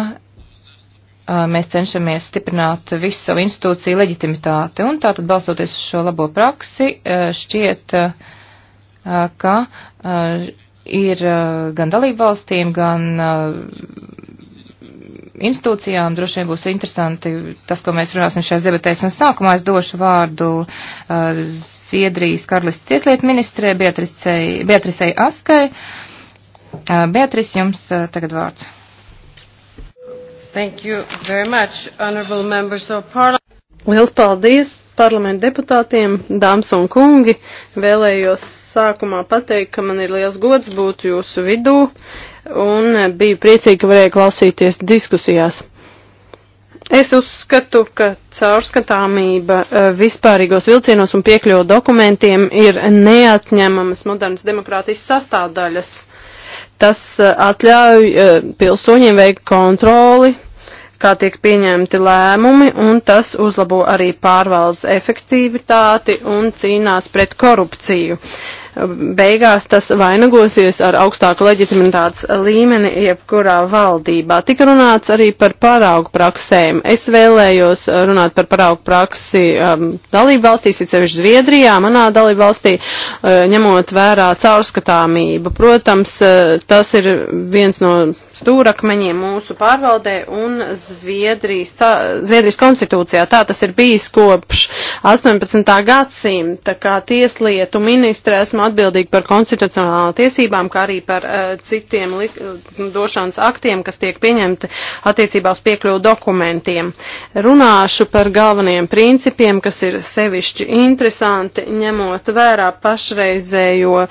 mēs cenšamies stiprināt visu savu institūciju leģitimitāti, un tātad balstoties uz šo labo praksi, šķiet, uh, ka ir gan dalībvalstīm, gan institūcijām droši vien būs interesanti tas, ko mēs runāsim šajās debatēs. Un sākumā es došu vārdu uh, Zviedrijas karalistas ieslietu ministrē Beatrisei, Beatrisei Askai. Uh, Beatris, jums uh, tagad vārds. Thank you very much, honorable members of parliament. Liels paldies, parlamentu deputātiem, dāmas un kungi, vēlējos sākumā pateikt, ka man ir liels gods būt jūsu vidū un biju priecīgi, ka varēju klausīties diskusijās. Es uzskatu, ka caurskatāmība eh, vispārīgos vilcienos un piekļuvu dokumentiem ir neatņemamas modernas demokrātijas sastāvdaļas. Tas eh, atļauj eh, pilsoņiem veikt kontroli kā tiek pieņemti lēmumi, un tas uzlabo arī pārvaldes efektivitāti un cīnās pret korupciju. Beigās tas vainagosies ar augstāku leģitimitātes līmeni jebkurā valdībā. Tika runāts arī par paraugu praksēm. Es vēlējos runāt par paraugu praksi um, dalību valstīs, it sevišķi Zviedrijā, manā dalību valstī, uh, ņemot vērā caurskatāmību. Protams, uh, tas ir viens no stūrakmeņiem mūsu pārvaldē un Zviedrijas, Zviedrijas konstitūcijā. Tā tas ir bijis kopš 18. gadsimta, kā tieslietu ministra esmu atbildīgi par konstitucionālām tiesībām, kā arī par uh, citiem lik, došanas aktiem, kas tiek pieņemti attiecībā uz piekļuvu dokumentiem. Runāšu par galvenajiem principiem, kas ir sevišķi interesanti, ņemot vērā pašreizējo uh,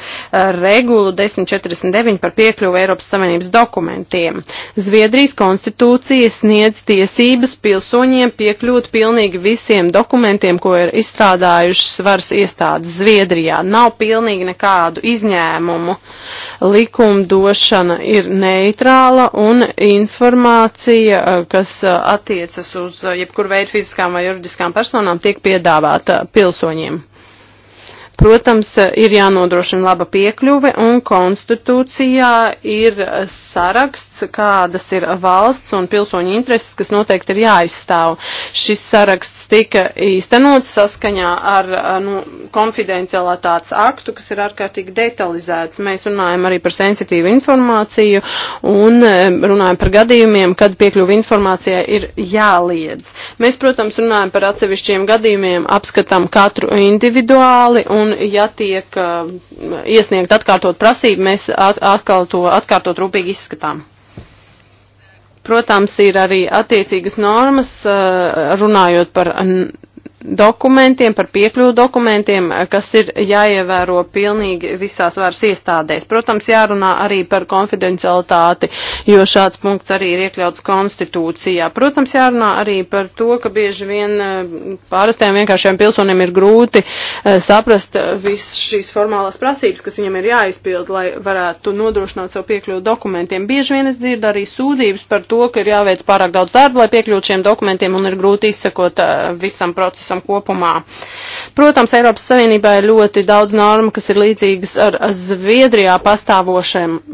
regulu 1049 par piekļuvu Eiropas Savienības dokumentiem dokumentiem. Zviedrijas konstitūcija sniedz tiesības pilsoņiem piekļūt pilnīgi visiem dokumentiem, ko ir izstrādājušas varas iestādes Zviedrijā. Nav pilnīgi nekādu izņēmumu. Likumdošana ir neitrāla un informācija, eh, kas eh, attiecas uz eh, jebkuru veidu fiziskām vai juridiskām personām, tiek piedāvāta pilsoņiem. Protams, ir jānodrošina laba piekļuve, un konstitūcijā ir saraksts, kādas ir valsts un pilsoņu intereses, kas noteikti ir jāizstāv. Šis saraksts tika īstenots saskaņā ar nu, konfidencialitātes aktu, kas ir ārkārtīgi detalizēts. Mēs runājam arī par sensitīvu informāciju un runājam par gadījumiem, kad piekļuve informācijai ir jāliedz. Mēs, protams, runājam par atsevišķiem gadījumiem, apskatām katru individuāli un un ja tiek uh, iesniegt atkārtot prasību, mēs at, atkal to atkārtot rūpīgi izskatām. Protams, ir arī attiecīgas normas, uh, runājot par dokumentiem, par piekļuvu dokumentiem, eh, kas ir jāievēro pilnīgi visās varas iestādēs. Protams, jārunā arī par konfidencialitāti, jo šāds punkts arī ir iekļauts konstitūcijā. Protams, jārunā arī par to, ka bieži vien eh, pārastiem vienkāršiem pilsoniem ir grūti eh, saprast visas šīs formālās prasības, kas viņam ir jāizpild, lai varētu nodrošināt savu piekļuvu dokumentiem. Bieži vien es dzirdu arī sūdzības par to, ka ir jāveic pārāk daudz darba, lai piekļūtu šiem dokumentiem un ir grūti izsekot visam procesam procesam kopumā. Protams, Eiropas Savienībā ir ļoti daudz norma, kas ir līdzīgas ar Zviedrijā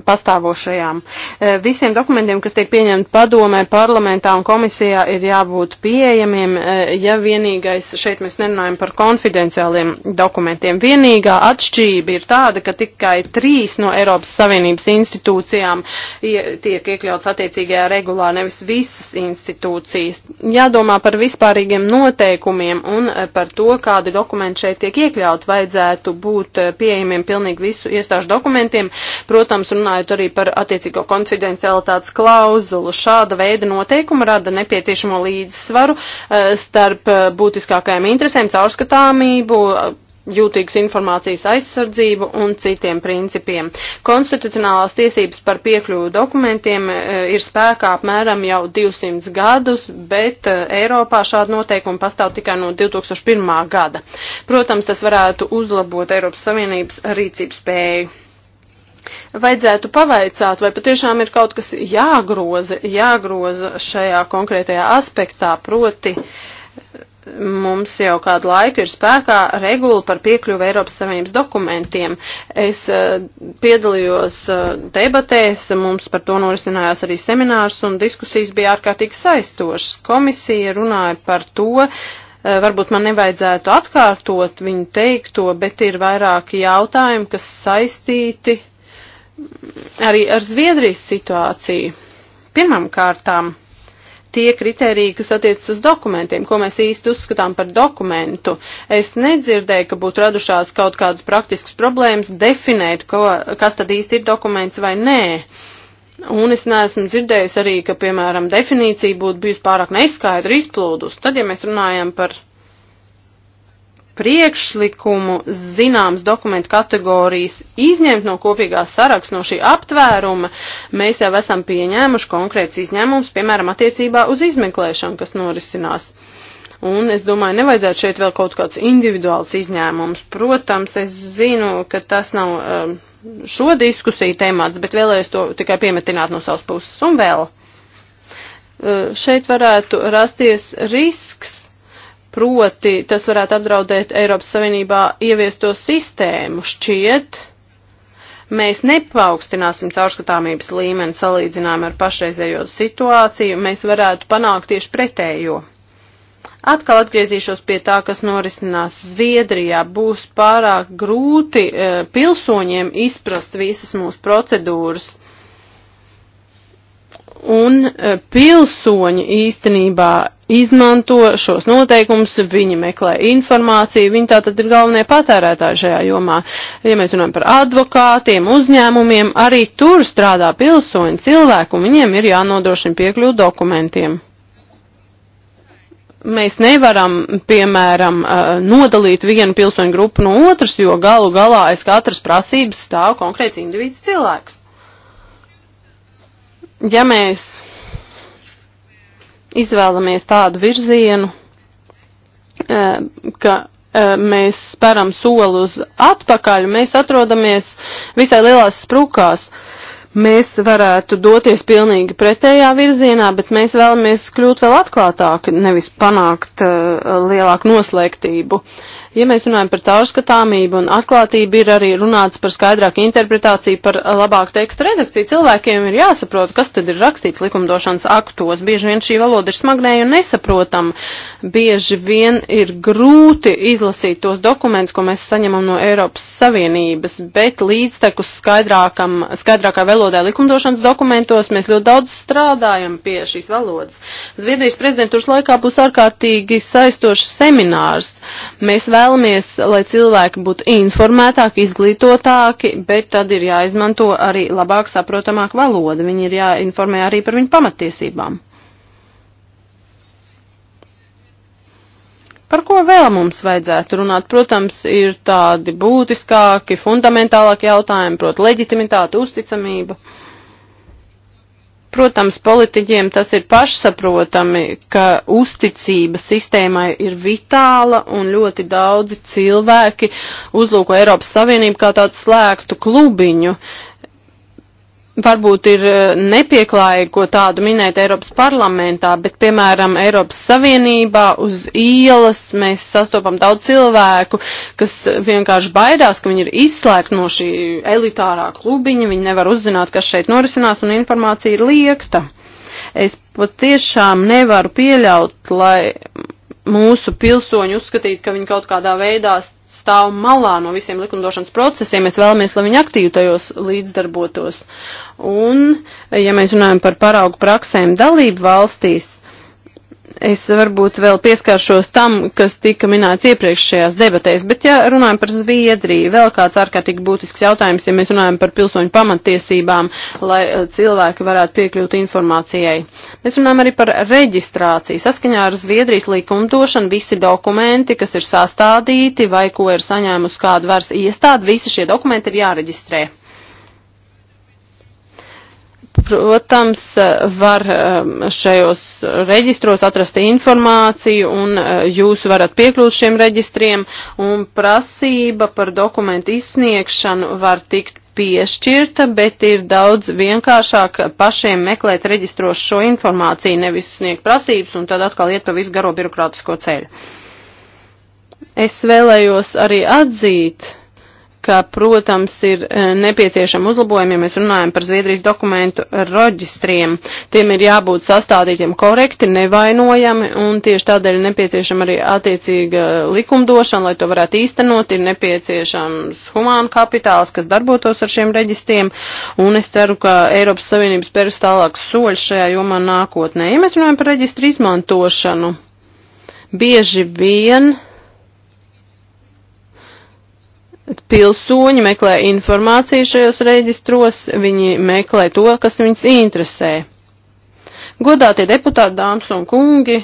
pastāvošajām. E, visiem dokumentiem, kas tiek pieņemti padomē, parlamentā un komisijā, ir jābūt pieejamiem, e, ja vienīgais šeit mēs nerunājam par konfidenciāliem dokumentiem. Vienīgā atšķība ir tāda, ka tikai trīs no Eiropas Savienības institūcijām tiek iekļauts attiecīgajā regulā, nevis visas institūcijas. Jādomā par vispārīgiem noteikumiem un eh, par to, kādi dokumenti šeit tiek iekļaut, vajadzētu būt eh, pieejamiem pilnīgi visu iestāžu dokumentiem, protams, runājot arī par attiecīgo konfidencialitātes klauzulu. Šāda veida noteikuma rada nepieciešamo līdzsvaru eh, starp būtiskākajām interesēm, caurskatāmību, jūtīgas informācijas aizsardzību un citiem principiem. Konstitucionālās tiesības par piekļuvu dokumentiem e, ir spēkā apmēram jau 200 gadus, bet e, Eiropā šāda noteikuma pastāv tikai no 2001. gada. Protams, tas varētu uzlabot Eiropas Savienības rīcības spēju. Vajadzētu pavaicāt, vai patiešām ir kaut kas jāgroza, jāgroza šajā konkrētajā aspektā, proti uh, mums jau kādu laiku ir spēkā regula par piekļuvu Eiropas Savienības dokumentiem. Es uh, piedalījos uh, debatēs, mums par to norisinājās arī seminārs un diskusijas bija ārkārtīgi saistošas. Komisija runāja par to, uh, varbūt man nevajadzētu atkārtot viņu teikto, bet ir vairāki jautājumi, kas saistīti arī ar Zviedrijas situāciju. Pirmam kārtām tie kriteriji, kas attiecas uz dokumentiem, ko mēs īsti uzskatām par dokumentu. Es nedzirdēju, ka būtu radušās kaut kādas praktiskas problēmas definēt, ko, kas tad īsti ir dokuments vai nē. Un es neesmu dzirdējis arī, ka, piemēram, definīcija būtu bijusi pārāk neskaidra, izplūdus. Tad, ja mēs runājam par priekšlikumu zināmas dokumentu kategorijas izņemt no kopīgās saraksts, no šī aptvēruma, mēs jau esam pieņēmuši konkrēts izņēmums, piemēram, attiecībā uz izmeklēšanu, kas norisinās. Un es domāju, nevajadzētu šeit vēl kaut kāds individuāls izņēmums. Protams, es zinu, ka tas nav um, šo diskusiju temats, bet vēlējos to tikai piemetināt no savas puses un vēl. Uh, šeit varētu rasties risks proti tas varētu apdraudēt Eiropas Savienībā ieviesto sistēmu šķiet. Mēs nepaukstināsim caurskatāmības līmeni salīdzinājumu ar pašreizējo situāciju, mēs varētu panākt tieši pretējo. Atkal atgriezīšos pie tā, kas norisinās Zviedrijā. Būs pārāk grūti e, pilsoņiem izprast visas mūsu procedūras un e, pilsoņi īstenībā izmanto šos noteikumus, viņi meklē informāciju, viņi tā tad ir galvenie patērētāji šajā jomā. Ja mēs runājam par advokātiem, uzņēmumiem, arī tur strādā pilsoņi, cilvēku, un viņiem ir jānodrošina piekļūt dokumentiem. Mēs nevaram, piemēram, e, nodalīt vienu pilsoņu grupu no otras, jo galu galā aiz katras prasības stāv konkrēts individs cilvēks ja mēs izvēlamies tādu virzienu, eh, ka eh, mēs speram soli uz atpakaļ, mēs atrodamies visai lielās sprukās. Mēs varētu doties pilnīgi pretējā virzienā, bet mēs vēlamies kļūt vēl atklātāki, nevis panākt uh, lielāku noslēgtību. Uh, Ja mēs runājam par caurskatāmību un atklātību, ir arī runāts par skaidrāku interpretāciju, par labāku tekstu redakciju. Cilvēkiem ir jāsaprot, kas tad ir rakstīts likumdošanas aktos. Bieži vien šī valoda ir smagnēja un nesaprotama. Bieži vien ir grūti izlasīt tos dokumentus, ko mēs saņemam no Eiropas Savienības, bet līdztekus skaidrākam, skaidrākā valodā likumdošanas dokumentos mēs ļoti daudz strādājam pie šīs valodas. Zviedrijas prezidentūras laikā būs ārkārtīgi saistošs seminārs. Mēs vēl vēlamies, lai cilvēki būtu informētāki, izglītotāki, bet tad ir jāizmanto arī labāk saprotamāk valoda. Viņi ir jāinformē arī par viņu pamatiesībām. Par ko vēl mums vajadzētu runāt? Protams, ir tādi būtiskāki, fundamentālāki jautājumi, proti leģitimitāte, uzticamība. Protams, politiķiem tas ir pašsaprotami, ka uzticība sistēmai ir vitāla un ļoti daudzi cilvēki uzlūko Eiropas Savienību kā tādu slēgtu klubiņu. Uh, varbūt ir eh, nepieklājīgi, ko tādu minēt Eiropas parlamentā, bet, piemēram, Eiropas Savienībā uz ielas mēs sastopam daudz cilvēku, kas vienkārši baidās, ka viņi ir izslēgti no šī elitārā klubiņa, viņi nevar uzzināt, kas šeit norisinās, un informācija ir liekta. Es patiešām nevaru pieļaut, lai mūsu pilsoņi uzskatītu, ka viņi kaut kādā veidā stāv malā no visiem likumdošanas procesiem. Mēs vēlamies, lai viņi aktīvi tajos līdzdarbotos. Un, ja mēs runājam par paraugu praksēm dalību valstīs, Es varbūt vēl pieskāršos tam, kas tika minēts iepriekšējās debatēs, bet ja runājam par Zviedriju, vēl kāds ārkārtīgi būtisks jautājums, ja mēs runājam par pilsoņu pamatiesībām, lai eh, cilvēki varētu piekļūt informācijai. Mēs runājam arī par reģistrāciju. Saskaņā ar Zviedrijas likumdošanu visi dokumenti, kas ir sastādīti vai ko ir saņēmusi kāda varas iestāde, visi šie dokumenti ir jāreģistrē. Protams, var um, šajos reģistros atrast informāciju un uh, jūs varat piekļūt šiem reģistriem un prasība par dokumentu izsniegšanu var tikt piešķirta, bet ir daudz vienkāršāk pašiem meklēt reģistros šo informāciju, nevis sniegt prasības un tad atkal iet pa visu garo birokrātisko ceļu. Es vēlējos arī atzīt, ka, protams, ir e, nepieciešama uzlabojuma, ja mēs runājam par Zviedrijas dokumentu reģistriem. Tiem ir jābūt sastādītiem korekti, nevainojami, un tieši tādēļ ir nepieciešama arī attiecīga likumdošana, lai to varētu īstenot, ir nepieciešams humāna kapitāls, kas darbotos ar šiem reģistriem, un es ceru, ka Eiropas Savienības spērs tālāks soļš šajā jomā nākotnē. Ja mēs runājam par reģistru izmantošanu, bieži vien pilsoņi meklē informāciju šajos reģistros, viņi meklē to, kas viņus interesē. Godātie deputāti, dāmas un kungi,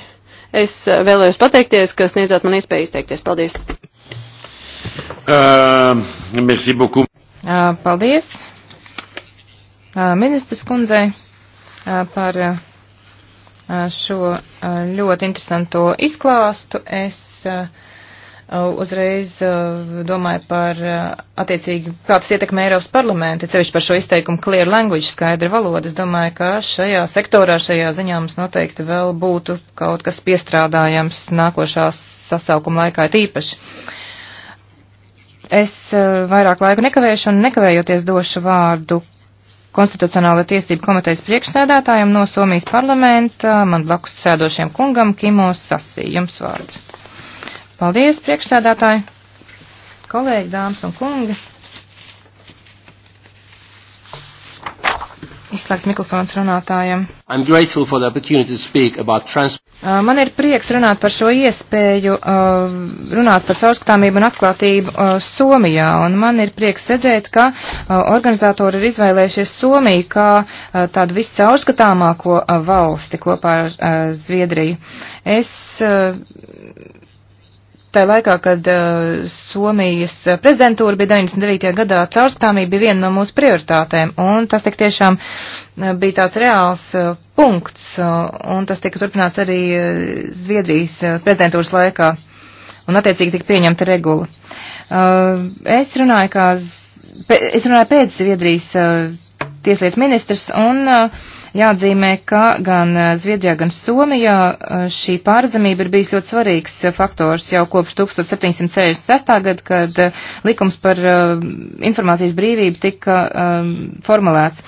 es vēlējos pateikties, ka sniedzāt man iespēju izteikties. Paldies! Uh, merci beaucoup. Uh, paldies uh, ministrs kundzei uh, par uh, uh, šo uh, ļoti interesanto izklāstu. Es, uh, uzreiz uh, domāju par uh, attiecīgi, kā tas ietekmē Eiropas parlamentu, cevišķi par šo izteikumu clear language, skaidra valoda. Es domāju, ka šajā sektorā, šajā ziņā mums noteikti vēl būtu kaut kas piestrādājams nākošās sasaukuma laikā tīpaši. Es uh, vairāk laiku nekavēšu un nekavējoties došu vārdu Konstitucionāla tiesība komitejas priekšsēdētājiem no Somijas parlamenta, man blakus sēdošiem kungam Kimo Sasī. Jums vārds. Paldies, priekšsēdētāji, kolēģi, dāmas un kungi. Izslēgts mikrofons runātājiem. Uh, man ir prieks runāt par šo iespēju, uh, runāt par caurskatāmību un atklātību uh, Somijā, un man ir prieks redzēt, ka uh, organizatori ir izvēlējušies Somiju kā uh, tādu viscaurskatāmāko uh, valsti kopā ar Zviedriju. Es Tā laikā, kad uh, Somijas uh, prezidentūra bija 99. gadā, caurskatāmība bija viena no mūsu prioritātēm, un tas tik tiešām uh, bija tāds reāls uh, punkts, uh, un tas tika turpināts arī uh, Zviedrijas uh, prezidentūras laikā, un attiecīgi tika pieņemta regula. Uh, es, runāju kā, es runāju pēc Zviedrijas uh, tieslietu ministrs, un uh, Jāatzīmē, ka gan eh, Zviedrijā, gan Somijā eh, šī pārdzamība ir bijis ļoti svarīgs eh, faktors jau kopš 1766. gada, kad likums par informācijas brīvību tika formulēts.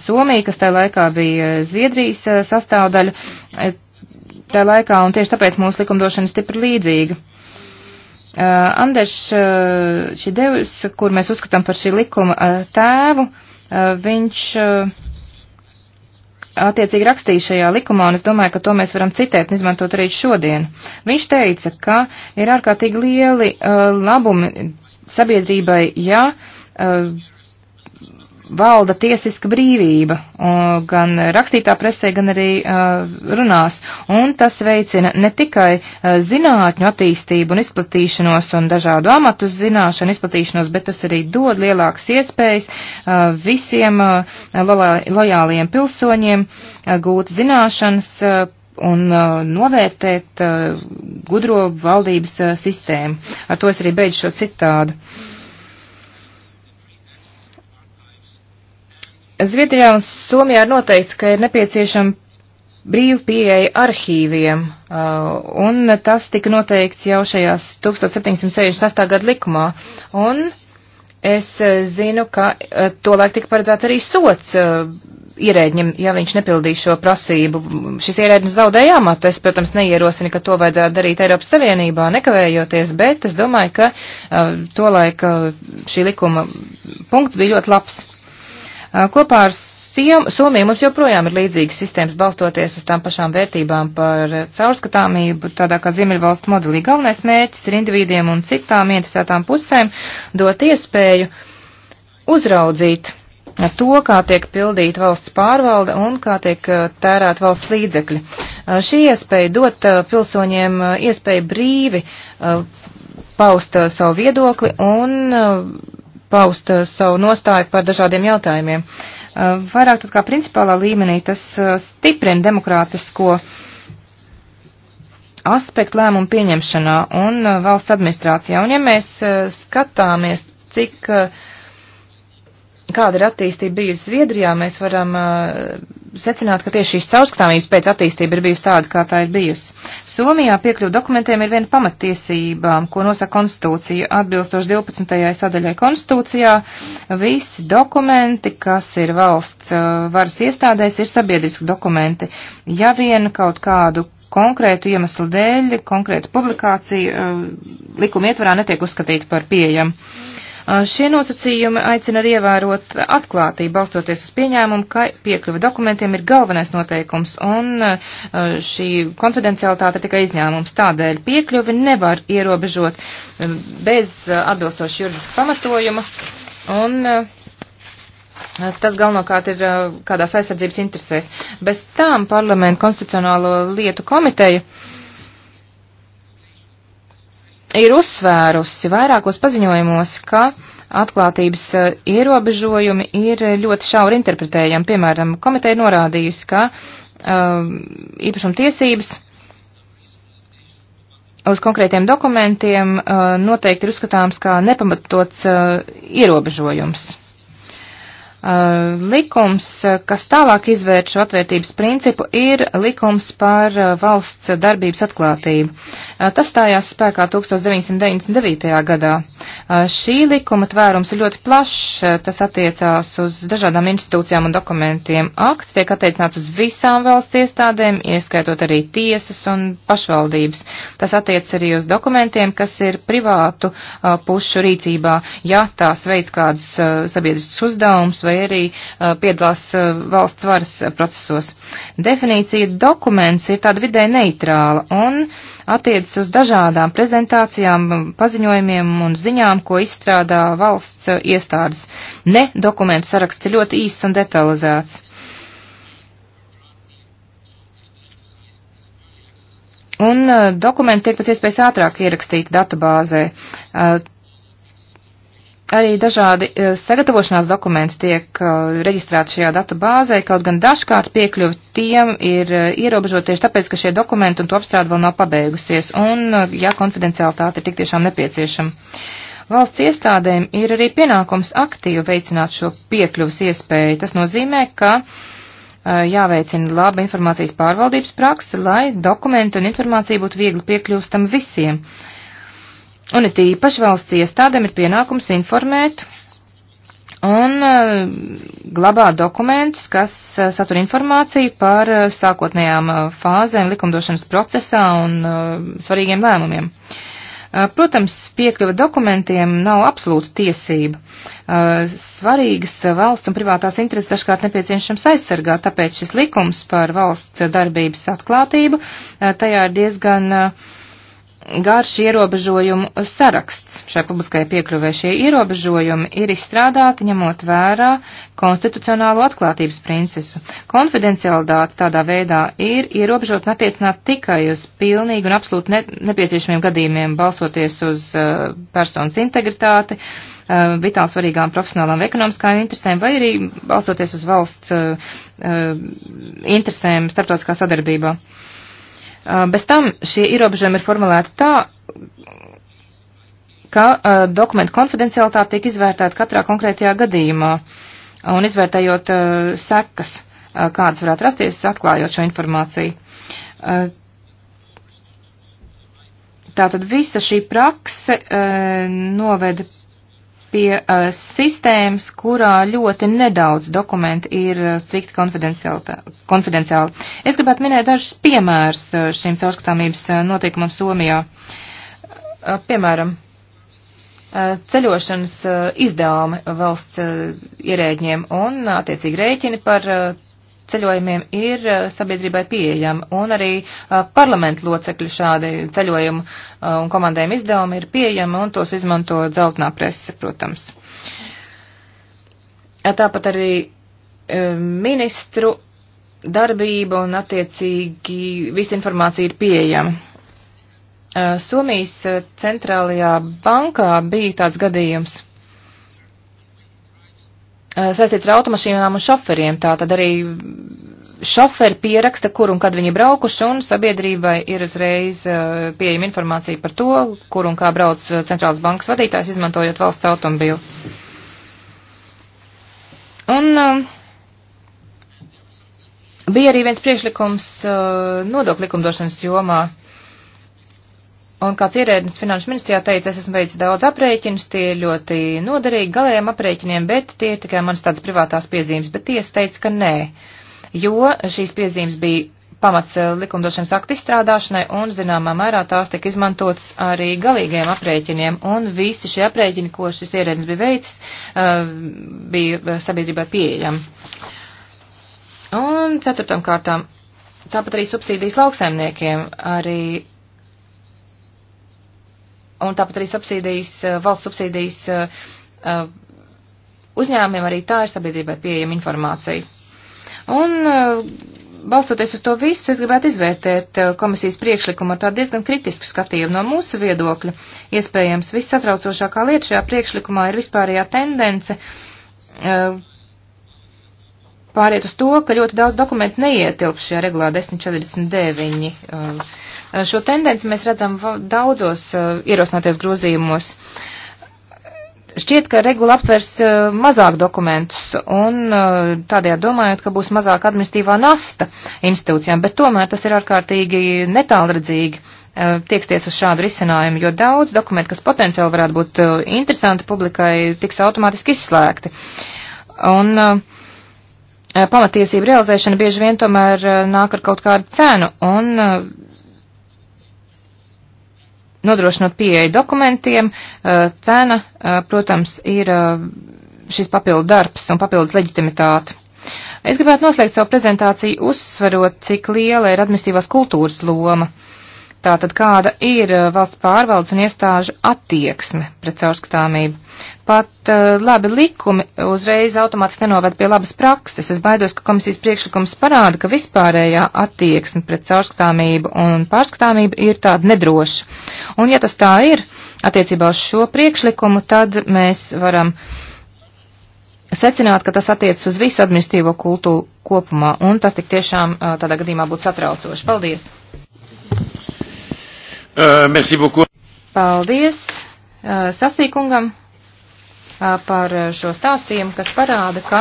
Somija, kas tajā laikā bija Zviedrijas sastāvdaļa, tajā laikā, un tieši tāpēc mūsu likumdošana ir stipri līdzīga. Uh, Andrēs uh, Šidevs, kur mēs uzskatām par šī likuma uh, tēvu, uh, viņš uh, attiecīgi rakstīja šajā likumā, un es domāju, ka to mēs varam citēt un izmantot arī šodien. Viņš teica, ka ir ārkārtīgi lieli uh, labumi sabiedrībai, ja uh, valda tiesiska brīvība gan rakstītā presē, gan arī runās. Un tas veicina ne tikai zinātņu attīstību un izplatīšanos un dažādu amatu zināšanu izplatīšanos, bet tas arī dod lielākas iespējas visiem lojāliem pilsoņiem gūt zināšanas un novērtēt gudro valdības sistēmu. Ar to es arī beidzu šo citādu. Uh, Zviedrijā un Somijā ir noteikts, ka ir nepieciešama brīva pieeja arhīviem, uh, un tas tika noteikts jau šajās 1768. gada likumā. Un es uh, zinu, ka uh, tolaik tika paredzēts arī sots ierēģim, ja viņš nepildīs šo prasību. Šis ierēģis zaudēja amatu. Es, protams, neierosinu, ka to vajadzētu darīt Eiropas Savienībā, nekavējoties, bet es domāju, ka tolaik šī likuma punkts bija ļoti labs. Kopā ar Somiju mums joprojām ir līdzīgas sistēmas balstoties uz tām pašām vērtībām par caurskatāmību, tādā kā Ziemeļvalstu modelī. Galvenais mērķis ir individiem un citām interesētām pusēm dot iespēju uzraudzīt to, kā tiek pildīta valsts pārvalde un kā tiek tērēt valsts līdzekļi. Šī iespēja dot pilsoņiem iespēju brīvi paust savu viedokli un paust eh, savu nostāju par dažādiem jautājumiem. Eh, vairāk tad kā principālā līmenī tas eh, stiprina demokrātisko aspektu lēmumu pieņemšanā un valsts administrācijā. Un ja mēs skatāmies, cik uh, kāda ir attīstība bijusi Zviedrijā, mēs varam uh, secināt, ka tieši šīs caurskatāmības pēc attīstība ir bijusi tāda, kā tā ir bijusi. Somijā piekļuvu dokumentiem ir viena pamattiesība, ko nosaka konstitūcija. Atbilstoši 12. sadaļai konstitūcijā, visi dokumenti, kas ir valsts uh, varas iestādēs, ir sabiedriski dokumenti. Ja vien kaut kādu konkrētu iemeslu dēļ, konkrētu publikāciju uh, likuma ietvarā netiek uzskatīta par pieejamu. Šie nosacījumi aicina arī ievērot atklātību, balstoties uz pieņēmumu, ka piekļuva dokumentiem ir galvenais noteikums, un šī konfidencialitāte ir tikai izņēmums. Tādēļ piekļuvi nevar ierobežot bez atbilstoša juridiska pamatojuma, un tas galvenokārt ir kādās aizsardzības interesēs. Bez tām parlamentu konstitucionālo lietu komiteju ir uzsvērusi vairākos paziņojumos, ka atklātības eh, ierobežojumi ir eh, ļoti šauri interpretējami. Piemēram, komiteja norādījusi, ka eh, īpašuma tiesības uz konkrētiem dokumentiem noteikti ir uzskatāms kā nepamatots ierobežojums. Likums, kas tālāk izvērt šo atvērtības principu, ir likums par valsts darbības atklātību. Eh, tas stājās spēkā 1999. gadā. Eh, šī likuma tvērums ir ļoti plašs, eh, tas attiecās uz dažādām institūcijām un dokumentiem. Akts tiek attiecināts uz visām valsts iestādēm, ieskaitot arī tiesas un pašvaldības. Tas attiec arī uz dokumentiem, kas ir privātu pušu rīcībā, ja tās veids kādus sabiedriskus uzdevumus vai arī piedalās valsts varas procesos. Definīcija dokuments ir tāda vidē neitrāla un attiecas uz dažādām prezentācijām, paziņojumiem un ziņām, ko izstrādā valsts iestādes. Ne dokumentu saraksts ir ļoti īss un detalizēts. Un eh, dokumenti tiek pēc iespējas ātrāk ierakstīti datubāzē. Eh, Arī dažādi eh, sagatavošanās dokumenti tiek eh, reģistrēti šajā datu bāzē, kaut gan dažkārt piekļuvi tiem ir eh, ierobežot tieši tāpēc, ka šie dokumenti un to apstrāde vēl nav pabeigusies, un ja konfidenciālitāte ir tik tiešām nepieciešama. Valsts iestādēm ir arī pienākums aktīvi veicināt šo piekļuvas iespēju. Tas nozīmē, ka jāveicina laba informācijas pārvaldības praksa, lai dokumenti un informācija būtu viegli piekļūstam visiem. Uh, Un it īpaši valsts iestādēm ir pienākums informēt un eh, glabā dokumentus, kas eh, satur informāciju par eh, sākotnējām fāzēm likumdošanas procesā un svarīgiem lēmumiem. Protams, piekļuva dokumentiem nav absolūta tiesība. Svarīgas valsts un privātās intereses dažkārt nepieciešams aizsargāt, tāpēc šis likums par valsts darbības atklātību tajā ir diezgan uh, garš ierobežojumu saraksts. Šai publiskai piekļuvē šie ierobežojumi ir izstrādāti ņemot vērā konstitucionālo atklātības principu. Konfidencialitāte tādā veidā ir ierobežot un attiecināt tikai uz pilnīgi un absolūti ne, nepieciešamiem gadījumiem, balsoties uz uh, personas integritāti, uh, vitāli svarīgām profesionālām vai ekonomiskām interesēm, vai arī balsoties uz valsts uh, uh, interesēm starptautiskā sadarbībā. Uh, Uh, bez tam šie ierobežojumi ir formulēti tā, ka uh, dokumentu konfidencialitāte tiek izvērtēta katrā konkrētajā gadījumā un izvērtējot uh, sekas, uh, kādas varētu rasties, atklājot šo informāciju. Uh, Tātad visa šī prakse uh, noveda pie uh, sistēmas, kurā ļoti nedaudz dokumenti ir uh, strikti konfidenciāli. Es gribētu minēt dažus piemērus uh, šīm caurskatāmības uh, noteikumam Somijā. Uh, piemēram, uh, ceļošanas uh, izdevumi valsts uh, ierēģiem un attiecīgi rēķini par uh, ceļojumiem ir eh, sabiedrībai pieejama, un arī eh, parlamentu locekļu šādi ceļojumu eh, un komandējuma izdevumi ir pieejami, un tos izmanto dzeltenā presa, protams. Tāpat arī ministru darbība un attiecīgi visa informācija ir pieejama. Somijas centrālajā bankā bija tāds gadījums Eh, saistīts ar automašīnām un šoferiem. Tā tad arī šoferi pieraksta, kur un kad viņi braukuši, un sabiedrībai ir uzreiz eh, pieejama informācija par to, kur un kā brauc eh, centrālas bankas vadītājs, izmantojot valsts automobīlu. Un bija arī viens priekšlikums nodokļu likumdošanas jomā. Un kāds ierēdnis finanšu ministrijā teica, es esmu veicis daudz aprēķinus, tie ir ļoti noderīgi galējiem aprēķiniem, bet tie ir tikai manas tādas privātās piezīmes, bet tiesa teica, ka nē, jo šīs piezīmes bija pamats eh, likumdošanas aktu izstrādāšanai un, zināmā mērā, tās tika izmantotas arī galīgajiem aprēķiniem, un visi šie aprēķini, ko šis ierēdnis bija veicis, eh, bija eh, sabiedrībai pieejami. Un ceturtam kārtām, tāpat arī subsīdijas lauksaimniekiem, arī un tāpat arī subsīdijas, eh, valsts subsīdijas eh, eh, uzņēmumiem arī tā ir sabiedrībai pieejama informācija. Un balstoties uz to visu, es gribētu izvērtēt komisijas priekšlikumu ar tādu diezgan kritisku skatījumu no mūsu viedokļa. Iespējams, vissatraucošākā lieta šajā priekšlikumā ir vispārējā tendence pāriet uz to, ka ļoti daudz dokumentu neietilp šajā regulā 1049. Uh, šo tendenci mēs redzam daudzos uh, ierosināties grozījumos. Šķiet, ka regula aptvers uh, mazāk dokumentus un tādējā domājot, ka būs mazāk administīvā nasta institūcijām, bet tomēr tas ir ārkārtīgi netālredzīgi tieksties uz šādu risinājumu, jo daudz dokumentu, kas potenciāli varētu būt interesanti publikai, tiks automātiski izslēgti. Un uh, Eh, pamatiesību realizēšana bieži vien tomēr eh, nāk ar kaut kādu cenu un eh, nodrošinot pieeju dokumentiem, cena, protams, ir šis papildu darbs un papildus leģitimitāte. Es gribētu noslēgt savu prezentāciju uzsverot, cik liela ir administratīvās kultūras loma Tātad kāda ir uh, valsts pārvaldes un iestāžu attieksme pret caurskatāmību? Pat uh, labi likumi uzreiz automātiski nenoved pie labas prakses. Es baidos, ka komisijas priekšlikums parāda, ka vispārējā attieksme pret caurskatāmību un pārskatāmību ir tāda nedroša. Un ja tas tā ir attiecībā uz šo priekšlikumu, tad mēs varam secināt, ka tas attiecas uz visu administīvo kultūru kopumā, un tas tik tiešām uh, tādā gadījumā būtu satraucoši. Paldies! Uh, merci beaucoup. Paldies uh, Sasīkungam uh, par šo stāstījumu, kas parāda, ka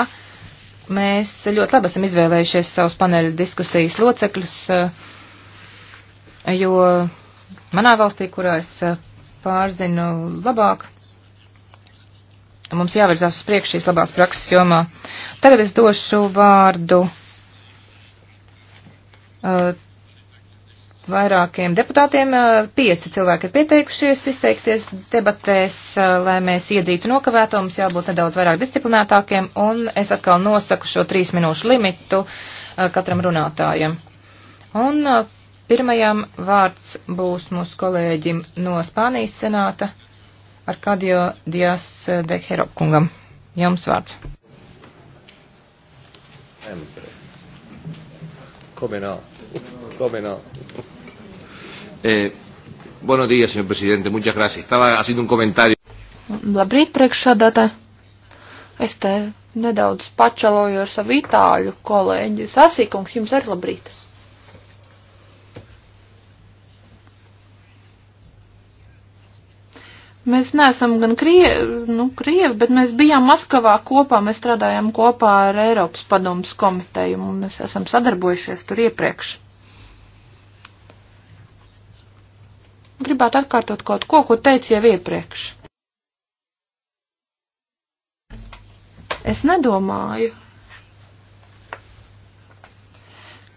mēs ļoti labi esam izvēlējušies savus paneļu diskusijas locekļus, uh, jo manā valstī, kurā es uh, pārzinu labāk, mums jāvirzās uz priekšu šīs labās prakses jomā. Tagad es došu vārdu uh, vairākiem deputātiem. Pieci cilvēki ir pieteikušies izteikties debatēs, lai mēs iedzītu nokavēto. Mums jābūt nedaudz vairāk disciplinētākiem, un es atkal nosaku šo trīs minūšu limitu katram runātājam. Un pirmajam vārds būs mūsu kolēģim no Spānijas senāta Arkadio Dias de Heropkungam. Jums vārds. Come no, come no. Eh, buenos días, señor presidente. Muchas gracias. Estaba haciendo un comentario. Labrīt, priekšsādātāji. Es te nedaudz pačaloju ar savu itāļu kolēģi. Sasīkungs, jums ir labrīt. Mēs neesam gan krievi, nu, krievi, bet mēs bijām Maskavā kopā, mēs strādājām kopā ar Eiropas padomus komiteju un mēs esam sadarbojušies tur iepriekš. Gribētu atkārtot kaut ko, ko teicu jau iepriekš. Es nedomāju,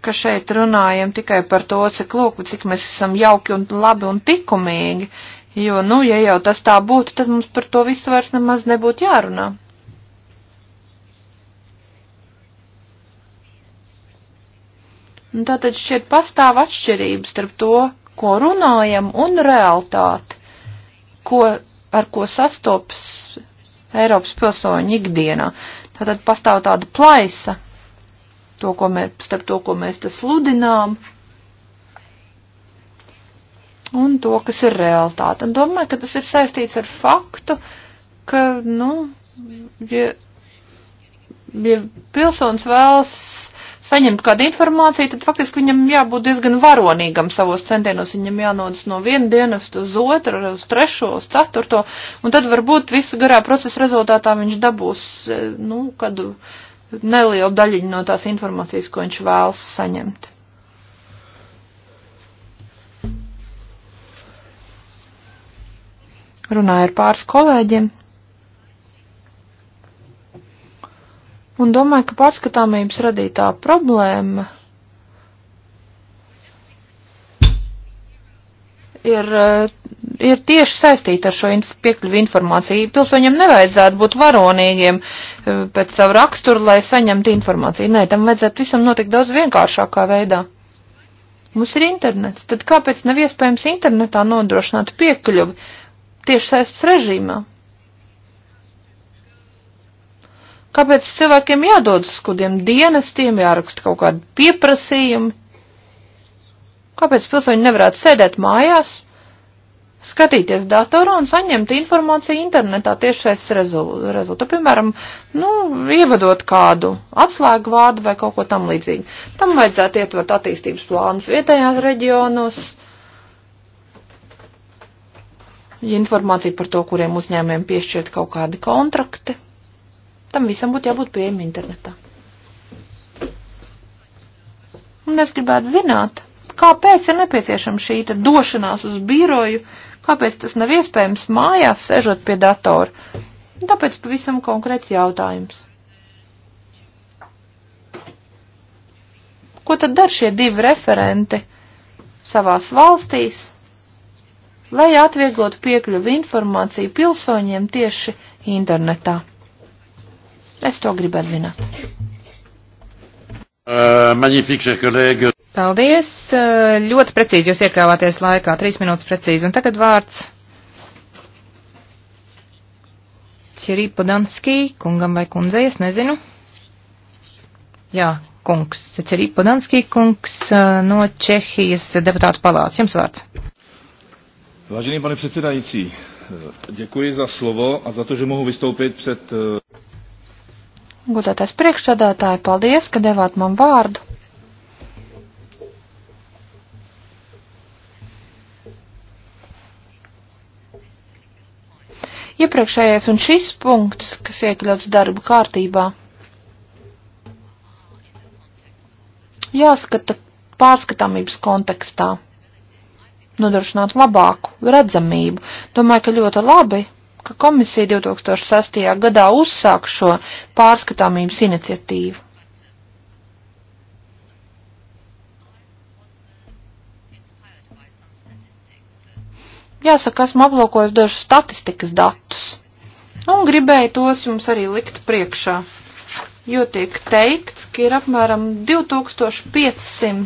ka šeit runājam tikai par to, cik lūk, cik mēs esam jauki un labi un likumīgi, jo, nu, ja jau tas tā būtu, tad mums par to visu vairs nemaz nebūtu jārunā. Un tātad šķiet pastāv atšķirības starp to, ko runājam, un realtāti, ko, ar ko sastopas Eiropas pilsoņu ikdienā. Tātad pastāv tāda plaisa to, ko mēs, starp to, ko mēs te sludinām, un to, kas ir realitāte. Un domāju, ka tas ir saistīts ar faktu, ka, nu, ja, ja pilsons vēlas saņemtu kādu informāciju, tad faktiski viņam jābūt diezgan varonīgam savos centienos. Viņam jānodas no viena dienas uz otru, uz trešo, uz ceturto, un tad varbūt visu garā procesa rezultātā viņš dabūs, eh, nu, kādu nelielu daļiņu no tās informācijas, ko viņš vēlas saņemt. Runāju ar pāris kolēģiem. Un domāju, ka pārskatāmības radītā problēma ir, eh, ir tieši saistīta ar šo inf piekļuvi informāciju. Pilsoņiem nevajadzētu būt varonīgiem eh, pēc savu raksturu, lai saņemtu informāciju. Nē, tam vajadzētu visam notikt daudz vienkāršākā veidā. Mums ir internets, tad kāpēc nav iespējams internetā nodrošināt piekļuvi tieši saistas režīmā? Kāpēc cilvēkiem jādodas uz kādiem dienestiem, jāraksta kaut kādi pieprasījumi? Kāpēc pilsoņi nevarētu sēdēt mājās, skatīties datorā un saņemt informāciju internetā tiešais rezultātu? Piemēram, nu, ievadot kādu atslēgu vārdu vai kaut ko tam līdzīgu. Tam vajadzētu ietvert attīstības plānus vietējās reģionos informāciju par to, kuriem uzņēmiem piešķirt kaut kādi kontrakti. Tam visam būtu jābūt pieejam internetā. Un es gribētu zināt, kāpēc ir nepieciešama šī došanās uz biroju, kāpēc tas nav iespējams mājās, sežot pie datora. Tāpēc pavisam konkrēts jautājums. Ko tad dar šie divi referenti savās valstīs, lai atvieglotu piekļuvi informāciju pilsoņiem tieši internetā? Es to gribētu zināt. Uh, magnifique, chers collègues. Paldies! Uh, ļoti precīzi jūs iekāvāties laikā, trīs minūtes precīzi. Un tagad vārds Čirī Podanskī, kungam vai kundzei, es nezinu. Jā, kungs, Čirī Podanskī, kungs uh, no Čehijas deputātu palātas. Jums vārds. Vážený pane předsedající, děkuji za slovo a za to, že mohu vystoupit před... Eh, Godātais priekšsādātāji, paldies, ka devāt man vārdu. Iepriekšējais un šis punkts, kas iekļauts darba kārtībā, jāskata pārskatāmības kontekstā, nodrošināt labāku redzamību. Domāju, ka ļoti labi ka komisija 2008. gadā uzsāk šo pārskatāmības iniciatīvu. Jāsaka, esmu aplūkojis dažus statistikas datus un gribēju tos jums arī likt priekšā, jo tiek teikts, ka ir apmēram 2500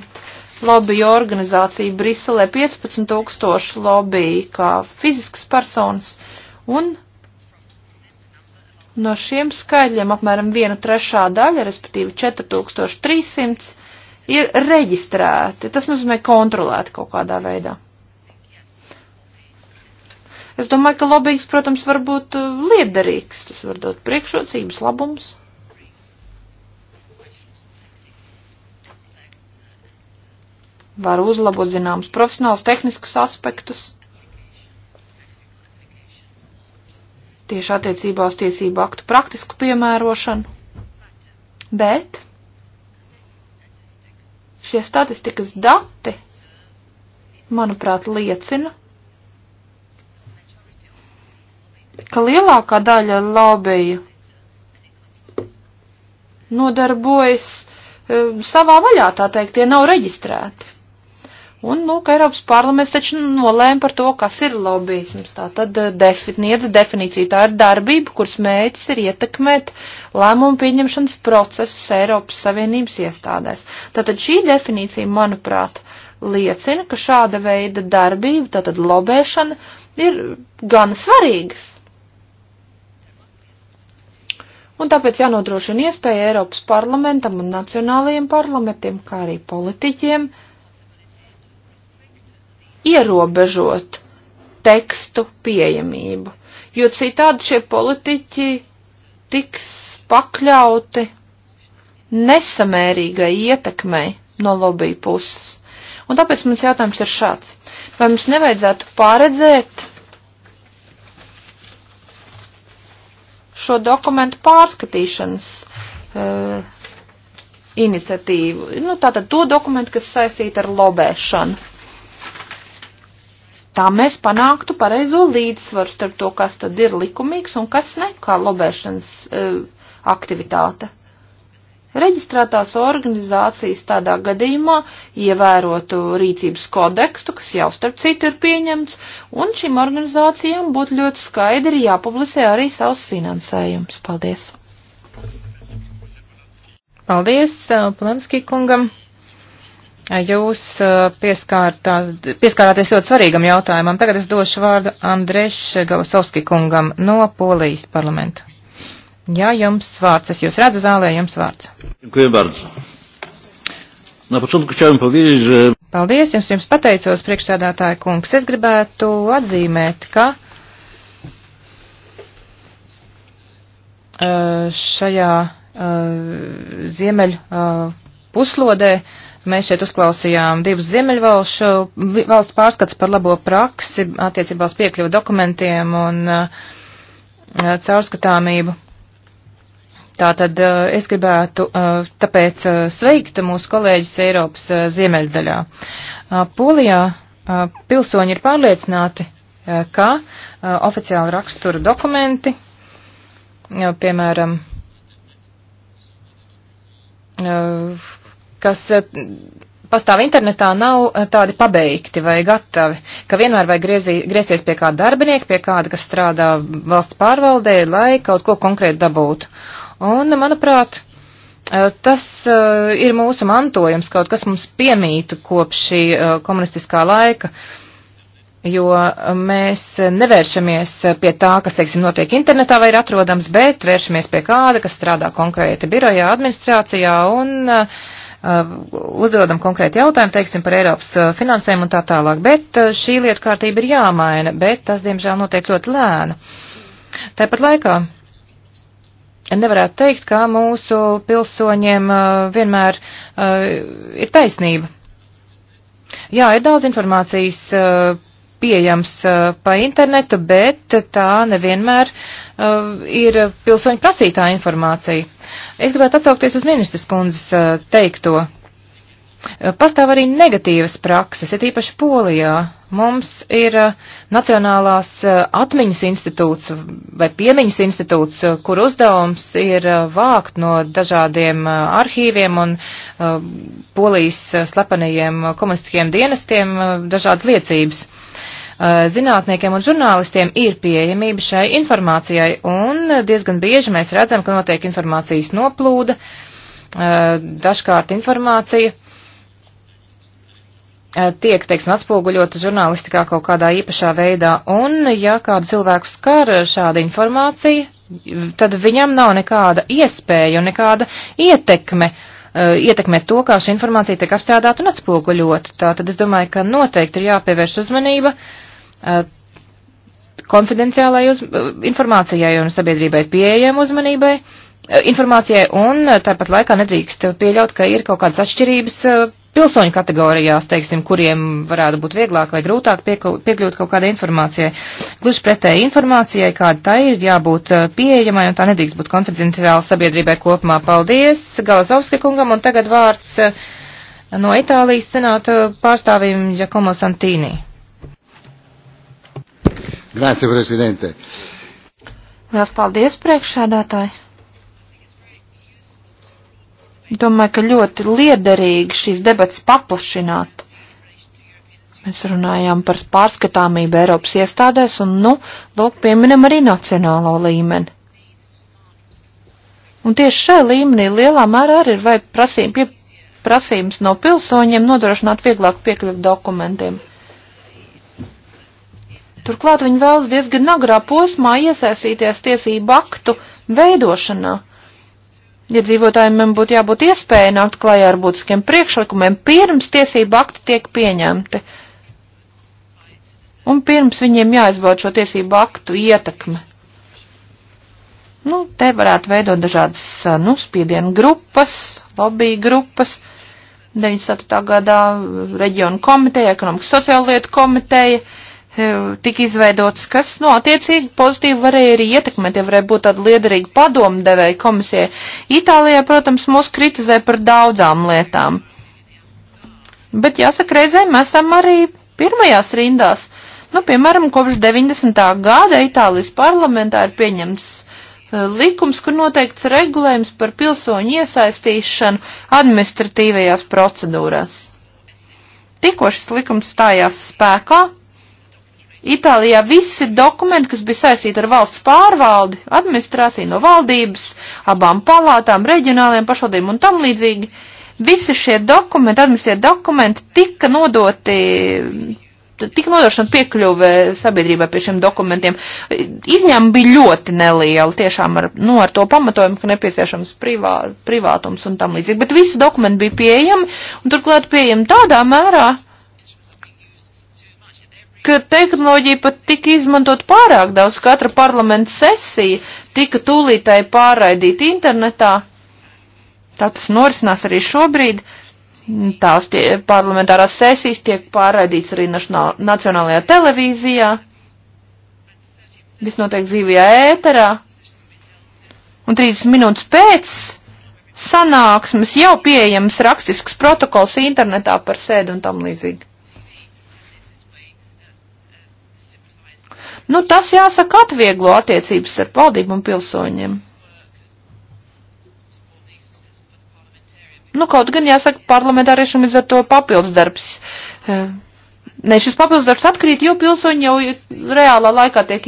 lobby organizācija Briselē, 15 tūkstoši lobby kā fiziskas personas Un no šiem skaidļiem apmēram viena trešā daļa, respektīvi 4300, ir reģistrēti. Tas nozīmē kontrolēti kaut kādā veidā. Es domāju, ka lobbyings, protams, var būt uh, liederīgs. Tas var dot priekšrocības, labums. Var uzlabot zināmus profesionālus tehniskus aspektus. tieši attiecībā uz tiesību aktu praktisku piemērošanu, bet šie statistikas dati, manuprāt, liecina, ka lielākā daļa lobiju nodarbojas eh, savā vaļā, tā teikt, tie nav reģistrēti. Un, lūk, Eiropas parlaments taču nolēma par to, kas ir lobbyisms. Tā tad eh, defi, niedz definīcija. Tā ir darbība, kuras mēģis ir ietekmēt lēmumu pieņemšanas procesus Eiropas Savienības iestādēs. Tātad šī definīcija, manuprāt, liecina, ka šāda veida darbība, tātad lobēšana, ir gana svarīgas. Un tāpēc jānodrošina iespēja Eiropas parlamentam un nacionālajiem parlamentiem, kā arī politiķiem, uh, ierobežot tekstu pieejamību, jo citādi šie politiķi tiks pakļauti nesamērīgai ietekmei no lobby puses. Un tāpēc mans jautājums ir šāds. Vai mums nevajadzētu paredzēt šo dokumentu pārskatīšanas uh, iniciatīvu? Nu, tātad to dokumentu, kas saistīta ar lobēšanu. Tā mēs panāktu pareizo līdzsvaru starp to, kas tad ir likumīgs un kas ne, kā lobēšanas e, aktivitāte. Reģistrētās organizācijas tādā gadījumā ievērotu rīcības kodekstu, kas jau starp citu ir pieņemts, un šīm organizācijām būtu ļoti skaidri jāpublicē arī savs finansējums. Paldies! Paldies, Planskī kungam! Jūs uh, pieskārāties ļoti svarīgam jautājumam. Tagad es došu vārdu Andrēš Galasovski kungam no Polijas parlamenta. Jā, jums vārds. Es jūs redzu zālē, jums vārds. Paldies, jums, jums pateicos, priekšsēdētāja kungs. Es gribētu atzīmēt, ka uh, šajā uh, ziemeļu puslodē Mēs šeit uzklausījām divus ziemeļvalšu valstu pārskats par labo praksi attiecībā uz piekļuvu dokumentiem un uh, uh caurskatāmību. Tātad uh, es gribētu uh, tāpēc uh, sveikt mūsu kolēģis Eiropas uh, ziemeļdaļā. Polijā pilsoņi ir pārliecināti, ka oficiāli rakstura dokumenti, piemēram, kas eh, pastāv internetā, nav eh, tādi pabeigti vai gatavi, ka vienmēr vajag griezī, griezties pie kāda darbinieka, pie kāda, kas strādā valsts pārvaldē, lai kaut ko konkrēti dabūtu. Un, manuprāt, eh, tas ir mūsu mantojums, kaut kas mums piemītu kopš šī komunistiskā laika jo mēs nevēršamies pie tā, kas, teiksim, notiek internetā vai ir atrodams, bet vēršamies pie kāda, kas strādā konkrēti birojā, administrācijā un uh, Uh, uzdodam konkrēti jautājumu, teiksim, par Eiropas uh, finansēm un tā tālāk, bet uh, šī lietu kārtība ir jāmaina, bet tas, diemžēl, notiek ļoti lēna. Tāpat laikā nevarētu teikt, ka mūsu pilsoņiem vienmēr ir taisnība. Jā, ir daudz informācijas pieejams uh, pa internetu, bet tā nevienmēr uh, ir pilsoņu prasītā informācija. Es gribētu atsaukties uz ministras kundzes uh, teikto. Pastāv arī negatīvas prakses, ir īpaši Polijā. Mums ir Nacionālās atmiņas institūts vai piemiņas institūts, kur uzdevums ir vākt no dažādiem arhīviem un Polijas slepenajiem komunistiskiem dienestiem dažādas liecības. Eh, zinātniekiem un žurnālistiem ir pieejamība šai informācijai, un eh, diezgan bieži mēs redzam, ka notiek informācijas noplūda, eh, dažkārt informācija tiek, teiksim, atspoguļota žurnālistikā kaut kādā īpašā veidā, un ja kādu cilvēku skar šāda informācija, tad viņam nav nekāda iespēja un nekāda ietekme ietekmēt to, kā šī informācija tiek apstrādāta un atspoguļota. Tā tad es domāju, ka noteikti ir jāpievērš uzmanība uh, Eh, konfidenciālai uz, eh, informācijai un sabiedrībai pieejama uzmanībai eh, informācijai un tāpat laikā nedrīkst pieļaut, ka ir kaut kādas atšķirības pilsoņu kategorijās, teiksim, kuriem varētu būt vieglāk vai grūtāk piekļūt kaut kādai informācijai. Gluži pretēji informācijai, kāda tā ir, jābūt pieejamai un tā nedrīkst būt konfidenciāla sabiedrībai kopumā. Paldies Galazovski kungam un tagad vārds no Itālijas senāta pārstāvim Giacomo Santīnī. Grācija, prezidente. Lielas paldies, priekšsēdētāji. Domāju, ka ļoti liederīgi šīs debats paplašināt. Mēs runājām par pārskatāmību Eiropas iestādēs un, nu, lūk, pieminam arī nacionālo līmeni. Un tieši šajā līmenī lielā mērā arī ir vai prasījumi, pie, prasījums no pilsoņiem nodrošināt vieglāk piekļuvu dokumentiem. Turklāt viņi vēlas diezgan agrā posmā iesaistīties tiesību aktu veidošanā. Iedzīvotājiem ja būtu jābūt iespēja nākt klajā ar būtiskiem priekšlikumiem pirms tiesību akti tiek pieņemti. Un pirms viņiem jāizbauda šo tiesību aktu ietekme. Nu, te varētu veidot dažādas, nu, spiedienu grupas, lobby grupas, 94. gadā reģionu komiteja, ekonomikas sociālietu komiteja, uh, E, tika izveidotas, kas, nu, attiecīgi pozitīvi varēja arī ietekmēt, ja varēja būt tāda liederīga padomdevēja komisija. Itālijā, protams, mūs kritizē par daudzām lietām. Bet jāsaka, reizēm esam arī pirmajās rindās. Nu, piemēram, kopš 90. gada Itālijas parlamentā ir pieņemts e, likums, kur noteikts regulējums par pilsoņu iesaistīšanu administratīvajās procedūrās. Tikko šis likums stājās spēkā, Itālijā visi dokumenti, kas bija saistīti ar valsts pārvaldi, administrāciju no valdības, abām palātām, reģionāliem pašvaldībiem un tam līdzīgi, visi šie dokumenti, administrācija dokumenti tika nodoti, tika nodošana piekļuve sabiedrībai pie šiem dokumentiem. Izņēma bija ļoti neliela, tiešām ar, nu, ar to pamatojumu, ka nepieciešams privā, privātums un tam līdzīgi, bet visi dokumenti bija pieejami un turklāt pieejami tādā mērā, ka tehnoloģija pat tika izmantot pārāk daudz, katra parlamenta sesija tika tūlītai pārraidīta internetā. Tā tas norisinās arī šobrīd. Tās tie, parlamentārās sesijas tiek pārraidīts arī nacionāl, nacionālajā televīzijā, visnotiek dzīvajā ēterā. Un 30 minūtes pēc sanāksmes jau pieejams rakstisks protokols internetā par sēdu un tam līdzīgi. Nu, tas jāsaka atvieglo attiecības ar valdību un pilsoņiem. Nu, kaut gan jāsaka, parlamentāriešam līdz ar to papildus darbs. Eh, ne, šis papildus darbs atkrīt, jo pilsoņi jau reālā laikā tiek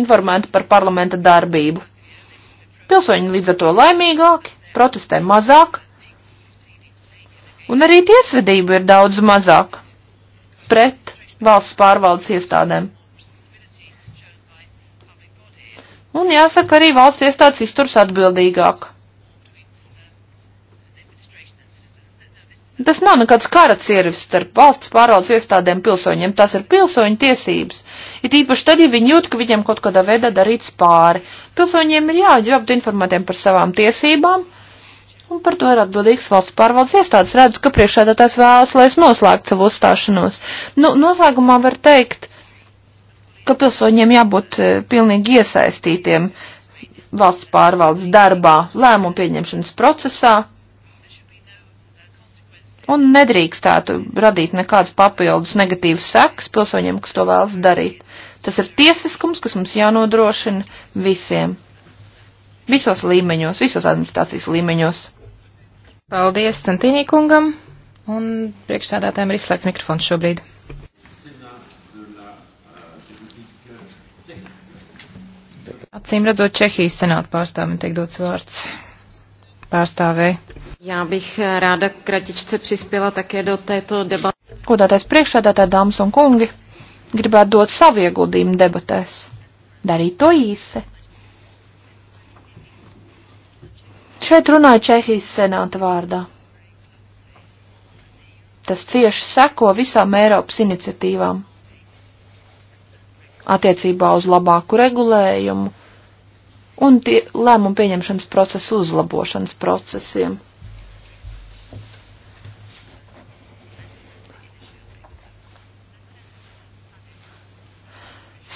informēti par parlamenta darbību. Pilsoņi līdz ar to laimīgāki, protestē mazāk, un arī tiesvedība ir daudz mazāk pret valsts pārvaldes iestādēm. Un jāsaka, arī valsts iestādes izturs atbildīgāk. Tas nav nekāds kara ciervis starp valsts pārvaldes iestādēm pilsoņiem, tas ir pilsoņu tiesības. It īpaši tad, ja viņi jūt, ka viņiem kaut kādā veidā darīts pāri. Pilsoņiem ir jābūt informētiem par savām tiesībām, un par to ir atbildīgs valsts pārvaldes iestādes. Redzu, ka priekšēdātājs vēlas, lai es noslēgtu savu uzstāšanos. Nu, noslēgumā var teikt, ka pilsoņiem jābūt e, pilnīgi iesaistītiem valsts pārvaldes darbā, lēmumu pieņemšanas procesā, un nedrīkstētu radīt nekādas papildus negatīvas sekas pilsoņiem, kas to vēlas darīt. Tas ir tiesiskums, kas mums jānodrošina visiem. Visos līmeņos, visos administrācijas līmeņos. Paldies Santīnī kungam, un priekšsēdētājiem ir izslēgts mikrofons šobrīd. Acīm redzot, Čehijas senāta pārstāvim tiek dots vārds. Pārstāvēji. Jā, bych eh, rāda kratičce prispēla také do tēto debatas. Kodātais priekšādātāji, dāmas un kungi, gribētu dot savu ieguldījumu debatēs. Darīt to īsi. Šeit runāja Čehijas senāta vārdā tas cieši seko visām Eiropas iniciatīvām attiecībā uz labāku regulējumu un tie lēmumu pieņemšanas procesu uzlabošanas procesiem.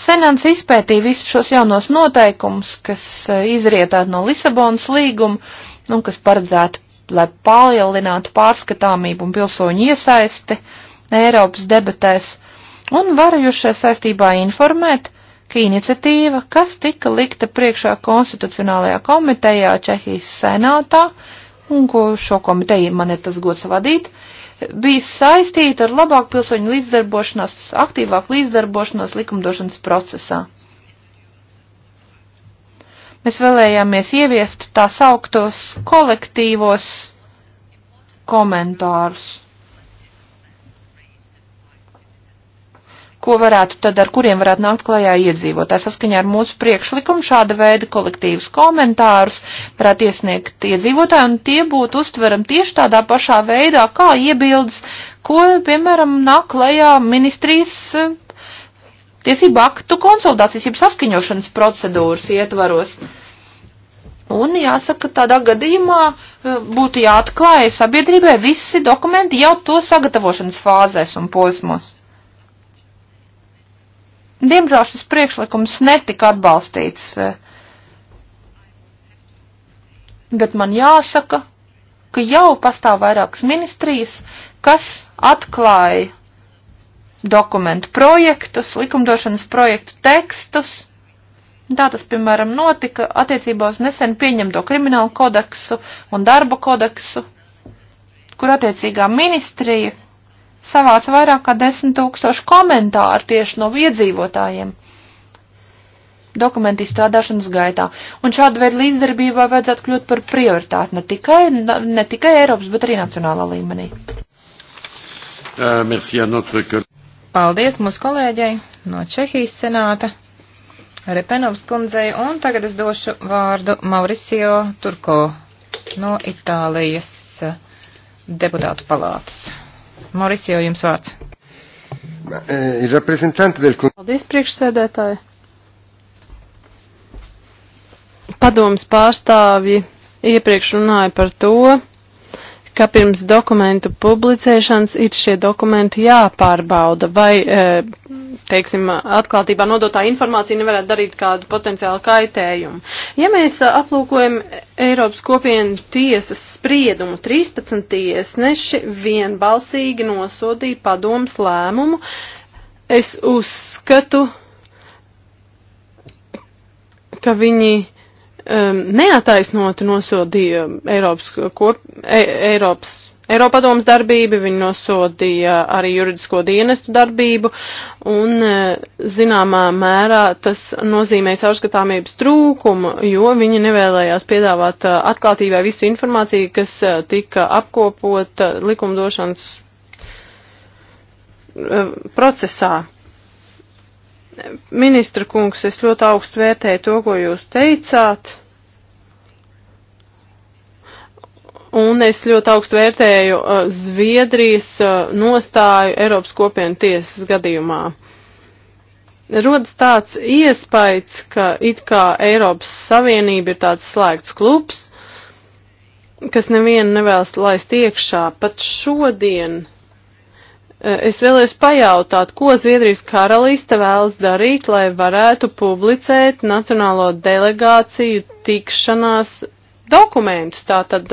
Senants izpētīja visus šos jaunos noteikumus, kas eh, izrietētu no Lisabonas līguma un kas paredzētu, lai palielinātu pārskatāmību un pilsoņu iesaisti Eiropas debatēs, un varu jūs šajā saistībā informēt, ka iniciatīva, kas tika likta priekšā konstitucionālajā komitejā Čehijas senātā, un ko šo komiteju man ir tas gods vadīt, bija saistīta ar labāku pilsoņu līdzdarbošanos, aktīvāku līdzdarbošanos likumdošanas procesā. Mēs vēlējāmies ieviest tā sauktos kolektīvos komentārus. ko varētu tad, ar kuriem varētu nākt klajā iedzīvotāji. Saskaņā ar mūsu priekšlikumu šāda veida kolektīvus komentārus varētu iesniegt iedzīvotāji, un tie būtu uztveram tieši tādā pašā veidā, kā iebildes, ko, piemēram, nāk klajā ministrijas eh, tiesību aktu konsultācijas, jeb saskaņošanas procedūras ietvaros. Un jāsaka, tādā gadījumā eh, būtu jāatklāja sabiedrībai visi dokumenti jau to sagatavošanas fāzēs un posmos. Diemžēl šis priekšlikums netika atbalstīts, eh, bet man jāsaka, ka jau pastāv vairākas ministrijas, kas atklāja dokumentu projektus, likumdošanas projektu tekstus. Tā tas, piemēram, notika attiecībā uz nesen pieņemto kriminālu kodeksu un darba kodeksu, kur attiecīgā ministrija savāca vairāk kā desmit tūkstošu komentāru tieši no iedzīvotājiem dokumentu izstrādāšanas gaitā. Un šāda veida līdzdarbībā vajadzētu kļūt par prioritāti ne tikai, ne tikai Eiropas, bet arī nacionālā līmenī. Uh, Paldies mūsu kolēģei no Čehijas senāta Repenovs kundzei, un tagad es došu vārdu Mauricio Turko no Itālijas uh, deputātu palātas. Moris, jau jums vārds. Eh, Paldies, priekšsēdētāji. Padomas pārstāvji iepriekš runāja par to, ka pirms dokumentu publicēšanas ir šie dokumenti jāpārbauda, vai, e, teiksim, atklātībā nodotā informācija nevarētu darīt kādu potenciālu kaitējumu. Ja mēs e, aplūkojam Eiropas kopienu tiesas spriedumu, 13 tiesneši vienbalsīgi nosodīja padomas lēmumu, es uzskatu, ka viņi Um, neataisnotu nosodīja Eiropas, kop, e, Eiropas Eiropadomas darbību, viņi nosodīja arī juridisko dienestu darbību, un e, zināmā mērā tas nozīmē caurskatāmības trūkumu, jo viņi nevēlējās piedāvāt e, atklātībai visu informāciju, kas e, tika apkopota likumdošanas procesā. Ministra kungs, es ļoti augstu vērtēju to, ko jūs teicāt. Un es ļoti augstu vērtēju uh, Zviedrijas uh, nostāju Eiropas kopienu tiesas gadījumā. Rodas tāds iespējas, ka it kā Eiropas Savienība ir tāds slēgts klubs, kas nevienu nevēlas laist iekšā. Pat šodien Es vēlējos pajautāt, ko Zviedrijas karaliste vēlas darīt, lai varētu publicēt nacionālo delegāciju tikšanās dokumentus, tātad,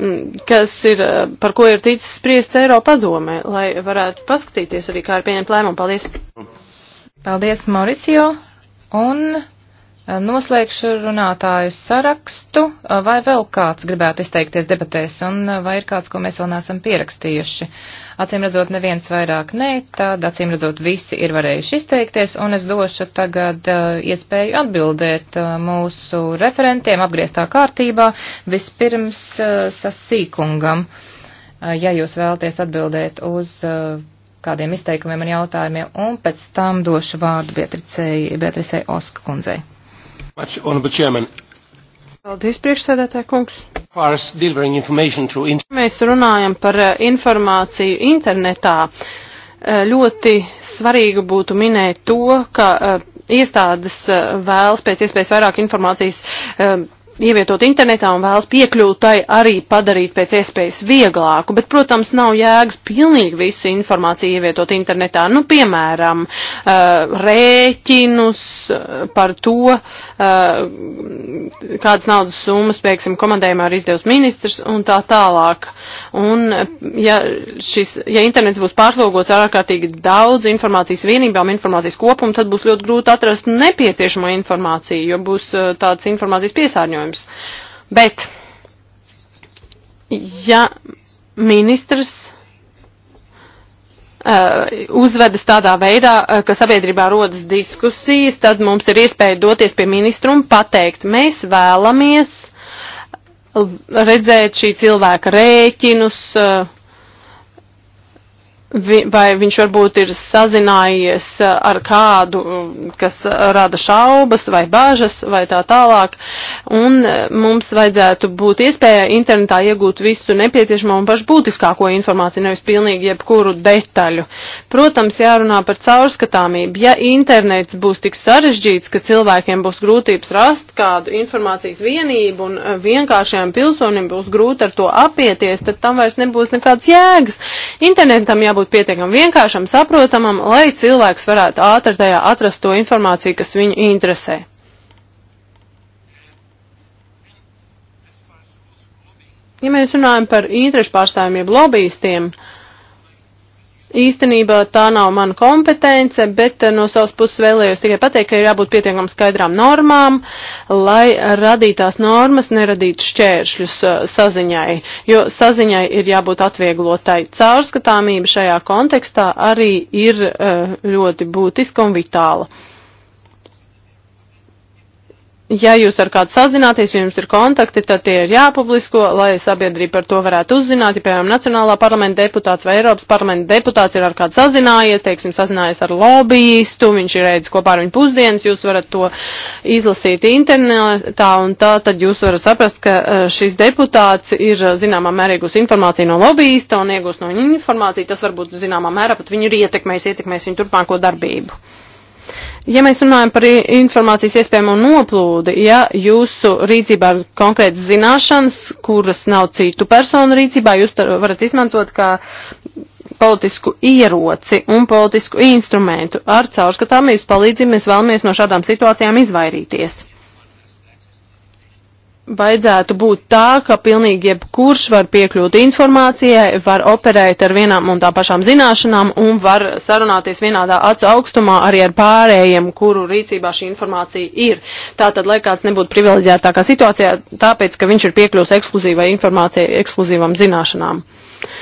mm, kas ir, par ko ir ticis spriests Eiropadomē, lai varētu paskatīties arī, kā ir pieņemt lēmumu. Paldies! Paldies, Mauricio! Un eh, noslēgšu runātāju sarakstu, eh, vai vēl kāds gribētu izteikties debatēs, un eh, vai ir kāds, ko mēs vēl neesam pierakstījuši. Uh, Acīm redzot, neviens vairāk nē, tad acīm redzot, visi ir varējuši izteikties, un es došu tagad uh, iespēju atbildēt uh, mūsu referentiem apgrieztā kārtībā, vispirms uh, sasīkungam, uh, ja jūs vēlaties atbildēt uz. Uh, kādiem izteikumiem un jautājumiem, un pēc tam došu vārdu Beatricei, Beatricei Oska kundzei. Much, Paldies, priekšsēdētāji kungs. Mēs runājam par eh, informāciju internetā. Eh, ļoti svarīgi būtu minēt to, ka eh, iestādes vēlas pēc iespējas vairāk informācijas ievietot internetā un vēlas piekļūt tai arī padarīt pēc iespējas vieglāku, bet, protams, nav jēgas pilnīgi visu informāciju ievietot internetā. Nu, piemēram, eh, rēķinus eh, par to, eh, kādas naudas summas, piemēram, komandējumā ir izdevusi ministrs un tā tālāk. Un, ja, šis, ja internets būs pārslogots ar ārkārtīgi daudz informācijas vienībām, informācijas kopumu, tad būs ļoti grūti atrast nepieciešamo informāciju, jo būs tāds informācijas piesārņojums jautājums. Bet, ja ministrs uh, uzvedas tādā veidā, uh, ka sabiedrībā rodas diskusijas, tad mums ir iespēja doties pie ministru un pateikt, mēs vēlamies redzēt šī cilvēka rēķinus, uh, vi, vai viņš varbūt ir sazinājies uh, ar kādu, uh, kas uh, rada šaubas vai bāžas vai tā tālāk. Un mums vajadzētu būt iespēja internetā iegūt visu nepieciešamo un pašbūtiskāko informāciju, nevis pilnīgi jebkuru detaļu. Protams, jārunā par caurskatāmību. Ja internets būs tik sarežģīts, ka cilvēkiem būs grūtības rast kādu informācijas vienību un vienkāršajam pilsonim būs grūti ar to apieties, tad tam vairs nebūs nekādas jēgas. Internetam jābūt jābūt pietiekam vienkāršam, saprotamam, lai cilvēks varētu ātri tajā atrast to informāciju, kas viņu interesē. Ja mēs runājam par interešu pārstāvjiem, jeb lobbyistiem, uh, Īstenībā tā nav mana kompetence, bet eh, no savas puses vēlējos tikai pateikt, ka ir jābūt pietiekam skaidrām normām, lai radītās normas neradītu šķēršļus eh, saziņai, jo saziņai ir jābūt atvieglotai. Caurskatāmība šajā kontekstā arī ir eh, ļoti būtiska un vitāla ja jūs ar kādu sazināties, ja jums ir kontakti, tad tie ir jāpublisko, lai sabiedrība par to varētu uzzināt. Ja, piemēram, Nacionālā parlamenta deputāts vai Eiropas parlamenta deputāts ir ar kādu sazinājies, teiksim, sazinājies ar lobbyistu, viņš ir ēdis kopā ar viņu pusdienas, jūs varat to izlasīt internetā, un tā tad jūs varat saprast, ka eh, šis deputāts ir eh, zināmā mērā iegūs informāciju no lobbyista un iegūs no viņa informāciju, tas varbūt zināmā mērā pat viņu ir ietekmējis, ietekmējis viņu turpmāko darbību. Ja mēs runājam par informācijas iespējamo noplūdi, ja jūsu rīcībā ir konkrētas zināšanas, kuras nav citu personu rīcībā, jūs varat izmantot kā politisku ieroci un politisku instrumentu. Ar caurskatāmības palīdzību mēs vēlamies no šādām situācijām izvairīties baidzētu būt tā, ka pilnīgi jebkurš var piekļūt informācijai, var operēt ar vienām un tā pašām zināšanām un var sarunāties vienādā acu augstumā arī ar pārējiem, kuru rīcībā šī informācija ir. Tātad, lai kāds nebūtu privileģētākā situācijā, tāpēc, ka viņš ir piekļūs ekskluzīvai informācijai, ekskluzīvam zināšanām. Uh,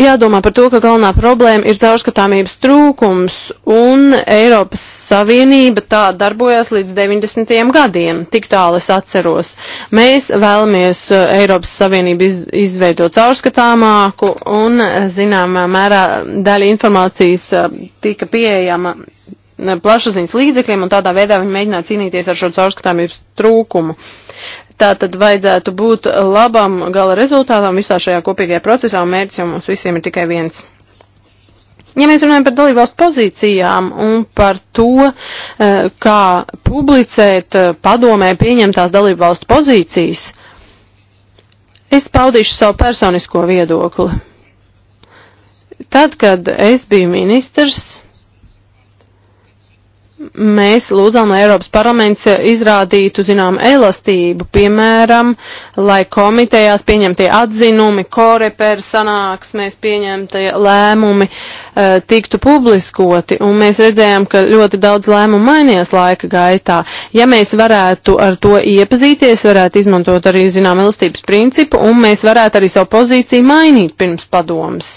jādomā par to, ka galvenā problēma ir caurskatāmības trūkums, un Eiropas Savienība tā darbojās līdz 90. gadiem, tik tālu es atceros. Mēs vēlamies uh, Eiropas Savienību iz, izveidot caurskatāmāku, un uh, zināmā mērā daļa informācijas uh, tika pieejama plašsaziņas līdzekļiem, un tādā veidā viņi mēģināja cīnīties ar šo caurskatāmības trūkumu. Tā tad vajadzētu būt labam gala rezultātam visā šajā kopīgajā procesā, un mērķis jau mums visiem ir tikai viens. Ja mēs runājam par dalībvalstu pozīcijām un par to, eh, kā publicēt eh, padomē pieņemtās dalībvalstu pozīcijas, es paudīšu savu personisko viedokli. Tad, kad es biju ministrs, mēs lūdzām, lai Eiropas parlaments izrādītu, zinām, elastību, piemēram, lai komitejās pieņemtie atzinumi, koreper sanāksmēs pieņemtie lēmumi uh, tiktu publiskoti, un mēs redzējām, ka ļoti daudz lēmumu mainījās laika gaitā. Ja mēs varētu ar to iepazīties, varētu izmantot arī, zinām, elastības principu, un mēs varētu arī savu pozīciju mainīt pirms padomas.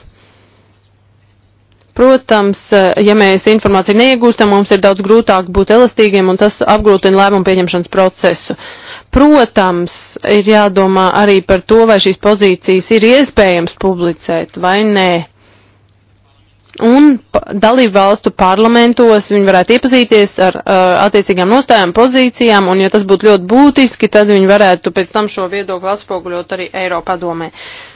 Protams, eh, ja mēs informāciju neiegūstam, mums ir daudz grūtāk būt elastīgiem, un tas apgrūtina lēmumu pieņemšanas procesu. Protams, ir jādomā arī par to, vai šīs pozīcijas ir iespējams publicēt vai nē. Un dalību valstu parlamentos viņi varētu iepazīties ar uh, attiecīgām nostājām, pozīcijām, un ja tas būtu ļoti būtiski, tad viņi varētu pēc tam šo viedokli atspoguļot arī Eiropadomē. Uh,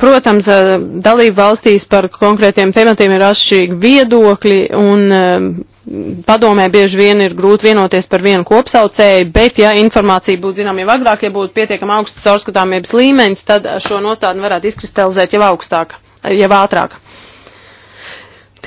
Protams, eh, dalību valstīs par konkrētiem tematiem ir atšķirīgi viedokļi un eh, padomē bieži vien ir grūti vienoties par vienu kopsaucēju, bet ja informācija būtu zinām jau agrāk, ja būtu pietiekama augsta caurskatāmības līmenis, tad šo nostādni varētu izkristalizēt jau augstāk, jau ātrāk.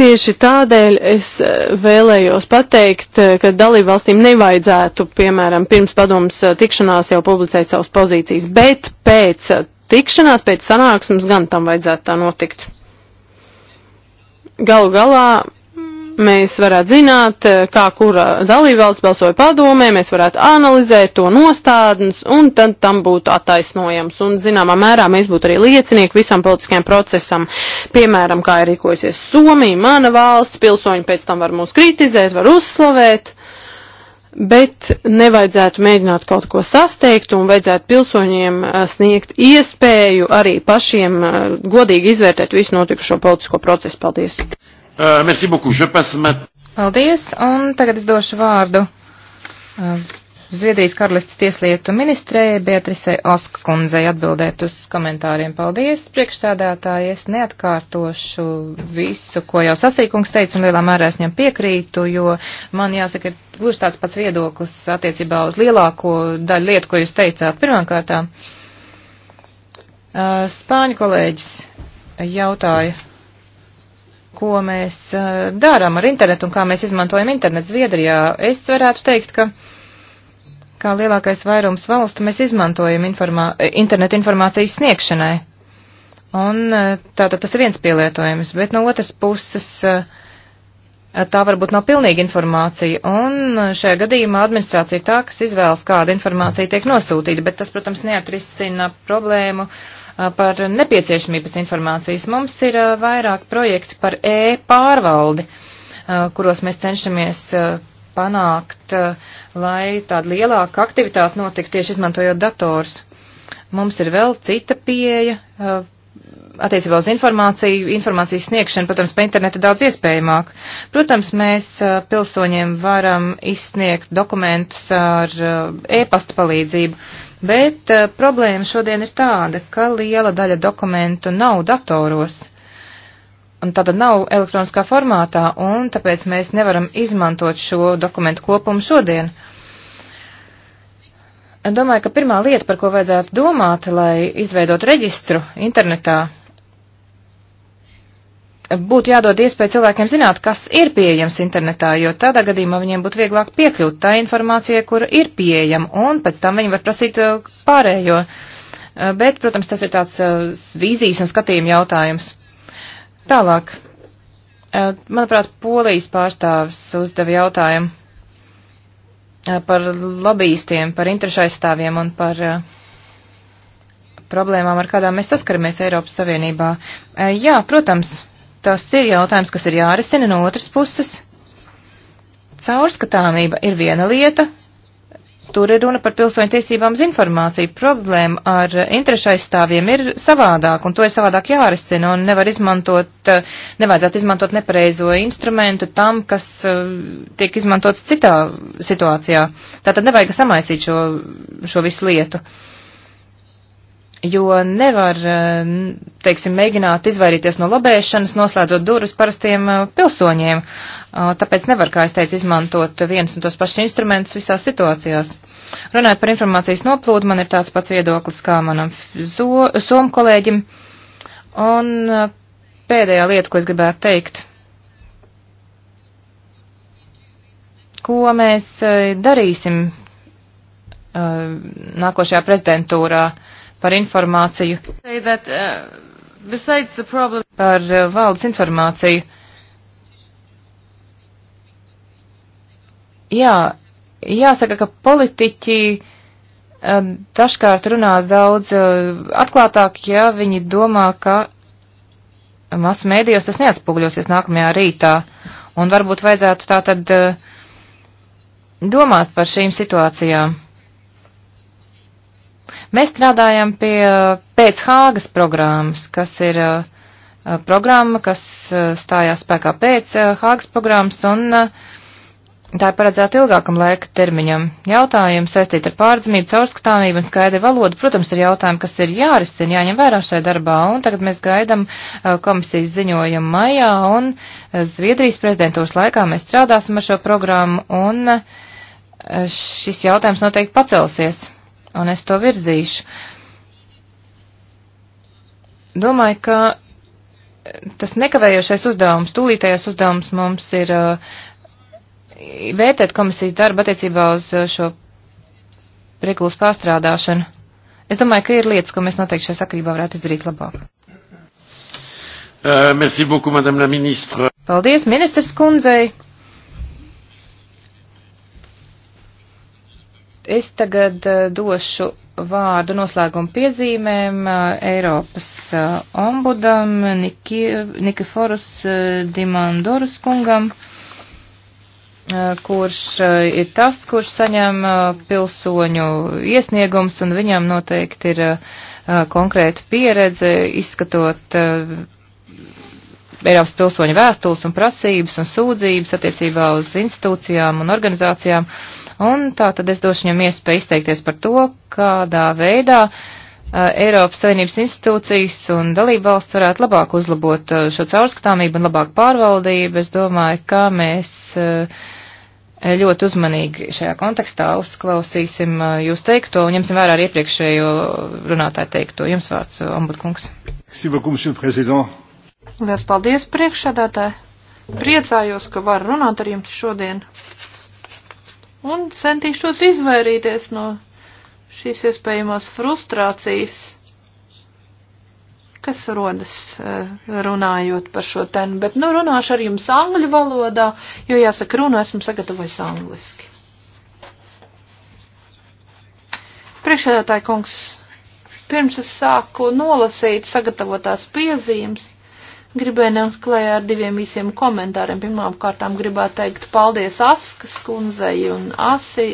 Tieši tādēļ es eh, vēlējos pateikt, ka dalībvalstīm nevajadzētu, piemēram, pirms padomas tikšanās jau publicēt savas pozīcijas, bet pēc tikšanās pēc sanāksmes gan tam vajadzētu tā notikt. Galu galā mēs varētu zināt, kā kura dalībvalsts balsoja padomē, mēs varētu analizēt to nostādnes, un tad tam būtu attaisnojams. Un, zināmā mērā, mēs būtu arī liecinieki visam politiskajam procesam, piemēram, kā ir rīkojusies Somija, mana valsts, pilsoņi pēc tam var mūs kritizēt, var uzslavēt bet nevajadzētu mēģināt kaut ko sasteigt un vajadzētu pilsoņiem eh, sniegt iespēju arī pašiem eh, godīgi izvērtēt visu notikušo politisko procesu. Paldies! Uh, merci beaucoup. Je passe mat... Paldies, un tagad es došu vārdu uh, Zviedrijas karalistas tieslietu ministrei Beatrisei Oskundzei atbildēt uz komentāriem. Paldies, priekšsēdētāji, es neatkārtošu visu, ko jau sasīkums teica, un lielā mērā es viņam piekrītu, jo man jāsaka, ir gluži tāds pats viedoklis attiecībā uz lielāko daļu lietu, ko jūs teicāt. Pirmkārtām, Spāņu kolēģis jautāja ko mēs darām ar internetu un kā mēs izmantojam internetu Zviedrijā. Es varētu teikt, ka uh, kā lielākais vairums valstu mēs izmantojam informā internetu informācijas sniegšanai. Un e, tātad tas ir viens pielietojums, bet no otras puses e, tā varbūt nav pilnīga informācija, un e, šajā gadījumā administrācija ir tā, kas izvēlas, kāda informācija tiek nosūtīta, bet tas, protams, neatrisina problēmu par nepieciešamības informācijas. Mums ir vairāk projekti par e-pārvaldi, kuros mēs cenšamies panākt, eh, lai tāda lielāka aktivitāte notiktu tieši izmantojot dators. Mums ir vēl cita pieeja eh, attiecībā uz informāciju, informācijas sniegšanu, protams, pa internetu daudz iespējamāk. Protams, mēs eh, pilsoņiem varam izsniegt dokumentus ar e-pasta palīdzību, bet problēma šodien ir tāda, ka liela daļa dokumentu nav datoros un tāda nav elektroniskā formātā, un tāpēc mēs nevaram izmantot šo dokumentu kopumu šodien. Domāju, ka pirmā lieta, par ko vajadzētu domāt, lai izveidot reģistru internetā, būtu jādod iespēju cilvēkiem zināt, kas ir pieejams internetā, jo tādā gadījumā viņiem būtu vieglāk piekļūt tā informācija, kura ir pieejama, un pēc tam viņi var prasīt uh, pārējo. Uh, bet, protams, tas ir tāds uh, vīzijas un skatījuma jautājums. Tālāk. Manuprāt, polijas pārstāvis uzdeva jautājumu par lobbyistiem, par interešu aizstāvjiem un par problēmām, ar kādām mēs saskaramies Eiropas Savienībā. Jā, protams, tas ir jautājums, kas ir jārisina no otras puses. Caurskatāmība ir viena lieta, Tur ir runa par pilsoņu tiesībām uz informāciju. Problēma ar eh, interešu aizstāvjiem ir savādāk, un to ir savādāk jārisina, un nevar izmantot, eh, nevajadzētu izmantot nepareizo instrumentu tam, kas eh, tiek izmantots citā situācijā. Tātad nevajag samaisīt šo, šo visu lietu. Uh, jo nevar, eh, teiksim, mēģināt izvairīties no lobēšanas, noslēdzot durvis parastiem eh, pilsoņiem. Eh, tāpēc nevar, kā es teicu, izmantot vienus un tos pašus instrumentus visās situācijās. Runājot par informācijas noplūdu, man ir tāds pats viedoklis kā manam somu kolēģim. Un pēdējā lieta, ko es gribētu teikt. Ko mēs darīsim nākošajā prezidentūrā? par informāciju. That, uh, problem... Par uh, valdes informāciju. Jā, jāsaka, ka politiķi uh, dažkārt runā daudz uh, atklātāk, ja viņi domā, ka masu mēdījos tas neatspūgļosies nākamajā rītā. Un varbūt vajadzētu tā tad uh, domāt par šīm situācijām. Mēs strādājam pie uh, pēc Hāgas programmas, kas ir uh, uh, programma, kas stājās spēkā pēc Hāgas programmas un tā ir paredzēta ilgākam laika termiņam. Jautājumi saistīti ar pārdzimību, caurskatāmību un skaidru valodu, protams, ir jautājumi, kas ir jārisina, jāņem vērā šajā darbā, un tagad mēs gaidam komisijas ziņojumu maijā, un Zviedrijas prezidentūras laikā mēs strādāsim ar šo programmu, un šis jautājums noteikti pacelsies un es to virzīšu. Domāju, ka tas nekavējošais uzdevums, tūlītējais uzdevums mums ir uh, vērtēt komisijas darbu attiecībā uz uh, šo priegulas pārstrādāšanu. Es domāju, ka ir lietas, ko mēs noteikti šajā sakarībā varētu izdarīt labāk. Uh, merci beaucoup, madame la ministre. Paldies, ministrs kundzei. Es tagad eh, došu vārdu noslēguma piezīmēm eh, Eiropas eh, ombudam Nikiforus Dimandorus kungam, kurš ir tas, kurš saņem pilsoņu iesniegums, un viņam noteikti ir konkrēta pieredze izskatot Eiropas pilsoņu vēstules un prasības un sūdzības attiecībā uz institūcijām un organizācijām, Un tā tad es došu viņam iespēju izteikties par to, kādā veidā uh, Eiropas Savienības institūcijas un dalība valsts varētu labāk uzlabot uh, šo caurskatāmību un labāk pārvaldību. Es domāju, ka mēs uh, ļoti uzmanīgi šajā kontekstā uzklausīsim uh, jūs teikto un ņemsim vērā arī iepriekšējo runātāju teikto. Jums vārds, uh, ombudkungs. Lielas paldies priekšsādātāji. Priecājos, ka var runāt ar jums šodien un centīšos izvairīties no šīs iespējamās frustrācijas, kas rodas eh, runājot par šo tēmu. Bet, nu, runāšu ar jums angļu valodā, jo, jāsaka, runu esmu sagatavojis angliski. Priekšēdētāji kungs, pirms es sāku nolasīt sagatavotās piezīmes, Gribēju nākt klējā ar diviem īsiem komentāriem. Pirmām kārtām gribētu teikt paldies Askas kundzei un Asi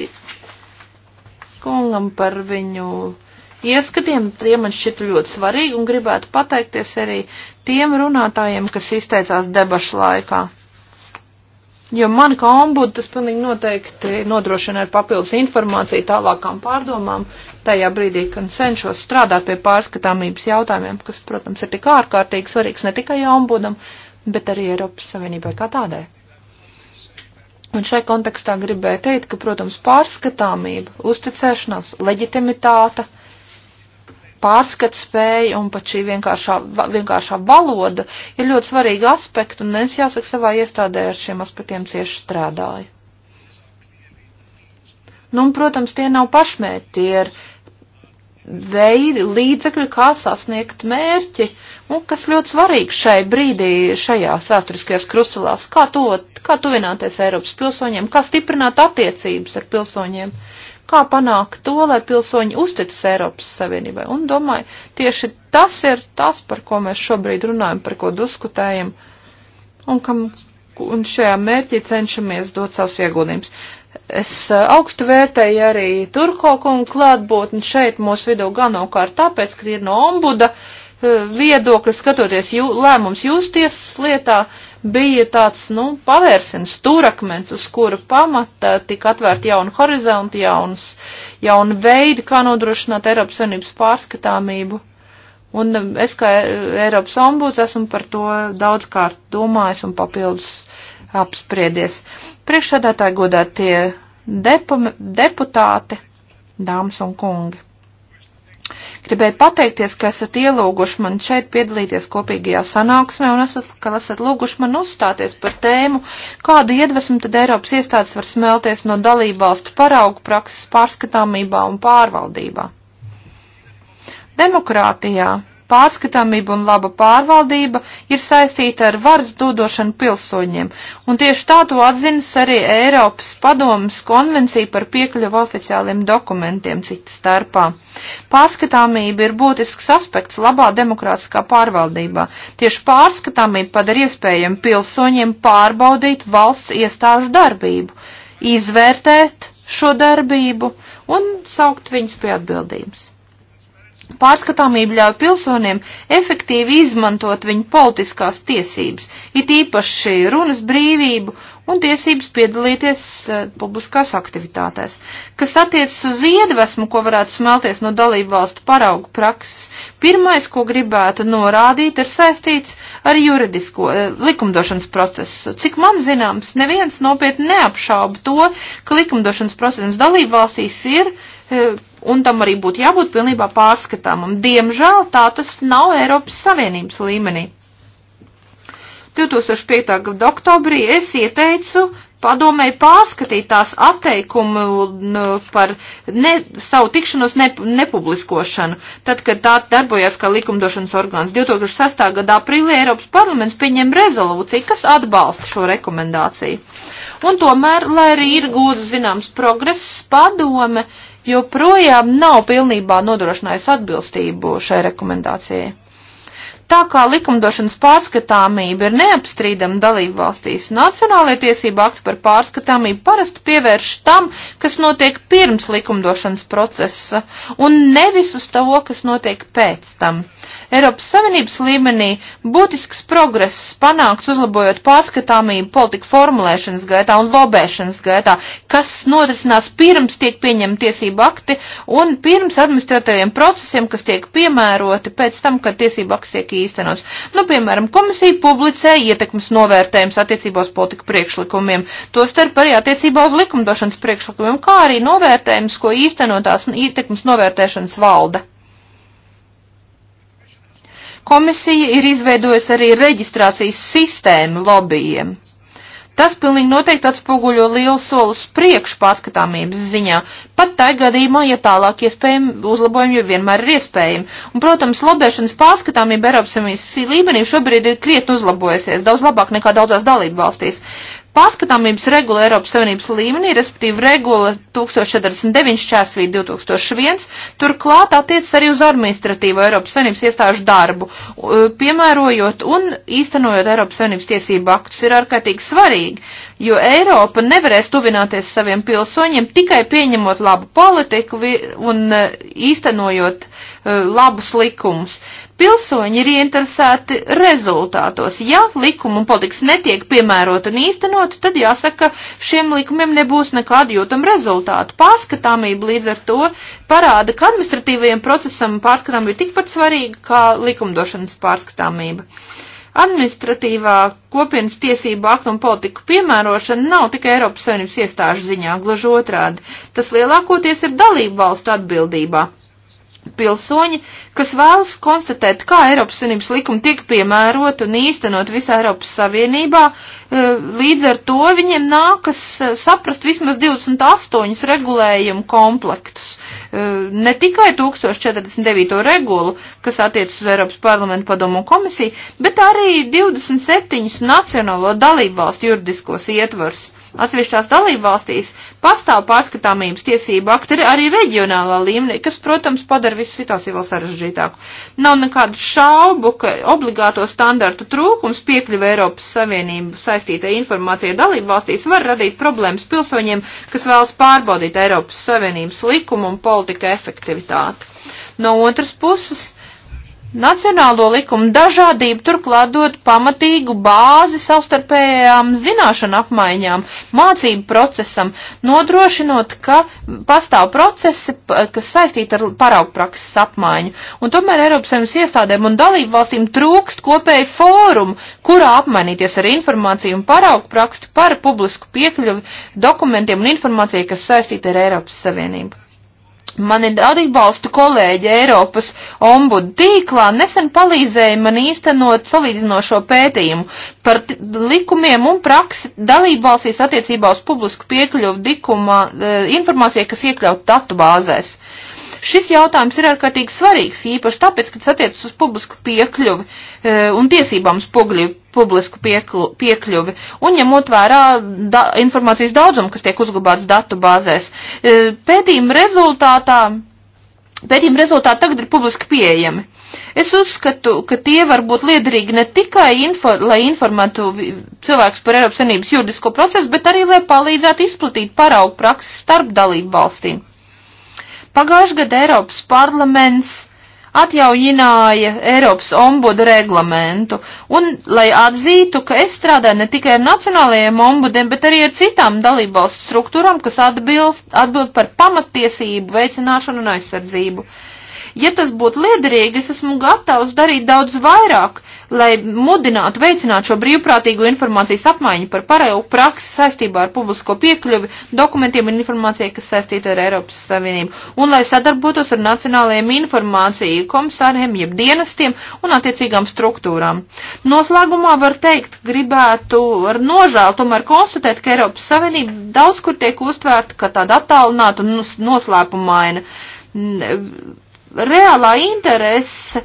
kungam par viņu ieskatiem. Tie man šķita ļoti svarīgi un gribētu pateikties arī tiem runātājiem, kas izteicās debašu laikā jo man kā ombudu tas pilnīgi noteikti nodrošina ar papildus informāciju tālākām pārdomām, tajā brīdī, kad cenšos strādāt pie pārskatāmības jautājumiem, kas, protams, ir tik ārkārtīgi svarīgs ne tikai ombudam, bet arī Eiropas Savienībai kā tādai. Un šai kontekstā gribēju teikt, ka, protams, pārskatāmība, uzticēšanās, leģitimitāte, uh, pārskatspēja un pat šī vienkāršā, vienkāršā valoda ir ļoti svarīga aspekta, un es jāsaka savā iestādē ar šiem aspektiem cieši strādāju. Nu, un, protams, tie nav pašmērķi, tie ir veidi, līdzekļi, kā sasniegt mērķi, un kas ļoti svarīgi šai brīdī, šajās vēsturiskajās krucelās, kā, to, kā tuvināties Eiropas pilsoņiem, kā stiprināt attiecības ar pilsoņiem. Uh, kā panākt to, lai pilsoņi uzticas Eiropas Savienībai. Un domāju, tieši tas ir tas, par ko mēs šobrīd runājam, par ko diskutējam, un, kam, un šajā mērķī cenšamies dot savus ieguldījumus. Es eh, augstu vērtēju arī Turko kungu klātbūtni šeit mūsu vidū galvenokārt tāpēc, ka ir no ombuda eh, viedokļa skatoties jū, lēmums jūs tiesas lietā, uh, bija tāds, nu, pavērsins, stūrakmens, uz kura pamata tika atvērti jauni horizonti, jaunas, jauni veidi, kā nodrošināt Eiropas Savienības pārskatāmību. Un um, es kā Eiropas ombuds esmu par to daudzkārt domājis un papildus apspriedies. Priekšsādātāji godātie deputāti, dāmas un kungi. Gribēju pateikties, ka esat ielūguši man šeit piedalīties kopīgajā sanāksmē un esat, ka esat lūguši man uzstāties par tēmu, kādu iedvesmu tad Eiropas iestādes var smelties no dalību valstu paraugu prakses pārskatāmībā un pārvaldībā. Demokrātijā pārskatāmība un laba pārvaldība ir saistīta ar varas dodošanu pilsoņiem, un tieši tā to atzinas arī Eiropas padomas konvencija par piekļuvu oficiāliem dokumentiem cita starpā. Pārskatāmība ir būtisks aspekts labā demokrātiskā pārvaldībā. Tieši pārskatāmība padara iespējami pilsoņiem pārbaudīt valsts iestāžu darbību, izvērtēt šo darbību un saukt viņus pie atbildības. Pārskatāmība ļauj pilsoniem efektīvi izmantot viņu politiskās tiesības, it īpaši runas brīvību un tiesības piedalīties uh, publiskās aktivitātēs. Kas attiecas uz iedvesmu, ko varētu smelties no dalību valstu paraugu prakses, pirmais, ko gribētu norādīt, ir saistīts ar juridisko uh, likumdošanas procesu. Cik man zināms, neviens nopietni neapšauba to, ka likumdošanas procesams dalību valstīs ir uh, un tam arī būtu jābūt pilnībā pārskatāmam. Diemžēl tā tas nav Eiropas Savienības līmenī. 2005. gada oktobrī es ieteicu padomēji pārskatīt tās atteikumu nu, par ne, savu tikšanos ne, nepubliskošanu, tad, kad tā darbojās kā likumdošanas orgāns. 2006. gada aprīlī Eiropas parlaments pieņem rezolūciju, kas atbalsta šo rekomendāciju. Un tomēr, lai arī ir gūts zināms progress, padome joprojām nav pilnībā nodrošinājis atbilstību šai rekomendācijai. Tā kā likumdošanas pārskatāmība ir neapstrīdama dalību valstīs, nacionālajie tiesība akti par pārskatāmību parasti pievērš tam, kas notiek pirms likumdošanas procesa, un nevis uz to, kas notiek pēc tam. Eiropas Savienības līmenī būtisks progress panākts uzlabojot pārskatāmību politiku formulēšanas gaitā un lobēšanas gaitā, kas notrisinās pirms tiek pieņemti tiesību akti un pirms administratīviem procesiem, kas tiek piemēroti pēc tam, kad tiesību akts tiek īstenots. Nu, piemēram, komisija publicē ietekmes novērtējums attiecībos politiku priekšlikumiem, tostarp arī attiecībā uz likumdošanas priekšlikumiem, kā arī novērtējums, ko īstenotās ietekmes novērtēšanas valde. Komisija ir izveidojusi arī reģistrācijas sistēmu lobbyiem. Tas pilnīgi noteikti atspoguļo lielu solus priekšu pārskatāmības ziņā, pat tai gadījumā, ja tālāk iespējami uzlabojumi jau vienmēr ir iespējami. Un, protams, lobēšanas pārskatāmība Eiropas Savienības līmenī šobrīd ir krietni uzlabojusies, daudz labāk nekā daudzās dalību valstīs. Pārskatāmības regula Eiropas Savienības līmenī, respektīvi regula 1049 šķērsvīt 2001, turklāt attiecas arī uz administratīvo Eiropas Savienības iestāžu darbu, piemērojot un īstenojot Eiropas Savienības tiesību aktus ir ārkārtīgi svarīgi, jo Eiropa nevarēs tuvināties saviem pilsoņiem tikai pieņemot labu politiku un e, īstenojot e, labus likumus. Pilsoņi ir interesēti rezultātos. Ja likumu un politikas netiek piemērot un īstenot, tad jāsaka, šiem likumiem nebūs nekāda jūtama rezultāta. Pārskatāmība līdz ar to parāda, ka administratīvajiem procesam pārskatām ir tikpat svarīga kā likumdošanas pārskatāmība. Administratīvā kopienas tiesību aktu un politiku piemērošana nav tikai Eiropas Savienības iestāžu ziņā, gluži otrādi. Tas lielākoties ir dalību valstu atbildībā pilsoņi, kas vēlas konstatēt, kā Eiropas Savienības likumi tiek piemērot un īstenot visā Eiropas Savienībā. E, līdz ar to viņiem nākas e, saprast vismaz 28 regulējumu komplektus. E, ne tikai 1049. regulu, kas attiecas uz Eiropas parlamentu padomu un komisiju, bet arī 27 nacionālo dalību valstu juridiskos ietvars. Atsevišķās dalībvalstīs pastāv pārskatāmības tiesību akti arī reģionālā līmenī, kas, protams, padara visu situāciju vēl sarežģītāku. Nav nekādu šaubu, ka obligāto standartu trūkums piekļuva Eiropas Savienību saistītai informācijai dalībvalstīs var radīt problēmas pilsoņiem, kas vēlas pārbaudīt Eiropas Savienības likumu un politika efektivitāti. No otras puses, nacionālo likumu dažādību, turklāt dod pamatīgu bāzi savstarpējām zināšanu apmaiņām, mācību procesam, nodrošinot, ka pastāv procesi, kas saistīti ar paraugprakses apmaiņu. Un tomēr Eiropas Savienības iestādēm un dalību valstīm trūkst kopēju fórumu, kurā apmainīties ar informāciju un paraugprakstu par publisku piekļuvi dokumentiem un informāciju, kas saistīta ar Eiropas Savienību. Mani atbalsta kolēģi Eiropas ombudu tīklā nesen palīdzēja man īstenot salīdzinošo pētījumu par likumiem un praksi dalībvalstīs attiecībā uz publisku piekļuvu dikumā e, informācijai, kas iekļaut datu bāzēs. Šis jautājums ir ārkārtīgi svarīgs, īpaši tāpēc, ka tas attiecas uz publisku piekļuvi e, un tiesībām spogļu publisku pieklu, piekļuvi un ņemot vērā da, informācijas daudzumu, kas tiek uzglabāts datu bāzēs. E, pētījuma rezultātā, pētījuma rezultāti tagad ir publiski pieejami. Es uzskatu, ka tie var būt liederīgi ne tikai, info, lai informētu cilvēkus par Eiropas Savienības juridisko procesu, bet arī, lai palīdzētu izplatīt paraugu praksi starp dalību valstīm. Pagājušajā gadā Eiropas parlaments atjaujināja Eiropas ombudu reglamentu, un lai atzītu, ka es strādāju ne tikai ar nacionālajiem ombudiem, bet arī ar citām dalībvalsts struktūrām, kas atbilst, atbild par pamattiesību veicināšanu un aizsardzību. Ja tas būtu liederīgi, es esmu gatavs darīt daudz vairāk, lai mudinātu, veicinātu šo brīvprātīgo informācijas apmaiņu par paraugu praksi saistībā ar publisko piekļuvi dokumentiem un informācijai, kas saistīta ar Eiropas Savienību, un lai sadarbotos ar nacionālajiem informāciju komisāriem, jeb dienestiem un attiecīgām struktūrām. Noslēgumā var teikt, gribētu ar nožēlu tomēr konstatēt, ka Eiropas Savienība daudz kur tiek uztvērta kā tāda attālināta un noslēpumaina. Reālā interese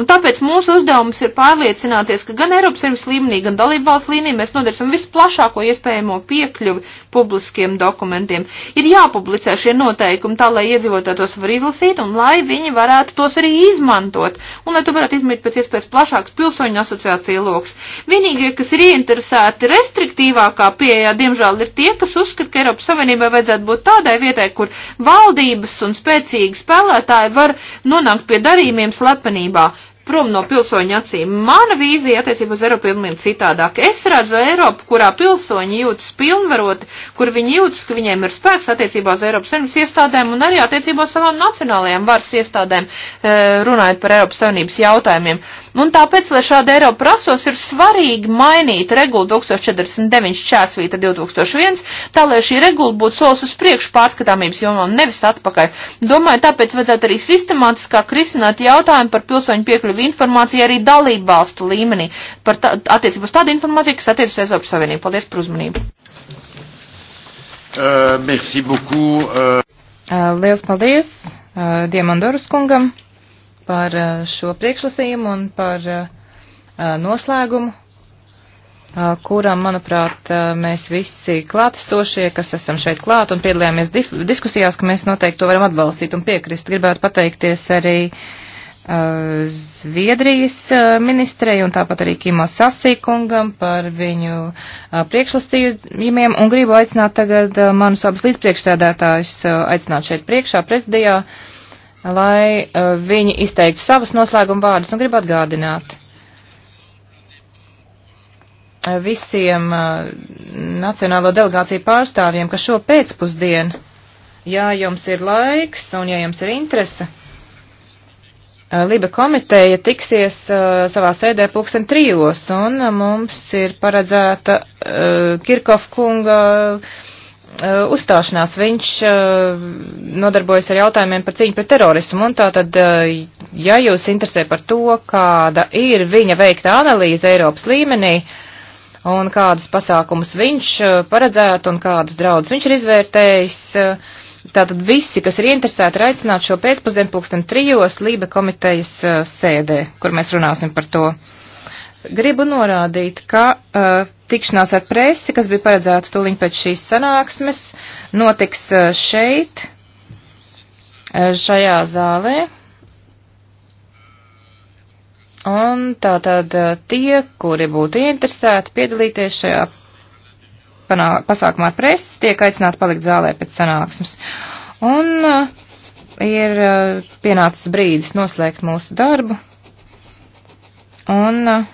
Un tāpēc mūsu uzdevums ir pārliecināties, ka gan Eiropas Savienības līmenī, gan dalību valsts līmenī mēs nodarsim visplašāko iespējamo piekļuvi publiskiem dokumentiem. Ir jāpublicē šie noteikumi tā, lai iedzīvotāji tos var izlasīt un lai viņi varētu tos arī izmantot. Un lai tu varētu izmīt pēc iespējas plašāks pilsoņu asociācija loks. Vienīgie, kas ir ieinteresēti restriktīvākā pieejā, diemžēl, ir tie, kas uzskata, ka Eiropas Savienībai vajadzētu būt tādai vietai, kur valdības un spēcīgi spēlētāji var nonākt pie darījumiem slepenībā prom no pilsoņa acīm. Mana vīzija attiecībā uz Eiropu ir mazliet citādāka. Es redzu Eiropu, kurā pilsoņi jūtas pilnvaroti, kur viņi jūtas, ka viņiem ir spēks attiecībā uz Eiropas Savienības iestādēm un arī attiecībā uz savām nacionālajām varas iestādēm, eh, runājot par Eiropas Savienības jautājumiem. Un tāpēc, lai šāda Eiropa prasos, ir svarīgi mainīt regulu 1049 čērsvīta 2001, tā lai šī regula būtu solis uz priekšu pārskatāmības jomām, nevis atpakaļ. Domāju, tāpēc vajadzētu arī sistemātiskāk risināt jautājumu par pilsoņu piekļuvi piekļuvi informācija arī dalību valstu līmenī par tā, attiecību uz tādu informāciju, kas attiecas Eiropas Savienību. Paldies par uzmanību. Uh, merci beaucoup. Uh... Uh, liels paldies uh, Diemandoras kungam par uh, šo priekšlasījumu un par uh, uh noslēgumu uh, kuram, manuprāt, uh, mēs visi klātesošie, kas esam šeit klāt un piedalījāmies diskusijās, ka mēs noteikti to varam atbalstīt un piekrist. Gribētu pateikties arī uh, Uh, Zviedrijas uh, ministrei un tāpat arī Kimo Sasīkungam par viņu uh, priekšlastījumiem un gribu aicināt tagad manus abus līdzpriekšsēdētājus aicināt šeit priekšā prezidijā, lai viņi izteiktu savus noslēguma vārdus un gribu atgādināt visiem nacionālo delegāciju pārstāvjiem, ka šo pēcpusdienu, ja jums ir laiks un ja jums ir interese, Eh, Liba komiteja tiksies uh, savā sēdē pulksten trīlos, un uh, mums ir paredzēta uh, Kirkov kunga uzstāšanās. Viņš nodarbojas ar jautājumiem par cīņu pret terorismu, un tātad, ja jūs interesē par to, kāda ir viņa veikta analīze Eiropas līmenī, un kādus pasākumus viņš paredzētu, un kādus draudus viņš ir izvērtējis, uh, Tātad visi, kas ir interesēti, ir aicināti šo pēcpusdienu pulksten trijos Lība komitejas uh, sēdē, kur mēs runāsim par to. Gribu norādīt, ka uh, tikšanās ar presi, kas bija paredzēta tūliņ pēc šīs sanāksmes, notiks uh, šeit, uh, šajā zālē. Un tātad uh, tie, kuri būtu interesēti piedalīties šajā panā, pasākumā ar presi, tiek aicināti palikt zālē pēc sanāksmes. Un uh, ir uh, pienācis brīdis noslēgt mūsu darbu. Un uh,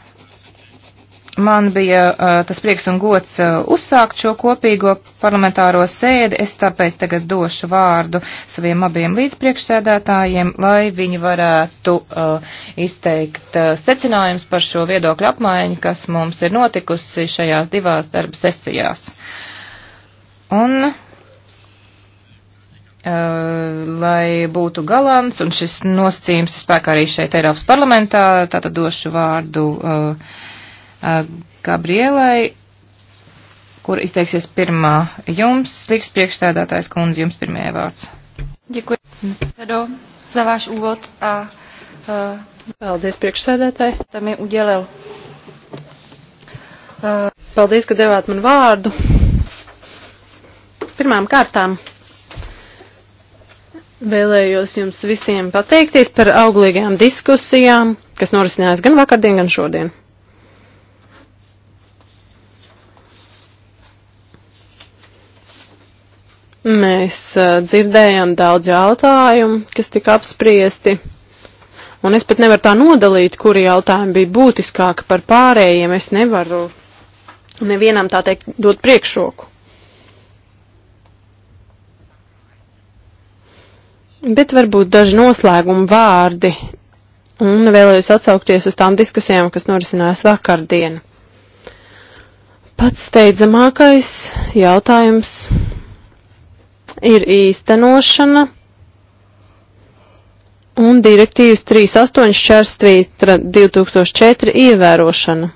Man bija uh, tas prieks un gods uh, uzsākt šo kopīgo parlamentāro sēdi. Es tāpēc tagad došu vārdu saviem abiem līdzpriekšsēdētājiem, lai viņi varētu uh, izteikt uh, secinājums par šo viedokļu apmaiņu, kas mums ir notikusi šajās divās darba sesijās. Un, uh, lai būtu galants, un šis nosacījums spēkā arī šeit Eiropas parlamentā, tātad došu vārdu. Uh, Eh, Gabrielai, kur izteiksies pirmā jums, liks priekšstādātājs kundze, jums pirmie vārds. Ďakujem, Predo, za váš úvod a uh, paldies priekšsēdētāji. Tam ir udělel. Uh, eh, paldies, ka devāt man vārdu. Pirmām kārtām vēlējos jums visiem pateikties par auglīgajām diskusijām, kas norisinājās gan vakardien, gan šodien. Mēs eh, dzirdējām daudz jautājumu, kas tika apspriesti, un es pat nevaru tā nodalīt, kuri jautājumi bija būtiskāki par pārējiem. Es nevaru nevienam tā teikt dot priekšroku. Bet varbūt daži noslēguma vārdi, un vēlējos atsaukties uz tām diskusijām, kas norisinājās vakardien. Pats steidzamākais jautājums ir īstenošana un direktīvas 38 šķērstvītra 2004 ievērošana.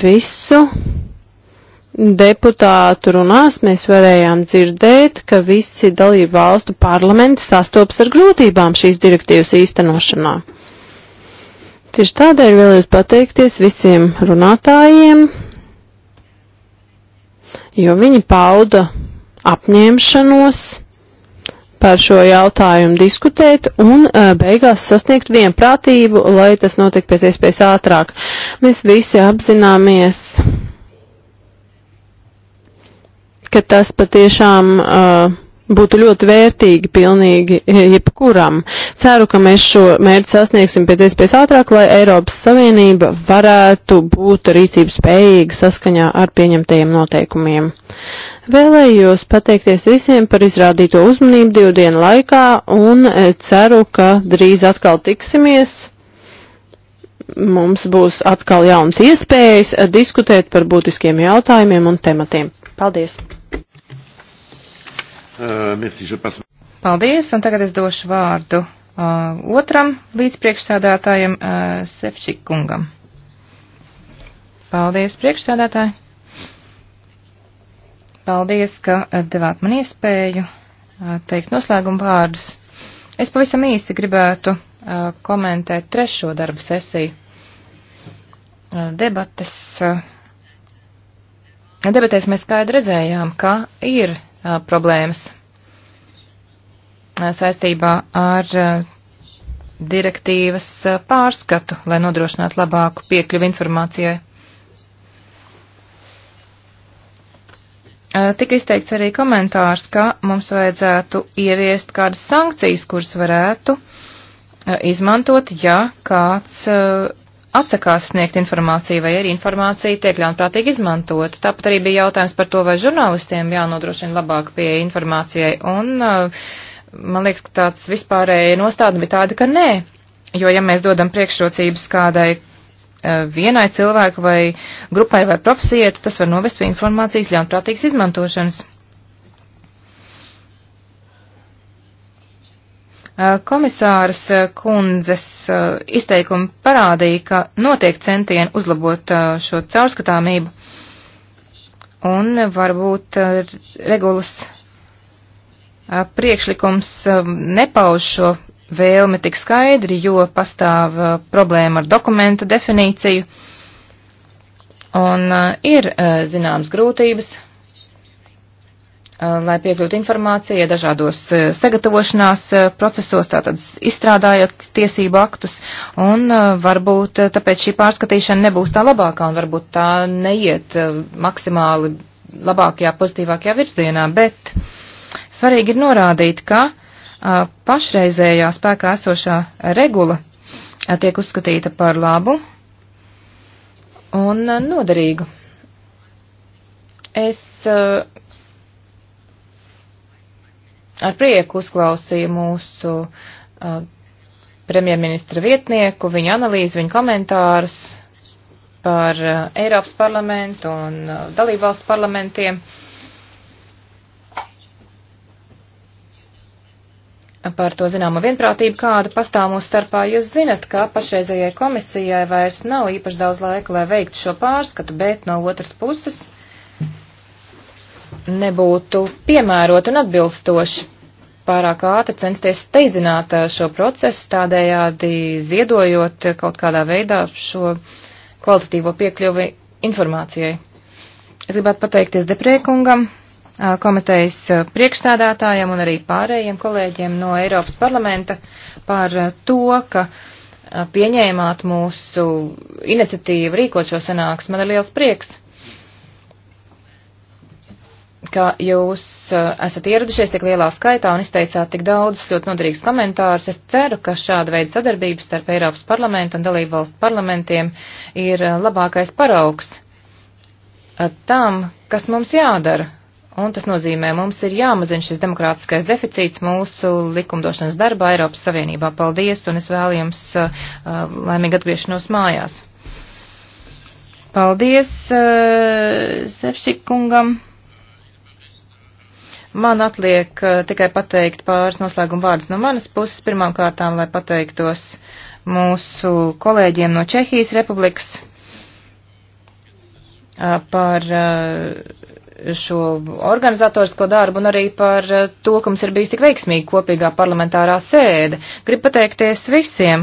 Visu deputātu runās mēs varējām dzirdēt, ka visi dalību valstu parlamenti sastopas ar grūtībām šīs direktīvas īstenošanā. Tieši tādēļ vēlējos pateikties visiem runātājiem, jo viņi pauda apņēmšanos par šo jautājumu diskutēt un e, beigās sasniegt vienprātību, lai tas notiek pēc iespējas ātrāk. Mēs visi apzināmies, ka tas patiešām uh, būtu ļoti vērtīgi pilnīgi eh, jebkuram. Ceru, ka mēs šo mērķi sasniegsim pēc iespējas ātrāk, lai Eiropas Savienība varētu būt rīcības spējīga saskaņā ar pieņemtajiem noteikumiem. Vēlējos pateikties visiem par izrādīto uzmanību divu dienu laikā un eh, ceru, ka drīz atkal tiksimies. Mums būs atkal jauns iespējas eh, diskutēt par būtiskiem jautājumiem un tematiem. Paldies! Uh, Paldies, un tagad es došu vārdu uh, otram līdzpriekšstādātājam uh, Sefčikungam. Paldies, priekšstādātāji! Paldies, ka uh, devāt man iespēju uh, teikt noslēgumu vārdus. Es pavisam īsi gribētu uh, komentēt trešo darbu sesiju. Uh, debates, uh, debatēs mēs skaidri redzējām, ka ir problēmas saistībā ar direktīvas pārskatu, lai nodrošinātu labāku piekļuvu informācijai. Tika izteikts arī komentārs, ka mums vajadzētu ieviest kādas sankcijas, kuras varētu izmantot, ja kāds atsakās sniegt informāciju vai arī informācija tiek ļaunprātīgi izmantot. Tāpat arī bija jautājums par to, vai žurnālistiem jānodrošina labāk pie informācijai. Un uh, man liekas, ka tāds vispārēja nostāda bija tāda, ka nē. Jo ja mēs dodam priekšrocības kādai uh, vienai cilvēku vai grupai vai profesijai, tad tas var novest pie informācijas ļaunprātīgas izmantošanas. Eh, komisāras eh, kundzes eh, izteikumi parādīja, ka notiek centieni uzlabot šo caurskatāmību un varbūt regulas priekšlikums nepauž šo vēlme tik skaidri, jo pastāv problēma ar dokumentu definīciju un ir zināmas grūtības Uh, lai piekļūtu informācijai dažādos uh, sagatavošanās uh, procesos, tātad izstrādājot tiesību aktus, un varbūt tāpēc šī pārskatīšana nebūs tā labākā, un varbūt tā neiet maksimāli labākajā, pozitīvākajā virzienā, bet svarīgi ir norādīt, ka pašreizējā spēkā esošā regula tiek uzskatīta par labu un noderīgu. Es ar prieku uzklausīju mūsu uh, premjerministra vietnieku, viņa analīzi, viņa komentārus par uh, Eiropas parlamentu un uh, dalībvalstu parlamentiem. Par to zināma vienprātība, kāda pastāv mūsu starpā, jūs zinat, ka pašreizējai komisijai vairs nav īpaši daudz laika, lai veiktu šo pārskatu, bet no otras puses uh, nebūtu piemēroti un atbilstoši pārāk ātri censties steidzināt šo procesu, tādējādi ziedojot kaut kādā veidā šo kvalitatīvo piekļuvi informācijai. Es gribētu pateikties Depriekungam, komitejas priekšstādātājiem un arī pārējiem kolēģiem no Eiropas parlamenta par to, ka pieņēmāt mūsu iniciatīvu rīkot šo sanāksmu. Man ir liels prieks ka jūs eh, esat ieradušies tik lielā skaitā un izteicāt tik daudz ļoti noderīgs komentārus. Es ceru, ka šāda veida sadarbības starp Eiropas parlamentu un dalību valstu parlamentiem ir eh, labākais paraugs eh, tam, kas mums jādara. Un tas nozīmē, mums ir jāmazina šis demokrātiskais deficīts mūsu likumdošanas darbā Eiropas Savienībā. Paldies, un es vēlu jums uh, laimīgu atgriešanos mājās. Paldies, uh, Sefšikungam. Man atliek uh, tikai pateikt pāris noslēguma vārdus no manas puses. Pirmām kārtām, lai pateiktos mūsu kolēģiem no Čehijas republikas uh, par uh, šo organizatorisko darbu un arī par to, ka mums ir bijis tik veiksmīgi kopīgā parlamentārā sēde. Gribu pateikties visiem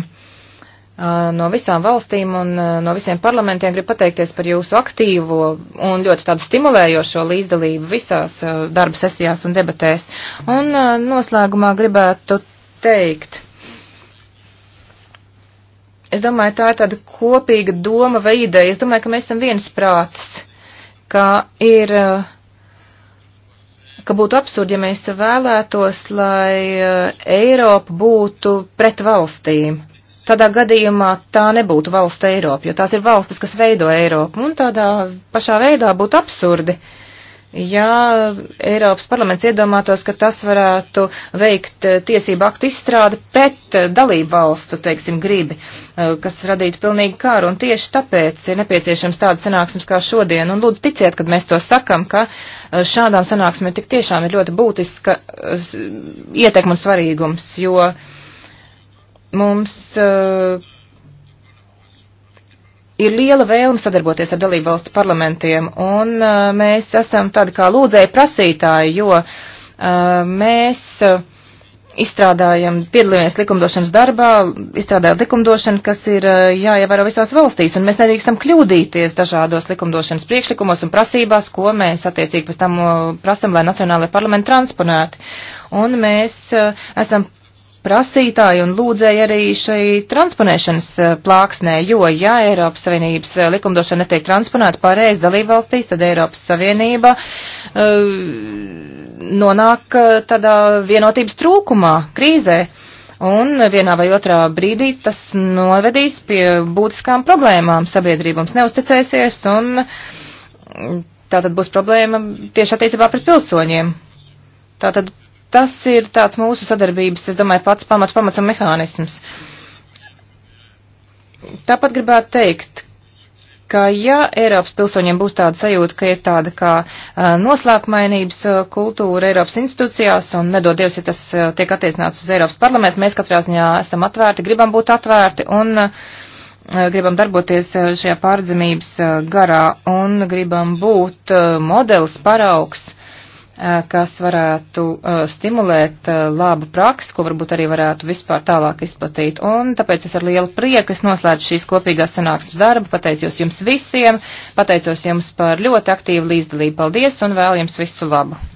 no visām valstīm un no visiem parlamentiem gribu pateikties par jūsu aktīvo un ļoti tādu stimulējošo līdzdalību visās darba sesijās un debatēs. Un noslēgumā gribētu teikt. Es domāju, tā ir tāda kopīga doma vai ideja. Es domāju, ka mēs esam viensprāts, ka ir, ka būtu absurdi, ja mēs vēlētos, lai Eiropa būtu pret valstīm Tādā gadījumā tā nebūtu valsts Eiropa, jo tās ir valstis, kas veido Eiropu, un tādā pašā veidā būtu absurdi. Ja Eiropas parlaments iedomātos, ka tas varētu veikt eh, tiesību aktu izstrādi pret eh, dalību valstu, teiksim, gribi, eh, kas radītu pilnīgi kāru, un tieši tāpēc ir nepieciešams tāds sanāksmes kā šodien, un lūdzu ticiet, kad mēs to sakam, ka šādām sanāksmēm tik tiešām ir ļoti būtiska ietekma un svarīgums, jo uh, Mums uh, ir liela vēlme sadarboties ar dalību valstu parlamentiem, un uh, mēs esam tādi kā lūdzēji prasītāji, jo uh, mēs uh, izstrādājam, piedalījāmies likumdošanas darbā, izstrādājot likumdošanu, kas ir uh, jāievēro visās valstīs, un mēs nedrīkstam kļūdīties dažādos likumdošanas priekšlikumos un prasībās, ko mēs attiecīgi pēc tam uh, prasam, lai nacionālajie parlamenti transponētu. Un mēs uh, esam prasītāji un lūdzēji arī šai transponēšanas eh, plāksnē, jo, ja Eiropas Savienības eh, likumdošana netiek transponēta pareizi dalībvalstīs, tad Eiropas Savienība uh, nonāk tādā vienotības trūkumā, krīzē. Un vienā vai otrā brīdī tas novedīs pie būtiskām problēmām. Sabiedrība mums neusticēsies un mm, tā tad būs problēma tieši attiecībā pret pilsoņiem. Tā tad tas ir tāds mūsu sadarbības, es domāju, pats pamats, pamats un mehānisms. Tāpat gribētu teikt, ka ja Eiropas pilsoņiem būs tāda sajūta, ka ir tāda kā noslēpmainības kultūra Eiropas institūcijās, un nedod Dievs, ja tas tiek attiecināts uz Eiropas parlamentu, mēs katrā ziņā esam atvērti, gribam būt atvērti, un gribam darboties šajā pārdzimības garā, un gribam būt modelis, paraugs kas varētu stimulēt labu praksi, ko varbūt arī varētu vispār tālāk izplatīt. Un tāpēc es ar lielu prieku es noslēdzu šīs kopīgās sanāksmes darbu, pateicos jums visiem, pateicos jums par ļoti aktīvu līdzdalību. Paldies un vēl jums visu labu!